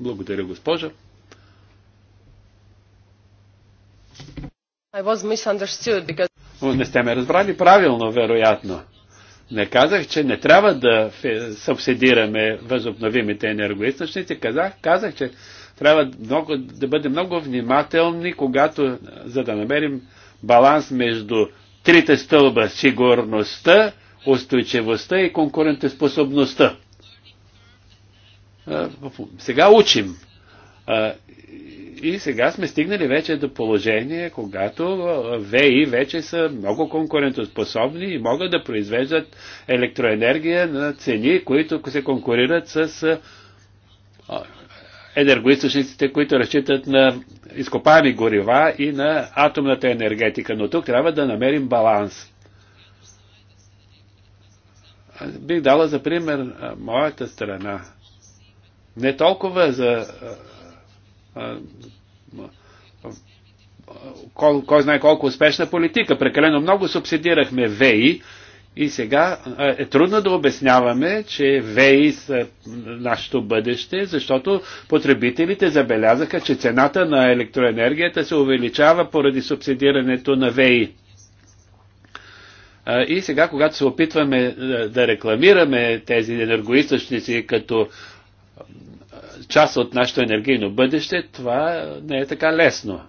Благодаря, госпожа. I was misunderstood because... Не сте ме разбрали правилно, вероятно. Не казах, че не трябва да субсидираме възобновимите енергоисточници. Казах, казах, че трябва много, да бъдем много внимателни, когато, за да намерим баланс между трите стълба сигурността, устойчивостта и конкурентоспособността. Сега учим. И сега сме стигнали вече до положение, когато ВИ вече са много конкурентоспособни и могат да произвеждат електроенергия на цени, които се конкурират с енергоисточниците, които разчитат на изкопаеми горива и на атомната енергетика. Но тук трябва да намерим баланс. Бих дала за пример моята страна. Не толкова за кой, кой знае колко успешна политика. Прекалено много субсидирахме ВЕИ, и сега е, е трудно да обясняваме, че ВЕИ са нашето бъдеще, защото потребителите забелязаха, че цената на електроенергията се увеличава поради субсидирането на ВЕИ. Е, и сега, когато се опитваме е, да рекламираме тези енергоисточници като част от нашето енергийно бъдеще, това не е така лесно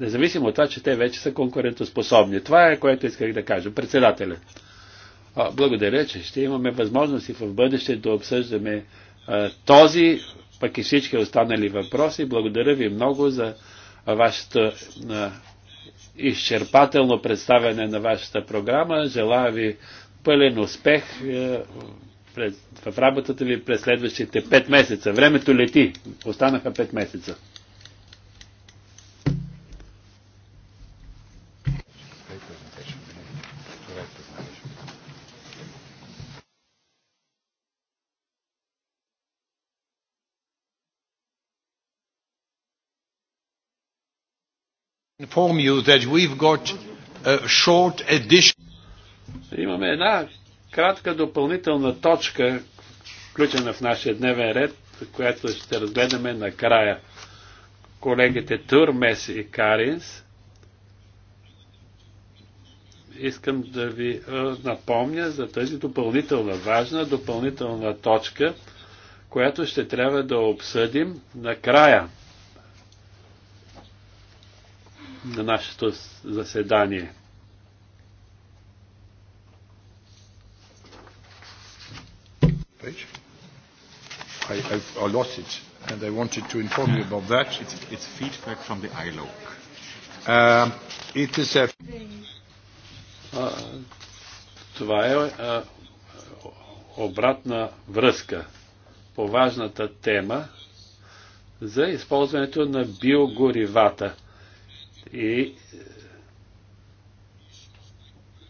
независимо от това, че те вече са конкурентоспособни. Това е което исках да кажа. Председателя. Благодаря, че ще имаме възможност и в бъдеще да обсъждаме този, пък и всички останали въпроси. Благодаря ви много за вашето изчерпателно представяне на вашата програма. Желая ви пълен успех в работата ви през следващите 5 месеца. Времето лети. Останаха 5 месеца. inform you that we've got a short edition. Имаме една кратка допълнителна точка, включена в нашия дневен ред, която ще разгледаме накрая. Колегите Турмес и Каринс, искам да ви напомня за тази допълнителна, важна допълнителна точка, която ще трябва да обсъдим накрая на нашето заседание. I, I, I lost it, and I wanted to inform you about that. It's, it's feedback from the ILOC. Uh, um, it is a... Uh, това е uh, обратна връзка по важната тема за използването на биогоривата и е,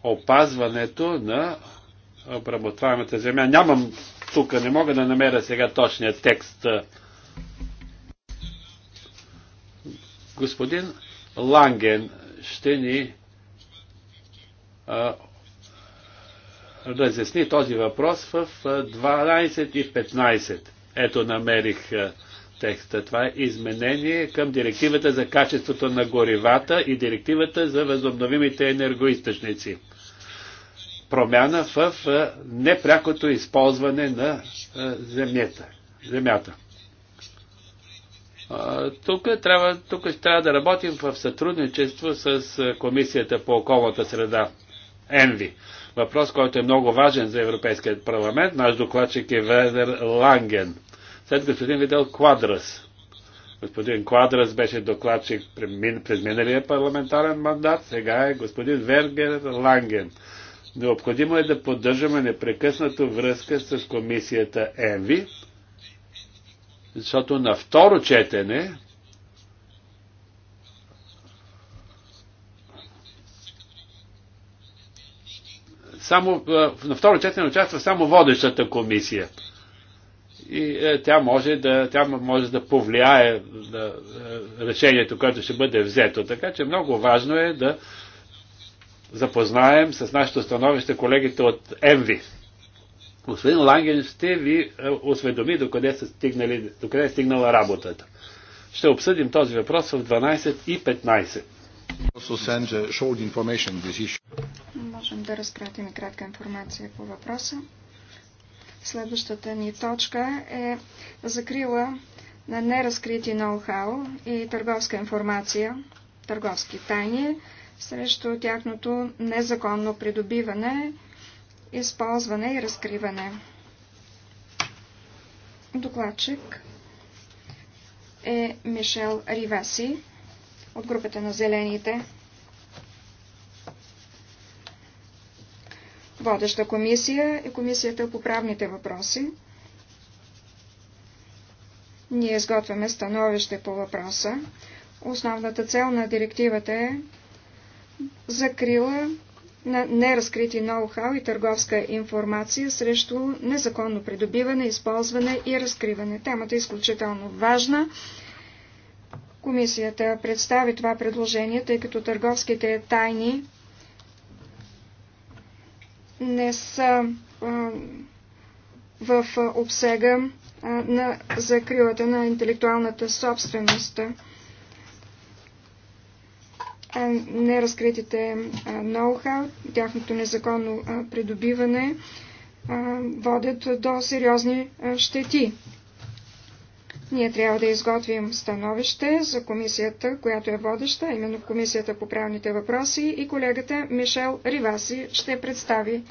опазването на обработваемата земя. Нямам тук, не мога да намеря сега точния текст. Господин Ланген ще ни а, е, разясни този въпрос в 12 е, и 15. Ето намерих а, текста. Това е изменение към директивата за качеството на горивата и директивата за възобновимите енергоисточници. Промяна в непрякото използване на земята. земята. Тук трябва, тук трябва да работим в сътрудничество с Комисията по околната среда, ЕНВИ. Въпрос, който е много важен за Европейският парламент. Наш докладчик е Ведер Ланген след господин Видел Квадрас. Господин Квадрас беше докладчик през миналия парламентарен мандат, сега е господин Вергер Ланген. Необходимо е да поддържаме непрекъснато връзка с комисията ЕНВИ, защото на второ четене само, на второ четене участва само водещата комисия и е, тя може да, тя може да повлияе на е, решението, което ще бъде взето. Така че много важно е да запознаем с нашето становище колегите от ЕМВИ. Господин Ланген ще ви е, осведоми докъде, са стигнали, докъде е стигнала работата. Ще обсъдим този въпрос в 12 и 15. Можем да разпратим кратка информация по въпроса. Следващата ни точка е закрила на неразкрити ноу-хау и търговска информация, търговски тайни, срещу тяхното незаконно придобиване, използване и разкриване. Докладчик е Мишел Риваси от групата на Зелените. Водеща комисия е комисията по правните въпроси. Ние изготвяме становище по въпроса. Основната цел на директивата е закрила на неразкрити ноу-хау и търговска информация срещу незаконно придобиване, използване и разкриване. Темата е изключително важна. Комисията представи това предложение, тъй като търговските тайни не са в обсега на закрилата на интелектуалната собственост. Неразкритите ноу-хау, тяхното незаконно придобиване водят до сериозни щети ние трябва да изготвим становище за комисията, която е водеща, именно комисията по правните въпроси и колегата Мишел Риваси ще представи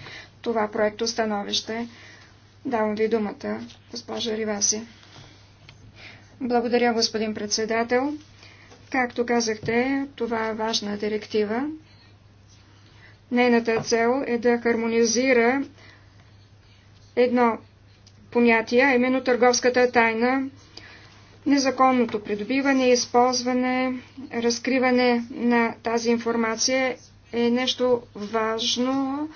това проекто становище. Давам ви думата, госпожа Риваси. Благодаря, господин председател. Както казахте, това е важна директива. Нейната цел е да хармонизира едно понятие, именно търговската тайна Незаконното придобиване, използване, разкриване на тази информация е нещо важно,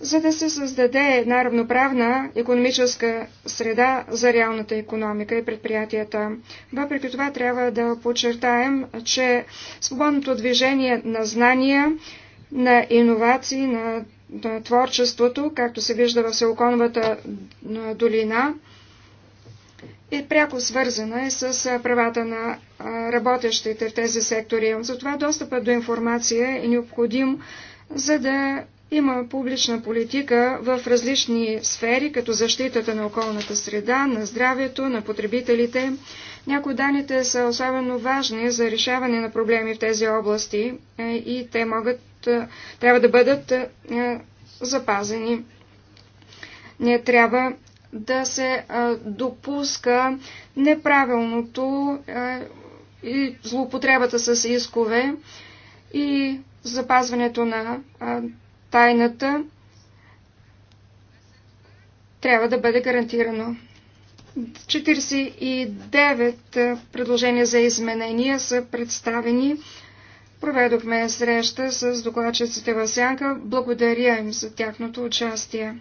за да се създаде една равноправна економическа среда за реалната економика и предприятията. Въпреки това трябва да подчертаем, че свободното движение на знания, на иновации, на, на творчеството, както се вижда в Селоконовата долина, е пряко свързана и е с правата на работещите в тези сектори. Затова достъпът до информация е необходим, за да има публична политика в различни сфери, като защитата на околната среда, на здравето, на потребителите. Някои данните са особено важни за решаване на проблеми в тези области е, и те могат, е, трябва да бъдат запазени. Не трябва да се допуска неправилното и злоупотребата с искове и запазването на тайната трябва да бъде гарантирано. 49 предложения за изменения са представени. Проведохме среща с докладчиците в Сянка. Благодаря им за тяхното участие.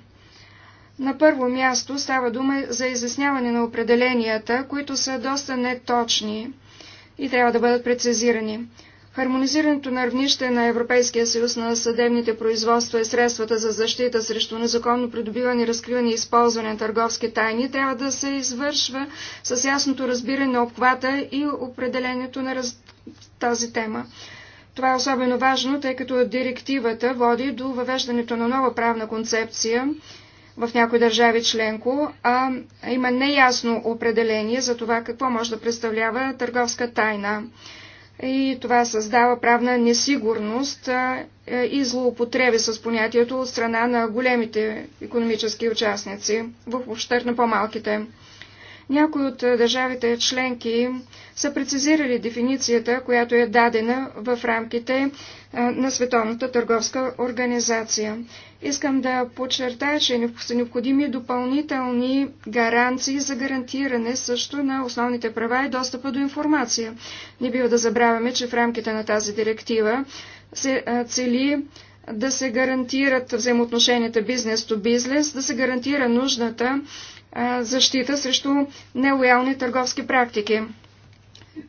На първо място става дума за изясняване на определенията, които са доста неточни и трябва да бъдат прецизирани. Хармонизирането на равнище на Европейския съюз на съдебните производства и е средствата за защита срещу незаконно придобиване, разкриване и използване на търговски тайни трябва да се извършва с ясното разбиране на обхвата и определението на раз... тази тема. Това е особено важно, тъй като директивата води до въвеждането на нова правна концепция в някои държави членко, а има неясно определение за това какво може да представлява търговска тайна. И това създава правна несигурност и злоупотреби с понятието от страна на големите економически участници в общер на по-малките. Някои от държавите членки са прецизирали дефиницията, която е дадена в рамките на Световната търговска организация. Искам да подчертая, че са необходими допълнителни гаранции за гарантиране също на основните права и достъпа до информация. Не бива да забравяме, че в рамките на тази директива се цели да се гарантират взаимоотношенията бизнес-то бизнес, да се гарантира нужната защита срещу нелоялни търговски практики.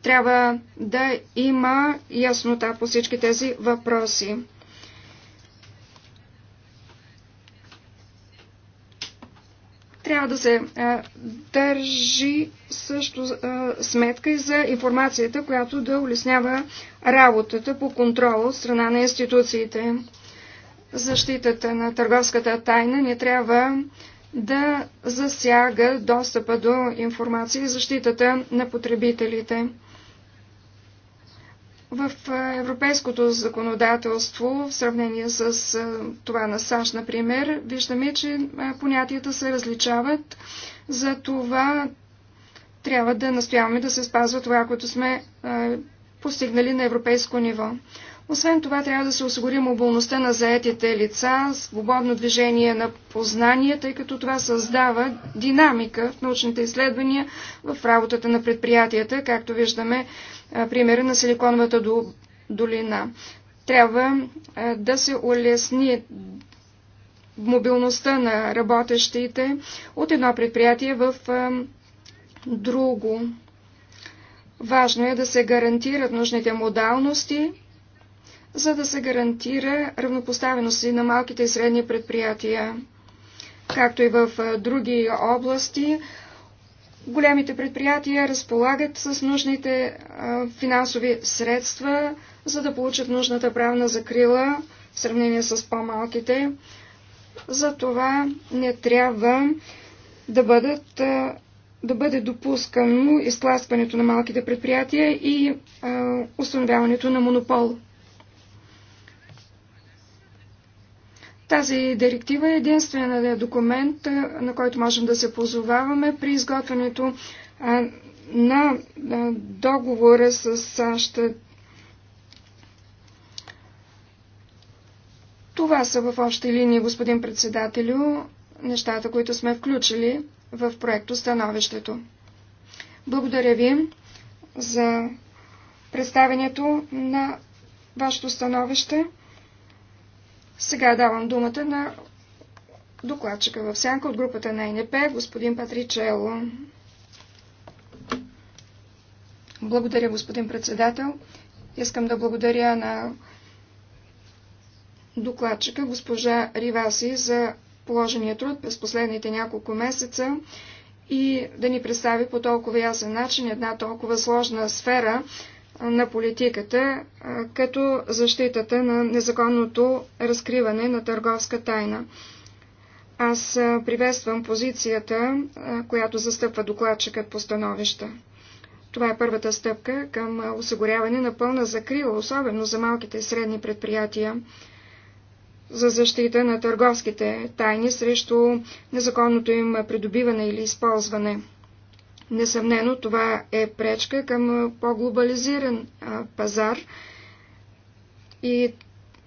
Трябва да има яснота по всички тези въпроси. трябва да се а, държи също а, сметка и за информацията, която да улеснява работата по контрол от страна на институциите. Защитата на търговската тайна не трябва да засяга достъпа до информация и защитата на потребителите в европейското законодателство, в сравнение с това на САЩ, например, виждаме, че понятията се различават. За това трябва да настояваме да се спазва това, което сме постигнали на европейско ниво. Освен това, трябва да се осигури мобилността на заетите лица, свободно движение на познания, тъй като това създава динамика в научните изследвания в работата на предприятията, както виждаме примера на Силиконовата долина. Трябва да се улесни мобилността на работещите от едно предприятие в друго. Важно е да се гарантират нужните модалности, за да се гарантира равнопоставеност и на малките и средни предприятия, както и в други области. Големите предприятия разполагат с нужните финансови средства, за да получат нужната правна закрила в сравнение с по-малките. Затова не трябва да, бъдат, да бъде допускано изтласкването на малките предприятия и установяването на монопол. Тази директива е единственият е, документ, е, на който можем да се позоваваме при изготвянето е, на договора с САЩ. Това са в общи линии, господин председателю, нещата, които сме включили в проекто становището. Благодаря ви за представянето на вашето становище. Сега давам думата на докладчика в сянка от групата на НП, господин Патричело. Благодаря, господин председател. Искам да благодаря на докладчика, госпожа Риваси, за положения труд през последните няколко месеца и да ни представи по толкова ясен начин една толкова сложна сфера на политиката, като защитата на незаконното разкриване на търговска тайна. Аз приветствам позицията, която застъпва докладчикът по становища. Това е първата стъпка към осигуряване на пълна закрила, особено за малките и средни предприятия, за защита на търговските тайни срещу незаконното им придобиване или използване. Несъмнено това е пречка към по-глобализиран пазар и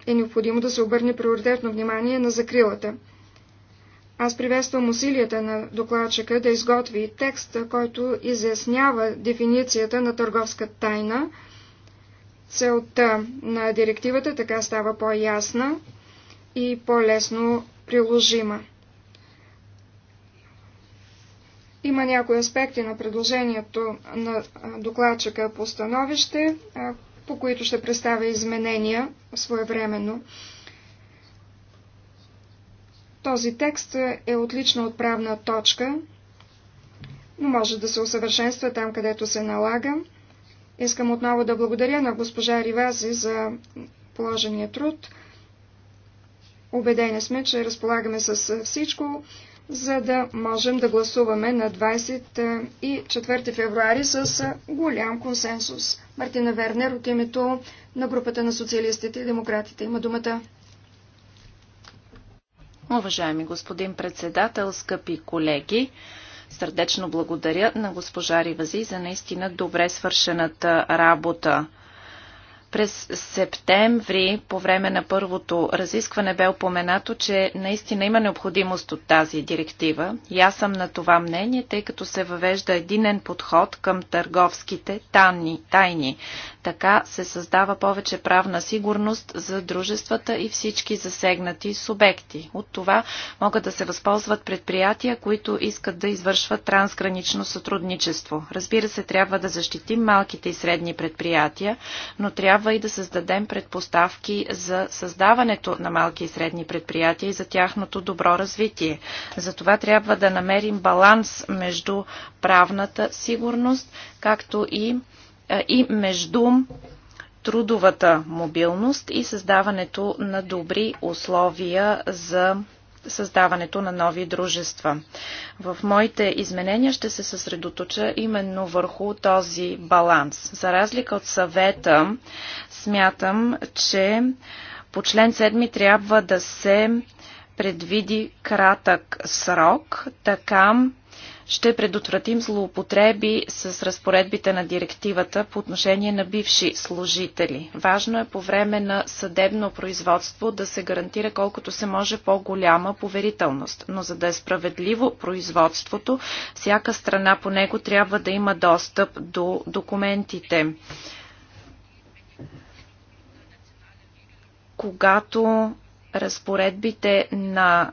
е необходимо да се обърне приоритетно внимание на закрилата. Аз приветствам усилията на докладчика да изготви текст, който изяснява дефиницията на търговска тайна. Целта на директивата така става по-ясна и по-лесно приложима. Има някои аспекти на предложението на докладчика по становище, по които ще представя изменения своевременно. Този текст е отлична отправна точка, но може да се усъвършенства там, където се налага. Искам отново да благодаря на госпожа Ривази за положения труд. Обедени сме, че разполагаме с всичко, за да можем да гласуваме на 24 февруари с голям консенсус. Мартина Вернер от името на групата на социалистите и демократите. Има думата. Уважаеми господин председател, скъпи колеги, сърдечно благодаря на госпожа Ривази за наистина добре свършената работа. През септември, по време на първото разискване, бе упоменато, че наистина има необходимост от тази директива. И аз съм на това мнение, тъй като се въвежда единен подход към търговските тайни. тайни. Така се създава повече правна сигурност за дружествата и всички засегнати субекти. От това могат да се възползват предприятия, които искат да извършват трансгранично сътрудничество. Разбира се, трябва да защитим малките и средни предприятия, но трябва трябва и да създадем предпоставки за създаването на малки и средни предприятия и за тяхното добро развитие. Затова трябва да намерим баланс между правната сигурност, както и, е, и между трудовата мобилност и създаването на добри условия за създаването на нови дружества. В моите изменения ще се съсредоточа именно върху този баланс. За разлика от съвета, смятам, че по член 7 трябва да се предвиди кратък срок, така ще предотвратим злоупотреби с разпоредбите на директивата по отношение на бивши служители. Важно е по време на съдебно производство да се гарантира колкото се може по-голяма поверителност, но за да е справедливо производството, всяка страна по него трябва да има достъп до документите. Когато разпоредбите на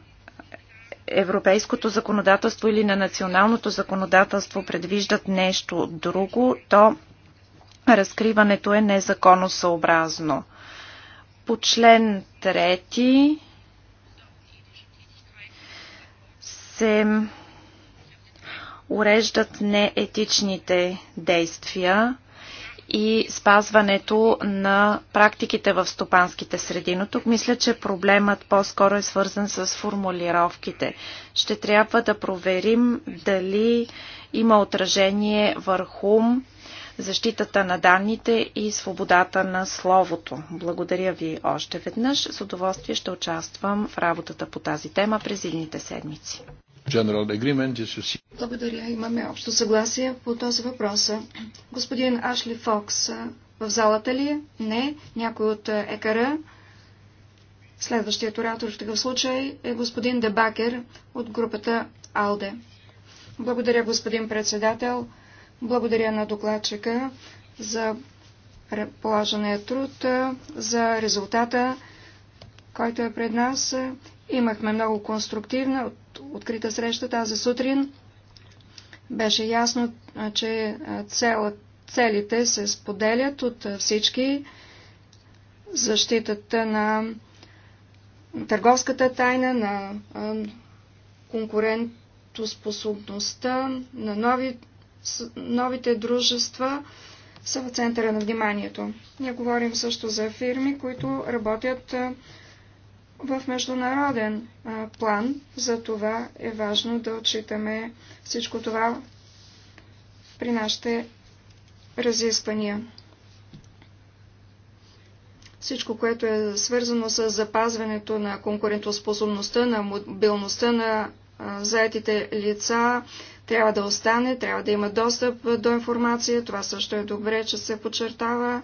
европейското законодателство или на националното законодателство предвиждат нещо друго, то разкриването е незаконосъобразно. По член 3 се уреждат неетичните действия и спазването на практиките в стопанските среди. Но тук мисля, че проблемът по-скоро е свързан с формулировките. Ще трябва да проверим дали има отражение върху защитата на данните и свободата на словото. Благодаря ви още веднъж. С удоволствие ще участвам в работата по тази тема през едните седмици. Благодаря. Имаме общо съгласие по този въпрос. Господин Ашли Фокс, в залата ли? Е? Не. Някой от ЕКР? Следващият оратор в такъв случай е господин Дебакер от групата АЛДЕ. Благодаря, господин председател. Благодаря на докладчика за положения труд, за резултата, който е пред нас. Имахме много конструктивна, открита среща тази сутрин. Беше ясно, че цел, целите се споделят от всички. Защитата на търговската тайна, на конкурентоспособността, на нови, новите дружества са в центъра на вниманието. Ние говорим също за фирми, които работят в международен а, план. За това е важно да отчитаме всичко това при нашите разисквания. Всичко, което е свързано с запазването на конкурентоспособността, на мобилността на а, заетите лица, трябва да остане, трябва да има достъп до информация. Това също е добре, че се подчертава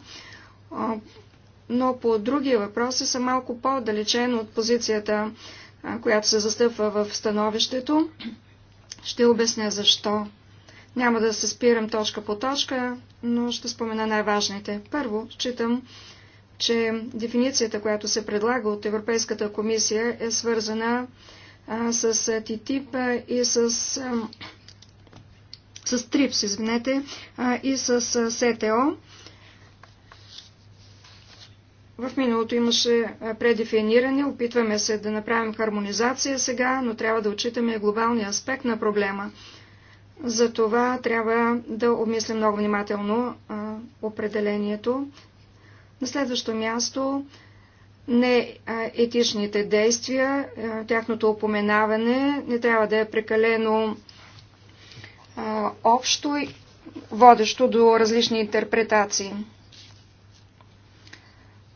но по други въпроси са малко по-далечен от позицията, която се застъпва в становището. Ще обясня защо. Няма да се спирам точка по точка, но ще спомена най-важните. Първо, считам, че дефиницията, която се предлага от Европейската комисия, е свързана а, с ТТИП и с, а, с ТРИПС, извинете, а, и с а, СТО. В миналото имаше предефиниране, опитваме се да направим хармонизация сега, но трябва да отчитаме глобалния аспект на проблема. За това трябва да обмислим много внимателно а, определението. На следващо място не етичните действия, тяхното упоменаване не трябва да е прекалено а, общо, водещо до различни интерпретации.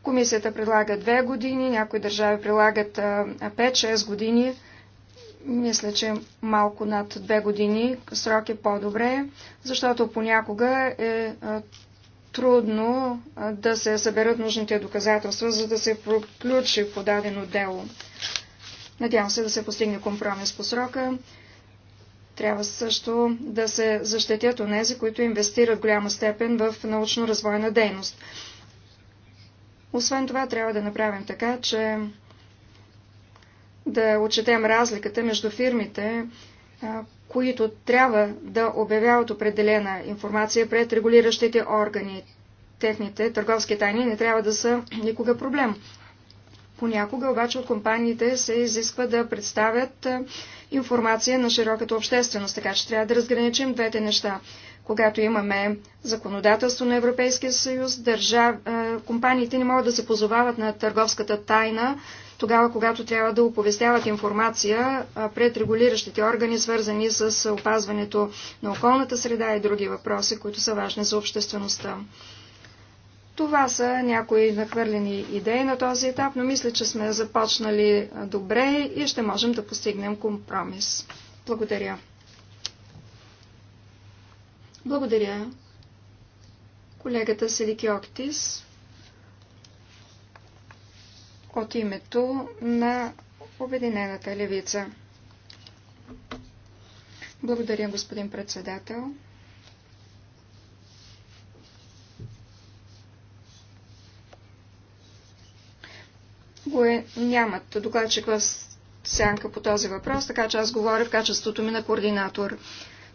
Комисията предлага 2 години, някои държави прилагат 5-6 години. Мисля, че малко над 2 години срок е по-добре, защото понякога е трудно да се съберат нужните доказателства, за да се проключи подадено дело. Надявам се да се постигне компромис по срока. Трябва също да се защитят онези, които инвестират в голяма степен в научно-развойна дейност. Освен това, трябва да направим така, че да отчетем разликата между фирмите, които трябва да обявяват определена информация пред регулиращите органи. Техните търговски тайни не трябва да са никога проблем. Понякога обаче от компаниите се изисква да представят информация на широката общественост, така че трябва да разграничим двете неща. Когато имаме законодателство на Европейския съюз, държав... Е, компаниите не могат да се позовават на търговската тайна, тогава когато трябва да оповестяват информация е, пред регулиращите органи, свързани с опазването на околната среда и други въпроси, които са важни за обществеността. Това са някои нахвърлени идеи на този етап, но мисля, че сме започнали е, добре и ще можем да постигнем компромис. Благодаря. Благодаря. Колегата Селики Октис от името на Обединената левица. Благодаря, господин председател. Кое нямат докладчик в сянка по този въпрос, така че аз говоря в качеството ми на координатор.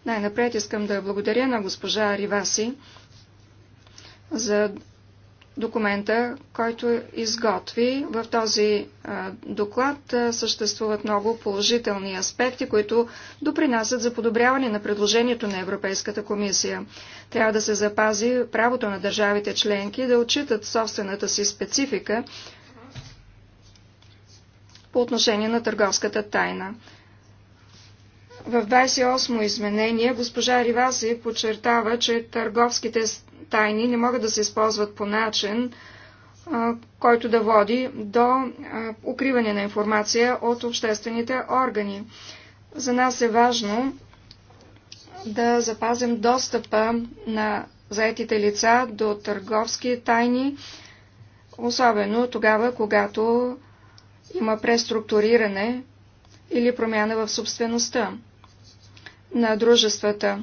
Най-напред искам да благодаря на госпожа Риваси за документа, който изготви. В този доклад съществуват много положителни аспекти, които допринасят за подобряване на предложението на Европейската комисия. Трябва да се запази правото на държавите членки да отчитат собствената си специфика по отношение на търговската тайна. В 28-о изменение госпожа Риваси подчертава, че търговските тайни не могат да се използват по начин, който да води до укриване на информация от обществените органи. За нас е важно да запазим достъпа на заетите лица до търговски тайни, особено тогава, когато има преструктуриране или промяна в собствеността на дружествата.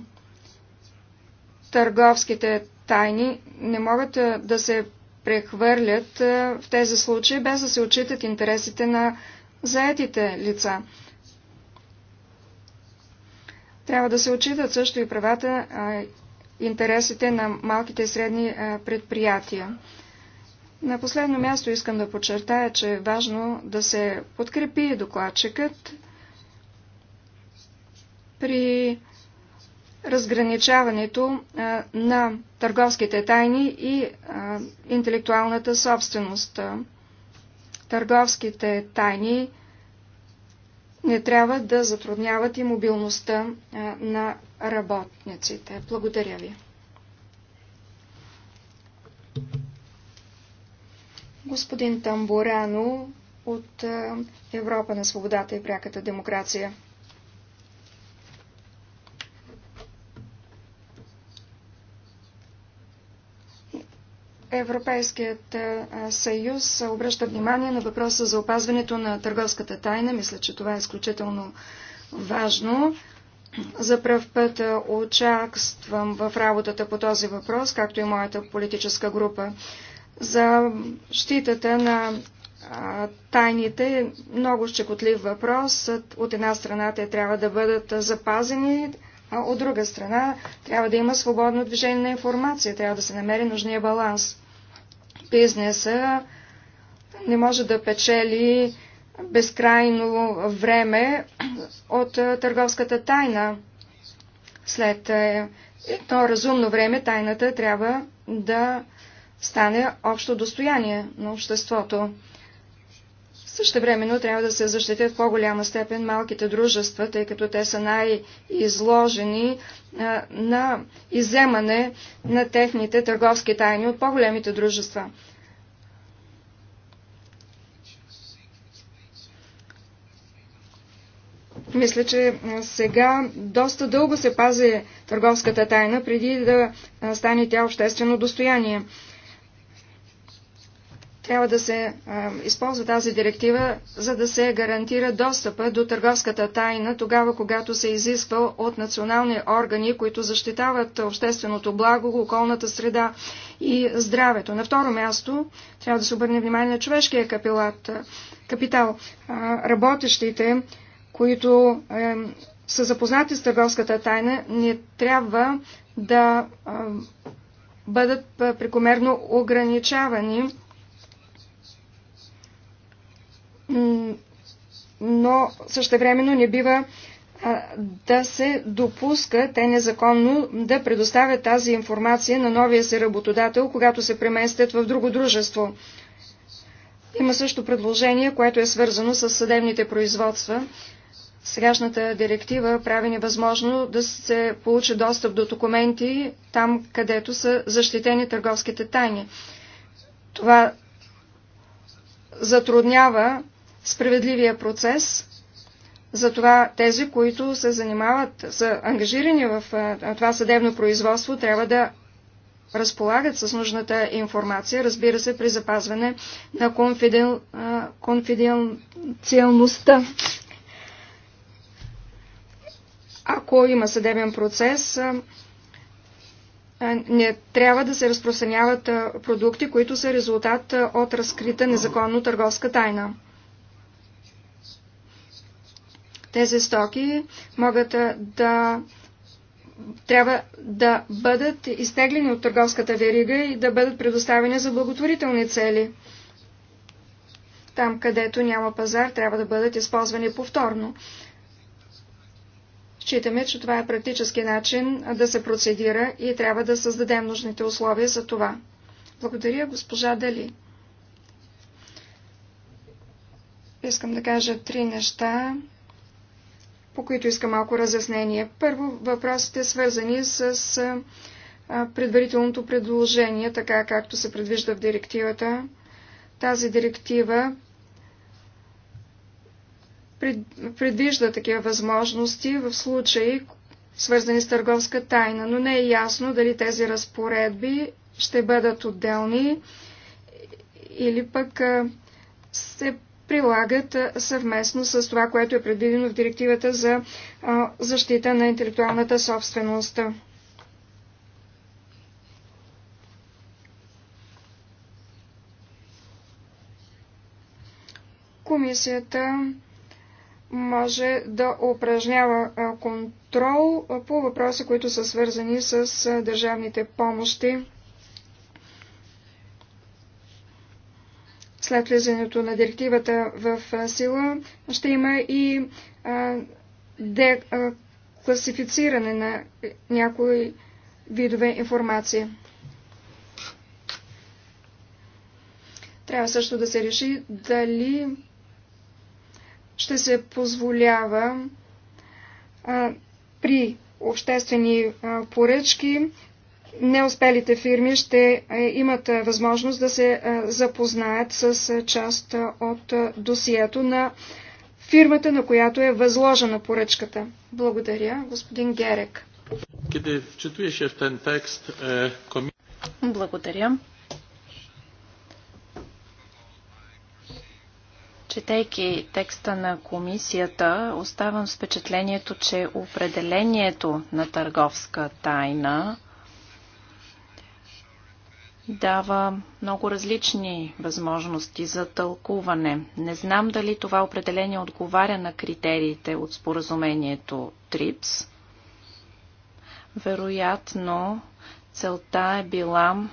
Търговските тайни не могат да се прехвърлят в тези случаи, без да се отчитат интересите на заетите лица. Трябва да се отчитат също и правата, интересите на малките и средни предприятия. На последно място искам да подчертая, че е важно да се подкрепи докладчикът при разграничаването на търговските тайни и интелектуалната собственост. Търговските тайни не трябва да затрудняват и мобилността на работниците. Благодаря ви. Господин Тамбурано от Европа на свободата и пряката демокрация. Европейският съюз обръща внимание на въпроса за опазването на търговската тайна. Мисля, че това е изключително важно. За пръв път участвам в работата по този въпрос, както и моята политическа група. За щитата на тайните е много щекотлив въпрос. От една страна те трябва да бъдат запазени, а от друга страна трябва да има свободно движение на информация, трябва да се намери нужния баланс бизнеса не може да печели безкрайно време от търговската тайна. След едно разумно време тайната трябва да стане общо достояние на обществото. Същевременно трябва да се защитят в по-голяма степен малките дружества, тъй като те са най-изложени на иземане на техните търговски тайни от по-големите дружества. Мисля, че сега доста дълго се пази търговската тайна, преди да стане тя обществено достояние трябва да се а, използва тази директива, за да се гарантира достъпа до търговската тайна тогава, когато се изисква от национални органи, които защитават общественото благо, околната среда и здравето. На второ място трябва да се обърне внимание на човешкия капилат, капитал. А, работещите, които а, са запознати с търговската тайна, не трябва да а, бъдат прекомерно ограничавани но същевременно не бива да се допуска те незаконно да предоставят тази информация на новия си работодател, когато се преместят в друго дружество. Има също предложение, което е свързано с съдебните производства. Сегашната директива прави невъзможно да се получи достъп до документи там, където са защитени търговските тайни. Това затруднява справедливия процес. Затова тези, които се занимават, са ангажирани в това съдебно производство, трябва да разполагат с нужната информация, разбира се, при запазване на конфиденциалността. Ако има съдебен процес, не трябва да се разпространяват продукти, които са резултат от разкрита незаконно търговска тайна. Тези стоки могат да трябва да бъдат изтеглени от търговската верига и да бъдат предоставени за благотворителни цели. Там, където няма пазар, трябва да бъдат използвани повторно. Считаме, че това е практически начин да се процедира и трябва да създадем нужните условия за това. Благодаря, госпожа Дали. Искам да кажа три неща по които искам малко разяснение. Първо, въпросите свързани с предварителното предложение, така както се предвижда в директивата. Тази директива предвижда такива възможности в случаи, свързани с търговска тайна, но не е ясно дали тези разпоредби ще бъдат отделни или пък се прилагат съвместно с това, което е предвидено в директивата за защита на интелектуалната собственост. Комисията може да упражнява контрол по въпроси, които са свързани с държавните помощи след влизането на директивата в сила ще има и декласифициране на някои видове информация. Трябва също да се реши дали ще се позволява а, при обществени а, поръчки неуспелите фирми ще е, имат е, възможност да се е, запознаят с част от досието на фирмата, на която е възложена поръчката. Благодаря, господин Герек. E, Благодаря. Четейки текста на комисията, оставам с впечатлението, че определението на търговска тайна – дава много различни възможности за тълкуване. Не знам дали това определение отговаря на критериите от споразумението ТРИПС. Вероятно, целта е била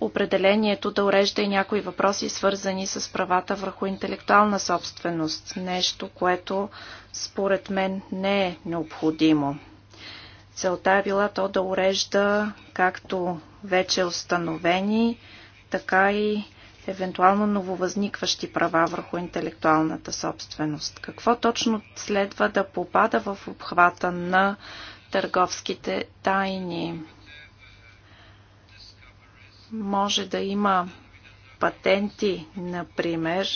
определението да урежда и някои въпроси, свързани с правата върху интелектуална собственост. Нещо, което според мен не е необходимо. Целта е била то да урежда както вече установени, така и евентуално нововъзникващи права върху интелектуалната собственост. Какво точно следва да попада в обхвата на търговските тайни? Може да има патенти, например,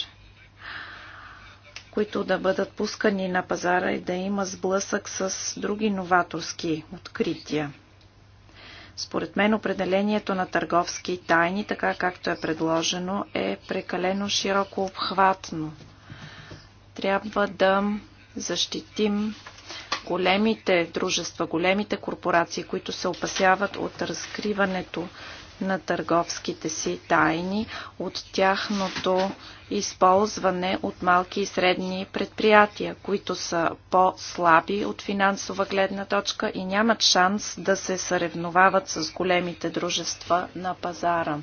които да бъдат пускани на пазара и да има сблъсък с други новаторски открития. Според мен определението на търговски тайни, така както е предложено, е прекалено широко обхватно. Трябва да защитим големите дружества, големите корпорации, които се опасяват от разкриването на търговските си тайни от тяхното използване от малки и средни предприятия, които са по-слаби от финансова гледна точка и нямат шанс да се съревновават с големите дружества на пазара.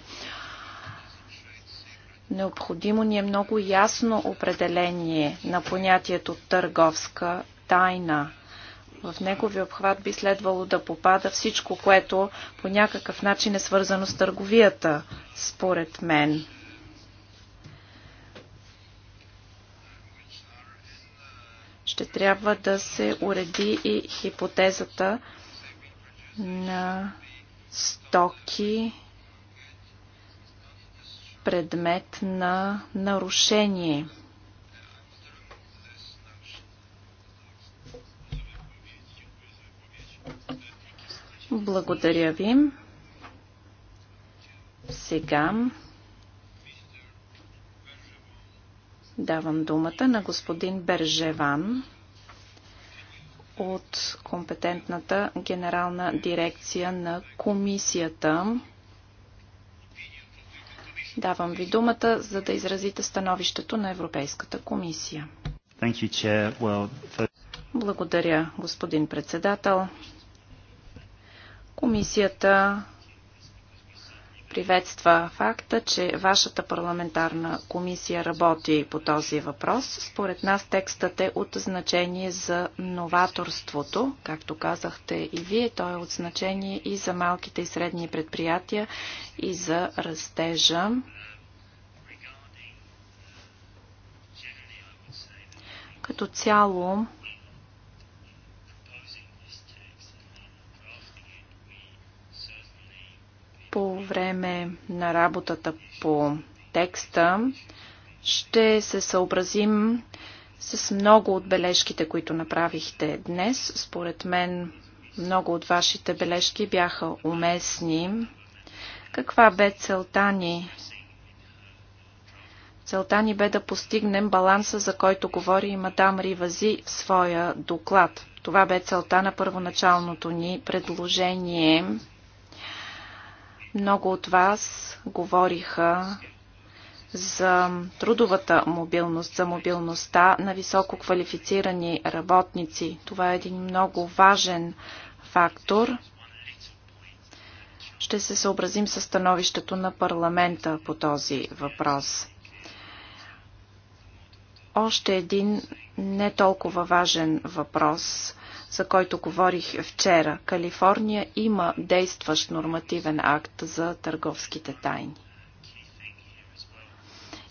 Необходимо ни е много ясно определение на понятието търговска тайна – в неговия обхват би следвало да попада всичко, което по някакъв начин е свързано с търговията, според мен. Ще трябва да се уреди и хипотезата на стоки, предмет на нарушение – Благодаря ви. Сега давам думата на господин Бержеван от компетентната генерална дирекция на комисията. Давам ви думата, за да изразите становището на Европейската комисия. Благодаря, господин председател. Комисията приветства факта, че вашата парламентарна комисия работи по този въпрос. Според нас текстът е от значение за новаторството. Както казахте и вие, той е от значение и за малките и средни предприятия, и за растежа. Като цяло, време на работата по текста ще се съобразим с много от бележките, които направихте днес. Според мен много от вашите бележки бяха уместни. Каква бе целта ни? Целта ни бе да постигнем баланса, за който говори и мадам Ривази в своя доклад. Това бе целта на първоначалното ни предложение. Много от вас говориха за трудовата мобилност, за мобилността на високо квалифицирани работници. Това е един много важен фактор. Ще се съобразим с становището на парламента по този въпрос. Още един не толкова важен въпрос за който говорих вчера. Калифорния има действащ нормативен акт за търговските тайни.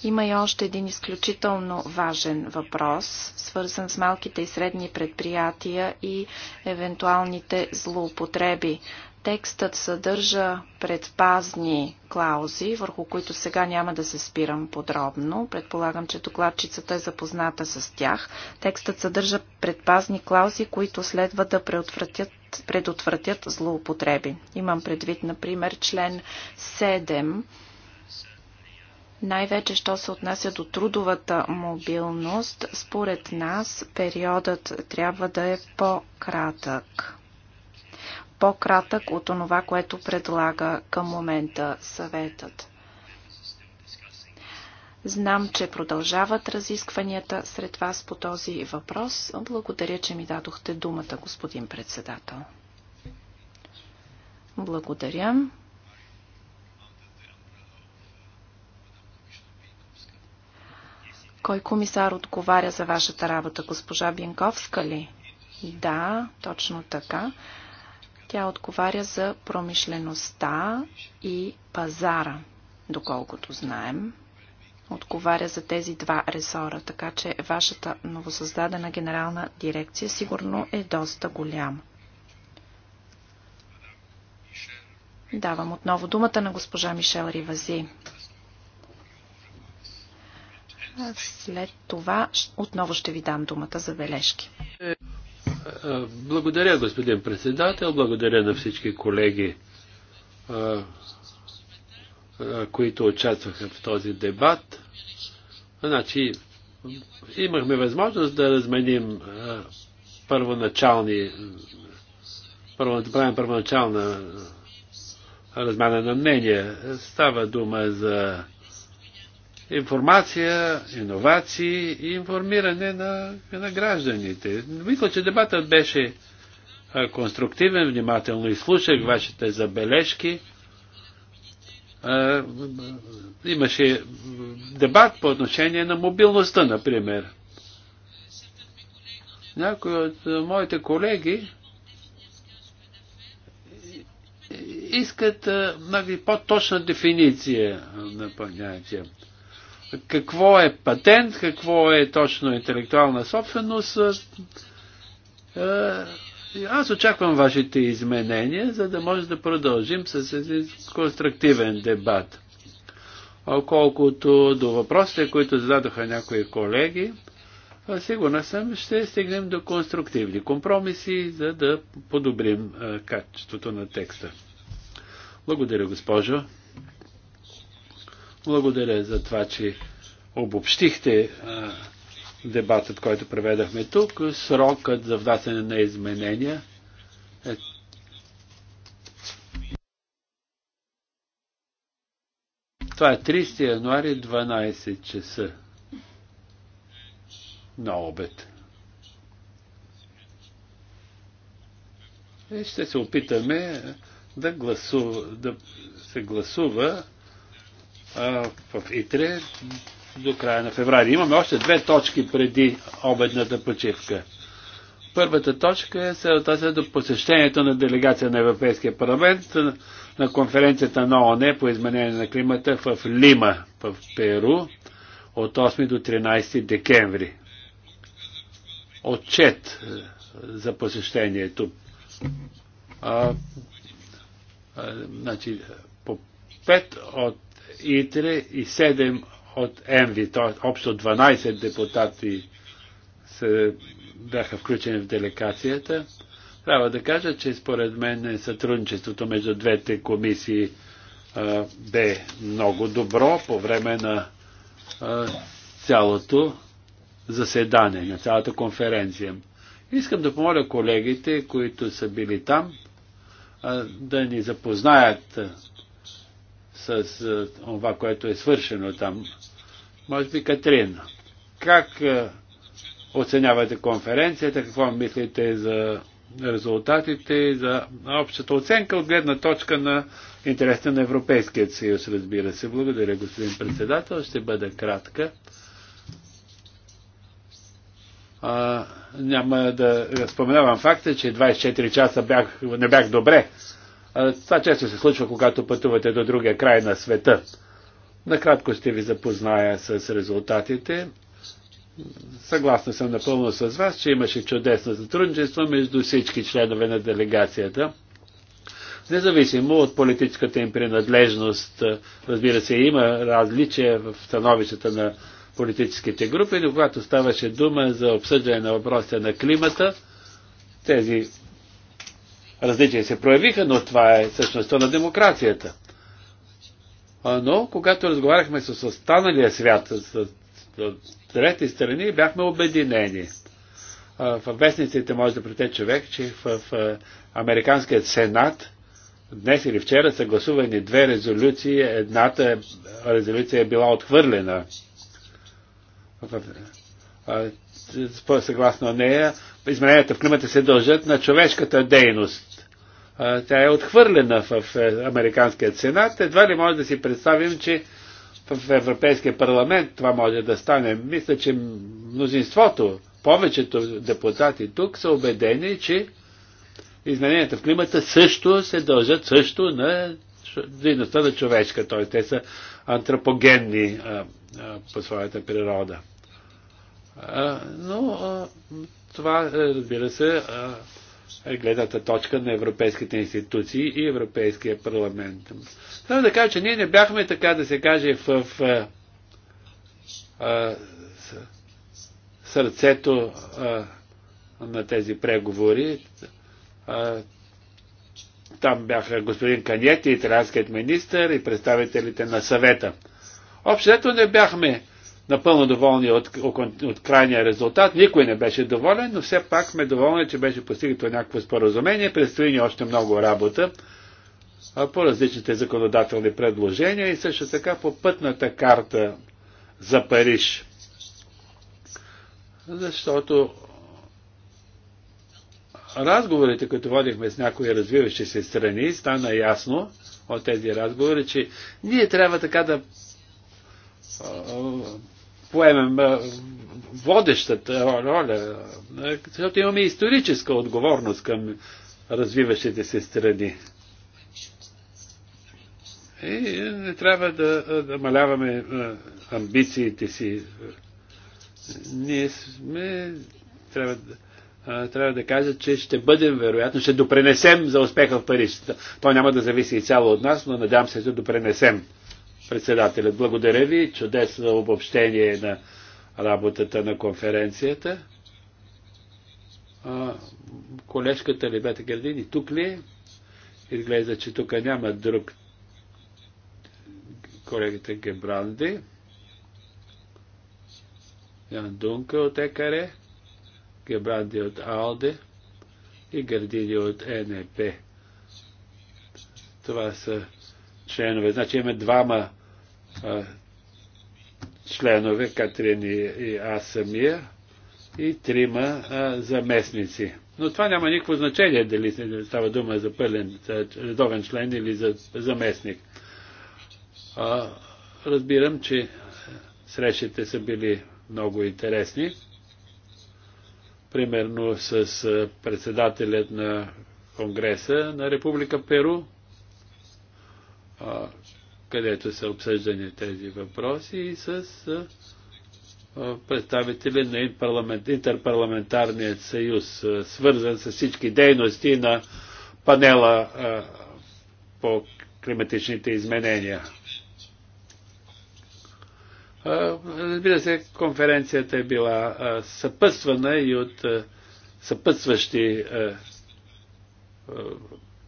Има и още един изключително важен въпрос, свързан с малките и средни предприятия и евентуалните злоупотреби Текстът съдържа предпазни клаузи, върху които сега няма да се спирам подробно. Предполагам, че докладчицата е запозната с тях. Текстът съдържа предпазни клаузи, които следва да предотвратят, предотвратят злоупотреби. Имам предвид, например, член 7 най-вече, що се отнася до трудовата мобилност, според нас периодът трябва да е по-кратък по-кратък от това, което предлага към момента съветът. Знам, че продължават разискванията сред вас по този въпрос. Благодаря, че ми дадохте думата, господин председател. Благодаря. Кой комисар отговаря за вашата работа? Госпожа Бенковска ли? Да, точно така. Тя отговаря за промишлеността и пазара, доколкото знаем. Отговаря за тези два ресора, така че вашата новосъздадена генерална дирекция сигурно е доста голяма. Давам отново думата на госпожа Мишел Ривази. След това отново ще ви дам думата за бележки. Благодаря, господин председател. Благодаря на всички колеги, които участваха в този дебат. Значи, имахме възможност да разменим първоначални, първо, да правим първоначална размяна на мнение. Става дума за информация, иновации и информиране на, на гражданите. Мисля, че дебатът беше конструктивен, внимателно изслушах вашите забележки. Имаше дебат по отношение на мобилността, например. Някои от моите колеги искат нали, по-точна дефиниция на понятие какво е патент, какво е точно интелектуална собственост. Аз очаквам вашите изменения, за да може да продължим с един конструктивен дебат. Колкото до въпросите, които зададоха някои колеги, сигурна съм, ще стигнем до конструктивни компромиси, за да подобрим качеството на текста. Благодаря, госпожо. Благодаря за това, че обобщихте а, дебатът, който преведахме тук. Срокът за внасяне на изменения е Това е 30 януари 12 часа на обед. И е, ще се опитаме да, гласу... да се гласува в Итре до края на феврари. Имаме още две точки преди обедната почивка. Първата точка е се отнася до посещението на делегация на Европейския парламент на конференцията на ООН по изменение на климата в Лима, в Перу, от 8 до 13 декември. Отчет е, за посещението. А, а, значи, по пет от ИТРЕ и 7 от ЕМВИ, т.е. общо 12 депутати се бяха включени в делегацията. Трябва да кажа, че според мен сътрудничеството между двете комисии а, бе много добро по време на а, цялото заседание, на цялата конференция. Искам да помоля колегите, които са били там, а, да ни запознаят с това, е, което е свършено там. Може би Катрин, как е, оценявате конференцията, какво мислите за резултатите и за общата оценка от гледна точка на интересите на Европейският съюз, разбира се. Благодаря, господин председател. Ще бъда кратка. А, няма да споменавам факта, че 24 часа бях, не бях добре това често се случва, когато пътувате до другия край на света. Накратко ще ви запозная с резултатите. Съгласна съм напълно с вас, че имаше чудесно сътрудничество между всички членове на делегацията. Независимо от политическата им принадлежност, разбира се, има различия в становищата на политическите групи, но когато ставаше дума за обсъждане на въпросите на климата, тези различия се проявиха, но това е същността на демокрацията. Но когато разговаряхме с останалия свят, с трети страни, бяхме обединени. В вестниците може да прете човек, че в Американският сенат днес или вчера са гласувани две резолюции. Едната е, резолюция е била отхвърлена. Съгласно нея, измененията в климата се дължат на човешката дейност. Тя е отхвърлена в е, Американския сенат. Едва ли може да си представим, че в Европейския парламент това може да стане. Мисля, че мнозинството, повечето депутати тук са убедени, че измененията в климата също се дължат също на дейността на човешка, т.е. те са антропогенни а, а, по своята природа. А, но а, това, е, разбира се, е гледната точка на европейските институции и Европейския парламент. Трябва да кажа, че ние не бяхме, така да се каже, в, в а, сърцето а, на тези преговори. А, там бяха господин Канети, италианският министр и представителите на съвета. Общето не бяхме напълно доволни от, от крайния резултат. Никой не беше доволен, но все пак сме доволни, че беше постигнато някакво споразумение. Предстои ни още много работа по различните законодателни предложения и също така по пътната карта за Париж. Защото разговорите, които водихме с някои развиващи се страни, стана ясно от тези разговори, че ние трябва така да поемем водещата роля, защото имаме историческа отговорност към развиващите се страни. И не трябва да намаляваме да амбициите си. Ние сме, трябва да, трябва да кажа, че ще бъдем, вероятно, ще допренесем за успеха в Париж. То няма да зависи и цяло от нас, но надявам се, че допренесем Председателят, благодаря ви. Чудесно обобщение на работата на конференцията. А, колежката Лебета Гердини тук ли е? Изглежда, че тук няма друг колегите Гебранди. Ян Дунка от Екаре, Гебранди от Алде и Гърдини от НЕП. Това са членове. Значи има двама членове, Катрин и, и аз самия, и трима а, заместници. Но това няма никакво значение дали става дума за пълен за редовен член или за заместник. А, разбирам, че срещите са били много интересни. Примерно с председателят на Конгреса на Република Перу, където са обсъждани тези въпроси и с представители на Интерпарламентарният съюз, свързан с всички дейности на панела по климатичните изменения. Разбира се, конференцията е била съпътствана и от съпътстващи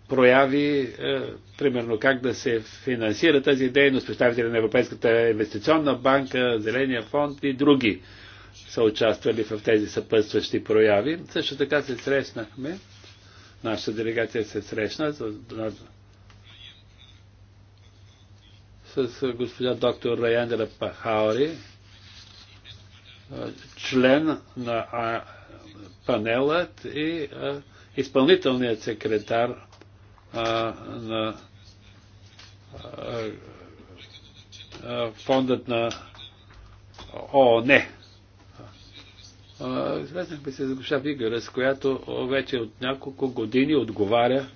прояви, е, примерно как да се финансира тази дейност, представители на Европейската инвестиционна банка, Зеления фонд и други са участвали в тези съпътстващи прояви. Също така се срещнахме, нашата делегация се срещна с, с госпожа доктор Раяндра Пахаори, е, член на панелът и е, изпълнителният секретар на фондът на ООН. ми се за госпожа Вигарес, която вече от няколко години отговаря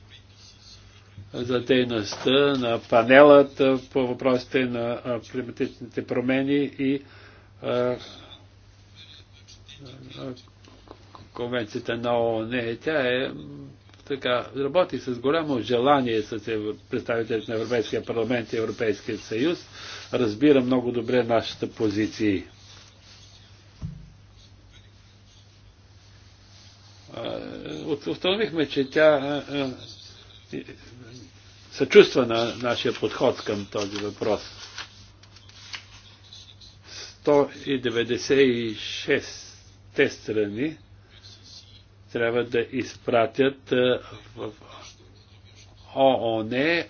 за дейността на панелът по въпросите на климатичните промени и конвенцията на ООН. Тя е така, работи с голямо желание с представителите на Европейския парламент и Европейския съюз, разбира много добре нашата позиции. Установихме, че тя съчувства на нашия подход към този въпрос. 196 те страни трябва да изпратят е, в ООН е,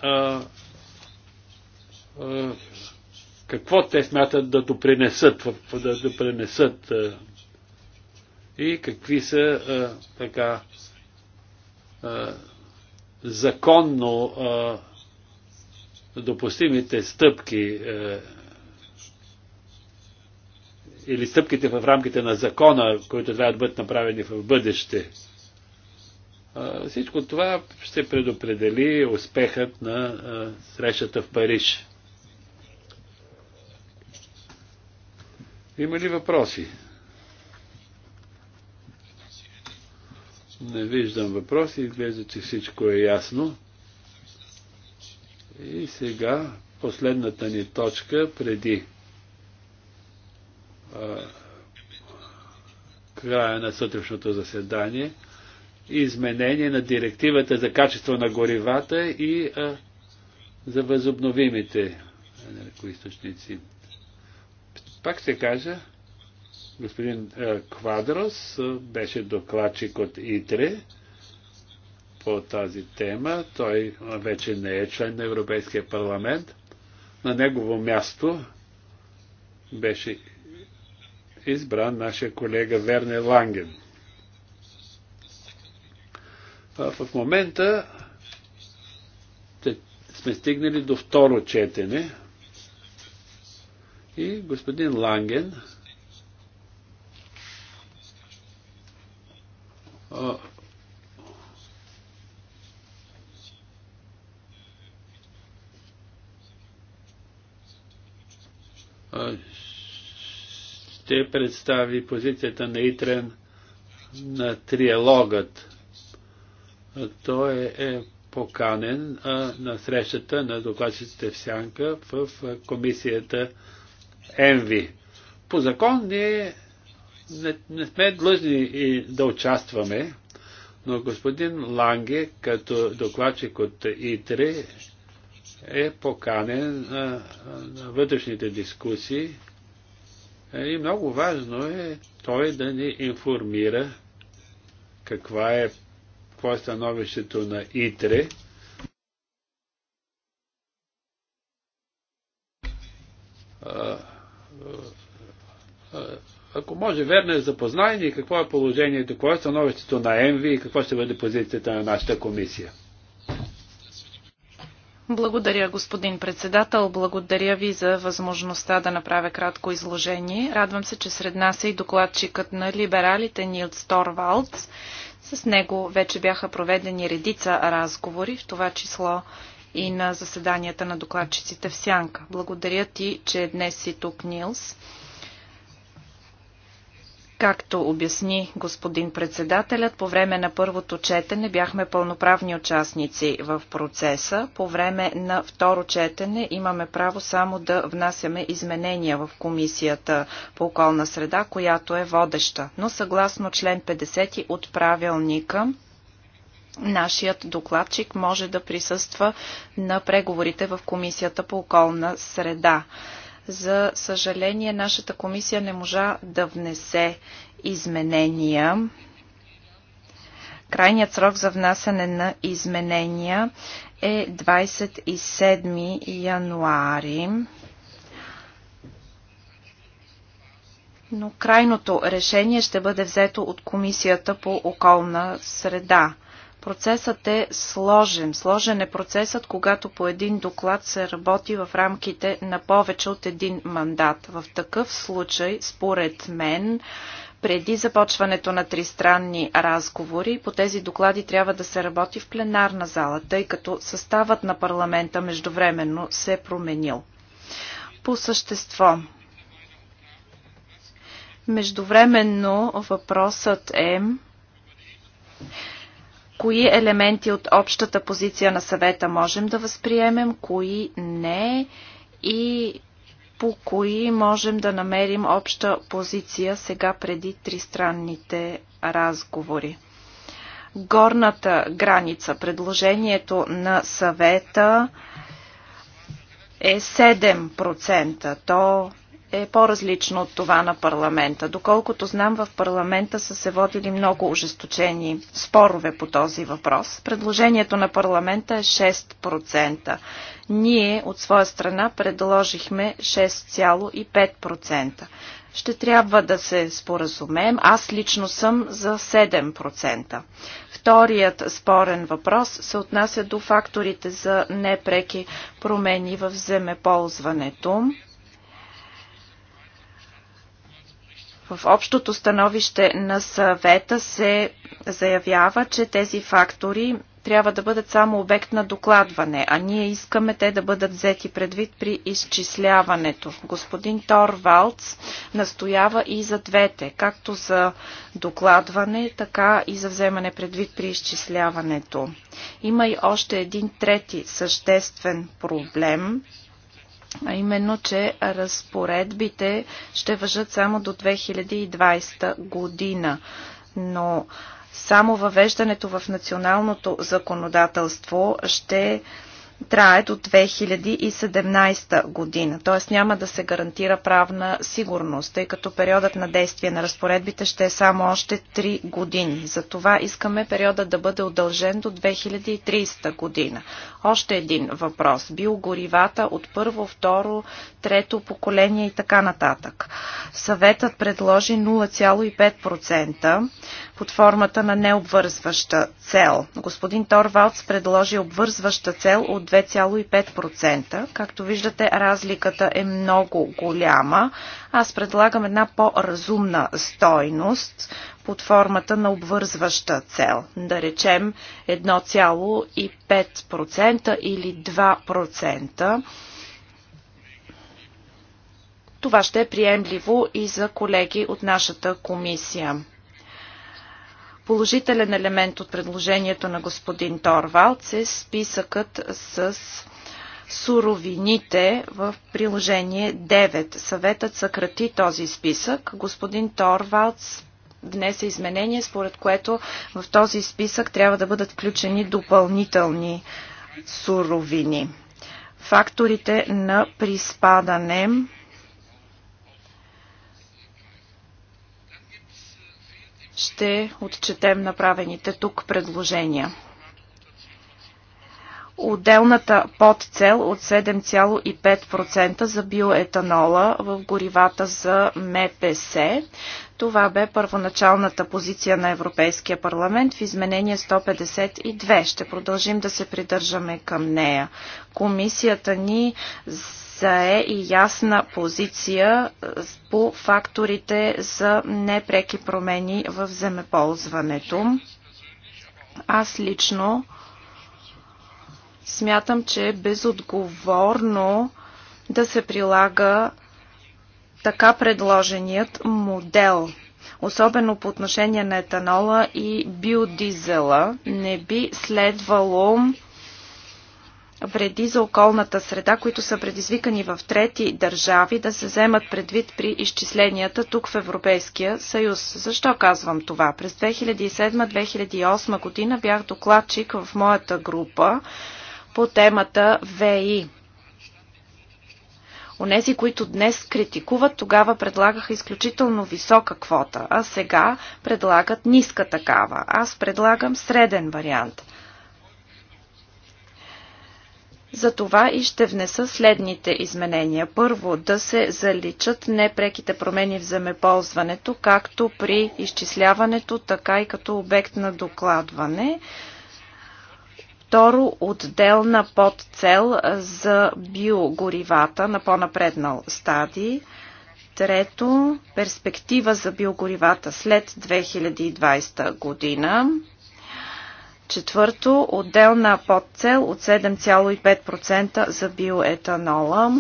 е, какво те смятат да допринесат, да допринесат и какви са така законно допустимите стъпки или стъпките в рамките на закона, които трябва да бъдат направени в бъдеще. Всичко това ще предопредели успехът на срещата в Париж. Има ли въпроси? Не виждам въпроси, изглежда, че всичко е ясно. И сега последната ни точка преди края на сутрешното заседание изменение на директивата за качество на горивата и а, за възобновимите енергоисточници. Пак се кажа, господин а, Квадрос а, беше докладчик от ИТРЕ по тази тема. Той вече не е член на Европейския парламент. На негово място беше избра нашия колега Верне Ланген. В момента сме стигнали до второ четене и господин Ланген а, а, ще представи позицията на Итрен на триалогът. Той е, поканен на срещата на докладчиците в Сянка в комисията ЕНВИ. По закон ние не, не сме длъжни и да участваме, но господин Ланге, като докладчик от ИТРИ, е поканен на вътрешните дискусии е, и много важно е той да ни информира каква е, какво е становището на ИТРЕ. Ако може, верно е запознание какво е положението, какво е становището на МВИ и какво ще бъде позицията на нашата комисия. Благодаря, господин председател. Благодаря ви за възможността да направя кратко изложение. Радвам се, че сред нас е и докладчикът на либералите Нилд Сторвалдс. С него вече бяха проведени редица разговори, в това число и на заседанията на докладчиците в Сянка. Благодаря ти, че днес си тук, Нилс. Както обясни господин председателят, по време на първото четене бяхме пълноправни участници в процеса. По време на второ четене имаме право само да внасяме изменения в Комисията по околна среда, която е водеща. Но съгласно член 50 от правилника, нашият докладчик може да присъства на преговорите в Комисията по околна среда. За съжаление, нашата комисия не можа да внесе изменения. Крайният срок за внасяне на изменения е 27 януари. Но крайното решение ще бъде взето от Комисията по околна среда. Процесът е сложен. Сложен е процесът, когато по един доклад се работи в рамките на повече от един мандат. В такъв случай, според мен, преди започването на тристранни разговори, по тези доклади трябва да се работи в пленарна зала, тъй като съставът на парламента междувременно се е променил. По същество, междувременно въпросът е кои елементи от общата позиция на съвета можем да възприемем, кои не и по кои можем да намерим обща позиция сега преди тристранните разговори. Горната граница, предложението на съвета е 7%. То е по-различно от това на парламента. Доколкото знам, в парламента са се водили много ожесточени спорове по този въпрос. Предложението на парламента е 6%. Ние от своя страна предложихме 6,5%. Ще трябва да се споразумеем. Аз лично съм за 7%. Вторият спорен въпрос се отнася до факторите за непреки промени в земеползването. В общото становище на съвета се заявява, че тези фактори трябва да бъдат само обект на докладване, а ние искаме те да бъдат взети предвид при изчисляването. Господин Торвалц настоява и за двете, както за докладване, така и за вземане предвид при изчисляването. Има и още един трети съществен проблем – а именно, че разпоредбите ще въжат само до 2020 година. Но само въвеждането в националното законодателство ще трае до 2017 година, т.е. няма да се гарантира правна сигурност, тъй като периодът на действие на разпоредбите ще е само още 3 години. Затова искаме периодът да бъде удължен до 2030 година. Още един въпрос. Биогоривата от първо, второ, трето поколение и така нататък. Съветът предложи 0,5% под формата на необвързваща цел. Господин Торвалц предложи обвързваща цел от 2,5%. Както виждате, разликата е много голяма. Аз предлагам една по-разумна стойност под формата на обвързваща цел. Да речем 1,5% или 2%. Това ще е приемливо и за колеги от нашата комисия. Положителен елемент от предложението на господин Торвалц е списъкът с суровините в приложение 9. Съветът съкрати този списък. Господин Торвалц внесе изменение, според което в този списък трябва да бъдат включени допълнителни суровини. Факторите на приспадане ще отчетем направените тук предложения. Отделната подцел от 7,5% за биоетанола в горивата за МПС. Това бе първоначалната позиция на Европейския парламент в изменение 152. Ще продължим да се придържаме към нея. Комисията ни зае и ясна позиция е, по факторите за непреки промени в земеползването. Аз лично смятам, че е безотговорно да се прилага така предложеният модел особено по отношение на етанола и биодизела, не би следвало вреди за околната среда, които са предизвикани в трети държави, да се вземат предвид при изчисленията тук в Европейския съюз. Защо казвам това? През 2007-2008 година бях докладчик в моята група по темата ВИ. Онези, които днес критикуват, тогава предлагаха изключително висока квота, а сега предлагат ниска такава. Аз предлагам среден вариант – за това и ще внеса следните изменения. Първо, да се заличат непреките промени в земеползването, както при изчисляването, така и като обект на докладване. Второ, отделна подцел за биогоривата на по-напреднал стадий. Трето, перспектива за биогоривата след 2020 година. Четвърто, отделна подцел от 7,5% за биоетанола.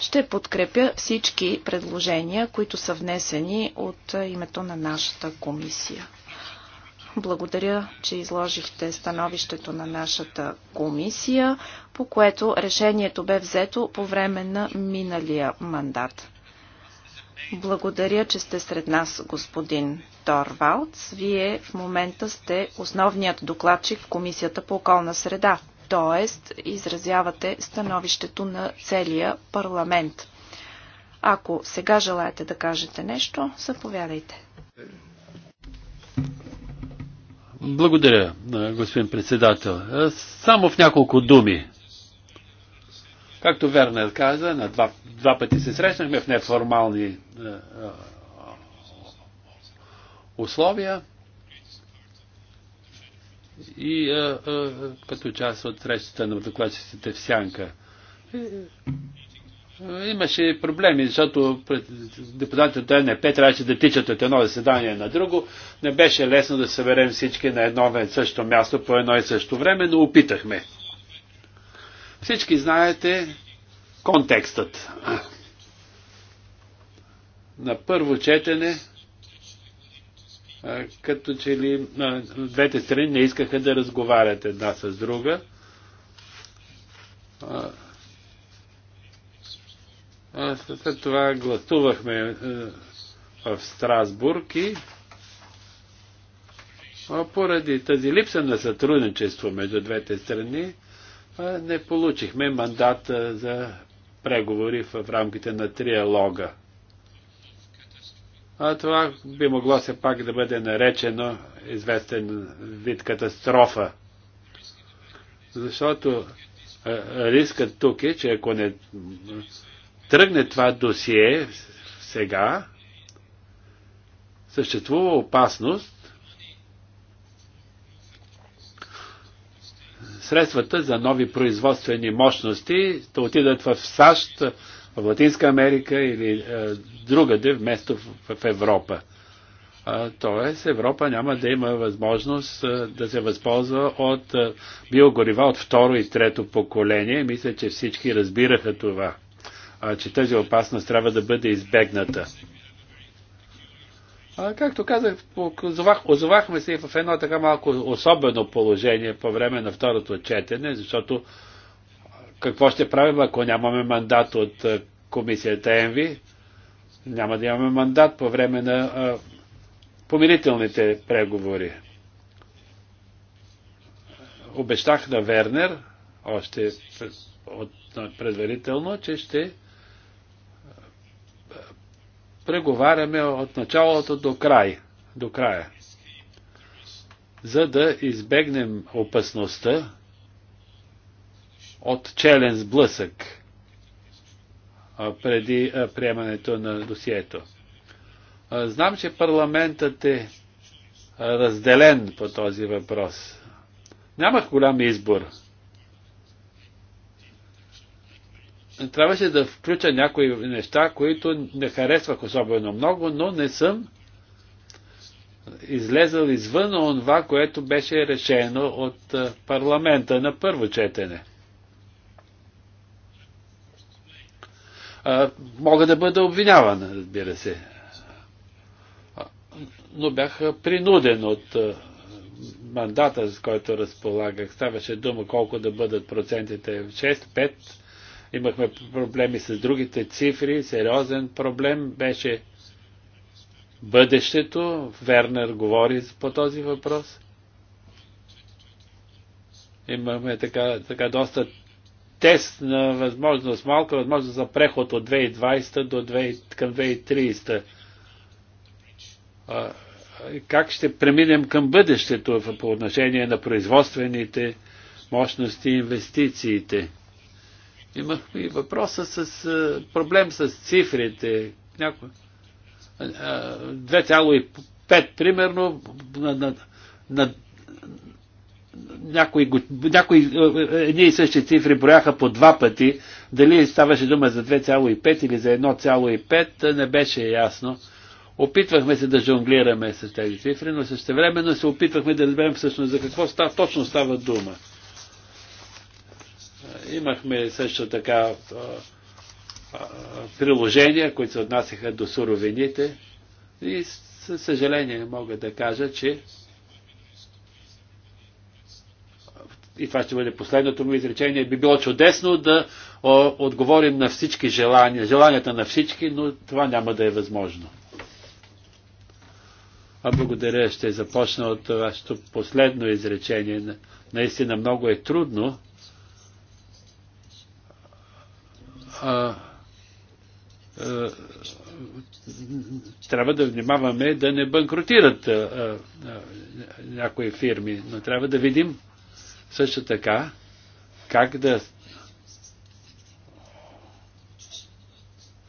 Ще подкрепя всички предложения, които са внесени от името на нашата комисия. Благодаря, че изложихте становището на нашата комисия, по което решението бе взето по време на миналия мандат. Благодаря, че сте сред нас, господин Торвалц. Вие в момента сте основният докладчик в Комисията по околна среда, т.е. изразявате становището на целия парламент. Ако сега желаете да кажете нещо, заповядайте. Благодаря, господин председател. Само в няколко думи. Както Вернер каза, на два, два пъти се срещнахме в неформални е, е, условия и е, е, като част от срещата на докладчиците в Сянка. Е, е, имаше проблеми, защото депутатите от НП трябваше да тичат от едно заседание на друго. Не беше лесно да съберем всички на едно и също място по едно и също време, но опитахме. Всички знаете контекстът. На първо четене, като че ли двете страни не искаха да разговарят една с друга, след това гласувахме в Страсбург и поради тази липса на сътрудничество между двете страни, не получихме мандат за преговори в рамките на триалога. А това би могло се пак да бъде наречено известен вид катастрофа. Защото рискът тук е, че ако не тръгне това досие сега, съществува опасност средствата за нови производствени мощности да отидат в САЩ, в Латинска Америка или е, другаде, вместо в, в Европа. А, тоест Европа няма да има възможност е, да се възползва от е, биогорива от второ и трето поколение. Мисля, че всички разбираха това, а, че тази опасност трябва да бъде избегната. А, както казах, озовах, озовахме се и в едно така малко особено положение по време на второто четене, защото какво ще правим, ако нямаме мандат от комисията ЕНВИ? Няма да имаме мандат по време на а, помирителните преговори. Обещах на Вернер, още предварително, че ще преговаряме от началото до край, до края, за да избегнем опасността от челен сблъсък преди приемането на досието. Знам, че парламентът е разделен по този въпрос. Нямах голям избор. трябваше да включа някои неща, които не харесвах особено много, но не съм излезал извън онова, което беше решено от парламента на първо четене. А, мога да бъда обвиняван, разбира се. Но бях принуден от мандата, с който разполагах. Ставаше дума колко да бъдат процентите 6, 5, Имахме проблеми с другите цифри. Сериозен проблем беше бъдещето. Вернер говори по този въпрос. Имаме така, така доста тест на възможност, малка възможност за преход от 2020 до 2, към 2030. А, как ще преминем към бъдещето по отношение на производствените мощности и инвестициите? Имахме и въпроса с проблем с цифрите. Няко... 2,5 примерно на, на, на някои, някои е, е, едни и същи цифри брояха по два пъти. Дали ставаше дума за 2,5 или за 1,5, не беше ясно. Опитвахме се да жонглираме с тези цифри, но времено се опитвахме да разберем всъщност за какво става, точно става дума. Имахме също така приложения, които се отнасяха до суровините. И със съжаление мога да кажа, че и това ще бъде последното му изречение, би било чудесно да отговорим на всички желания, желанията на всички, но това няма да е възможно. А благодаря, ще започна от вашето последно изречение. Наистина много е трудно а, а, трябва да внимаваме да не банкротират а, а, някои фирми, но трябва да видим също така как да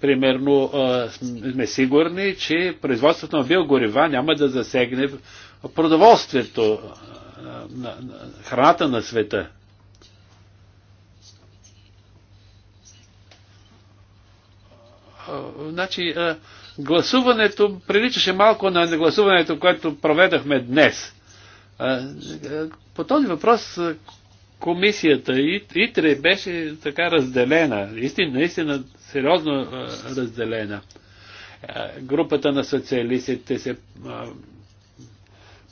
примерно сме сигурни, че производството на биогорива няма да засегне продоволствието, храната на света. значи, гласуването приличаше малко на гласуването, което проведахме днес. По този въпрос комисията ИТРЕ беше така разделена, истина, наистина сериозно разделена. Групата на социалистите се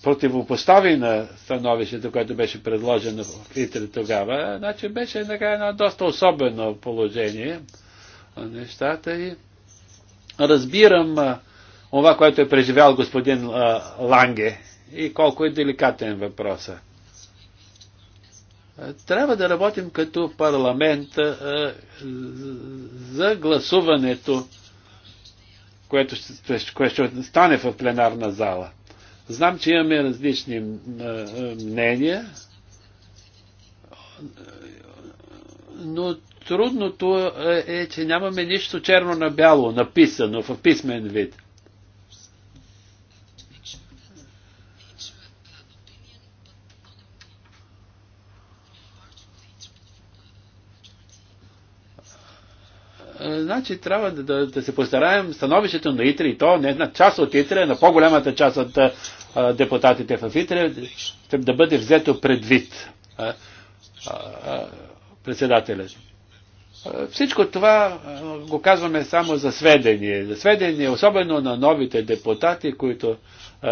противопостави на становището, което беше предложено в ИТРЕ тогава. Значи беше така едно доста особено положение нещата и разбирам а, това, което е преживял господин а, Ланге и колко е деликатен въпроса. Трябва да работим като парламент а, за гласуването, което ще, което ще стане в пленарна зала. Знам, че имаме различни мнения, но трудното е, е, че нямаме нищо черно на бяло, написано в писмен вид. Значи трябва да, да, да се постараем становището на ИТРИ, и то не една част от ИТРИ, на по-голямата част от а, депутатите в ИТРИ, да бъде взето предвид. А, а, Председателя. Всичко това го казваме само за сведение. За сведение, особено на новите депутати, които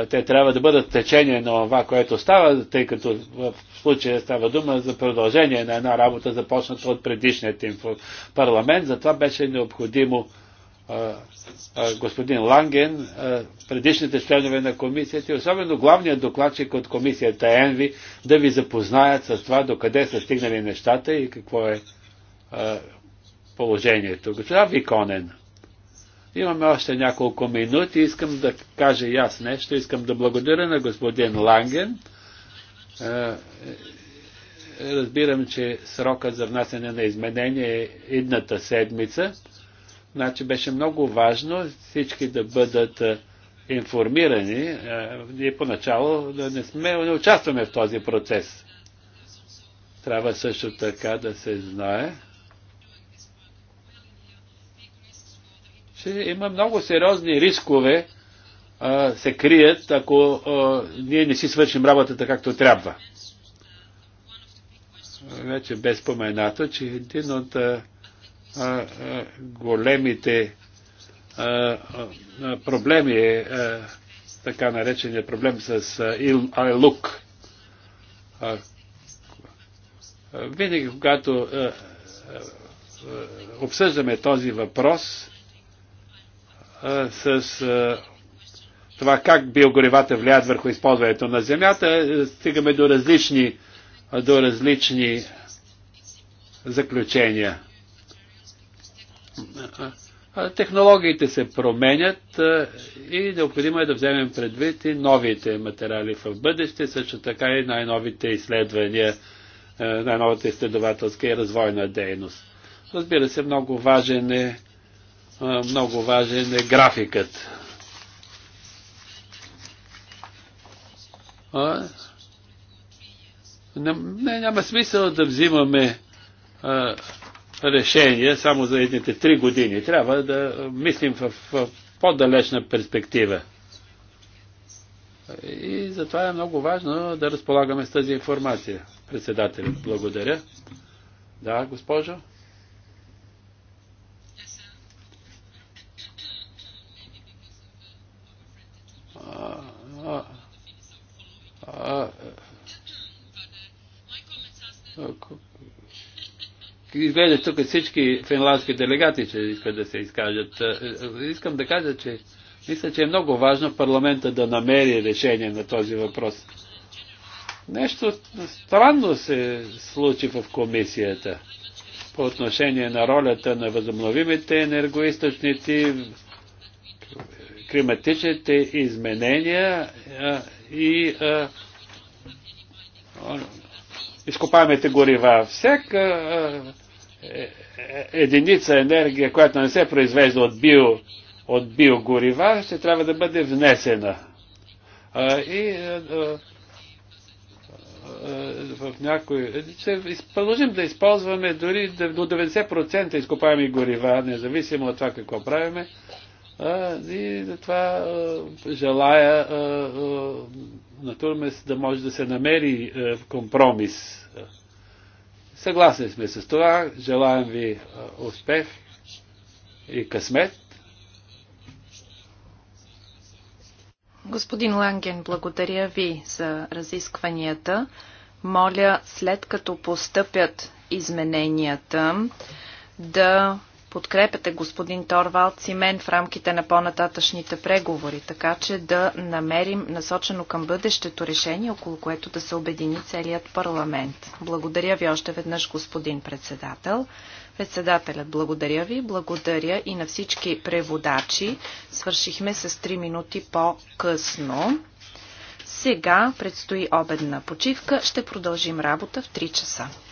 те трябва да бъдат течение на това, което става, тъй като в случая става дума за продължение на една работа, започната от предишният им парламент. Затова беше необходимо господин Ланген, предишните членове на комисията и особено главният докладчик от комисията ЕНВИ да ви запознаят с това докъде са стигнали нещата и какво е положението. Господа Виконен, имаме още няколко минути. Искам да кажа и аз нещо. Искам да благодаря на господин Ланген. Разбирам, че срока за внасяне на изменение е едната седмица. Значи беше много важно всички да бъдат е, информирани. Е, ние поначало да не, сме, не участваме в този процес. Трябва също така да се знае, че има много сериозни рискове, а, е, се крият, ако а, ние не си свършим работата както трябва. Вече бе споменато, че един от а, големите проблеми, е, така наречения проблем с Айлук. Винаги, когато обсъждаме този въпрос с това как биогоривата влияят върху използването на земята, е, стигаме до различни, до различни заключения. Технологиите се променят и необходимо е да вземем предвид и новите материали в бъдеще, също така и най-новите изследвания, най-новата изследователска и развойна дейност. Разбира се, много важен е, много важен е графикът. Няма смисъл да взимаме решение само за едните три години. Трябва да мислим в, в по-далечна перспектива. И затова е много важно да разполагаме с тази информация. Председател, благодаря. Да, госпожо? А, а, а, Изглежда тук всички финландски делегати, че искат да се изкажат. Е, е, искам да кажа, че мисля, че е много важно парламента да намери решение на този въпрос. Нещо странно се случи в комисията по отношение на ролята на възобновимите енергоисточници, климатичните изменения и изкопаемите горива. Всяка е, е, единица енергия, която не се произвежда от, био, от биогорива, ще трябва да бъде внесена. А, и а, е, в някой... Ще продължим да използваме дори до 90% изкопаеми горива, независимо от това какво правиме. И затова желая натурмес да може да се намери компромис Съгласни сме с това. Желаем ви е, успех и късмет. Господин Ланген, благодаря ви за разискванията. Моля, след като постъпят измененията, да подкрепяте господин Торвалд Симен мен в рамките на по-нататъчните преговори, така че да намерим насочено към бъдещето решение, около което да се обедини целият парламент. Благодаря ви още веднъж, господин председател. Председателят, благодаря ви, благодаря и на всички преводачи. Свършихме с 3 минути по-късно. Сега предстои обедна почивка. Ще продължим работа в 3 часа.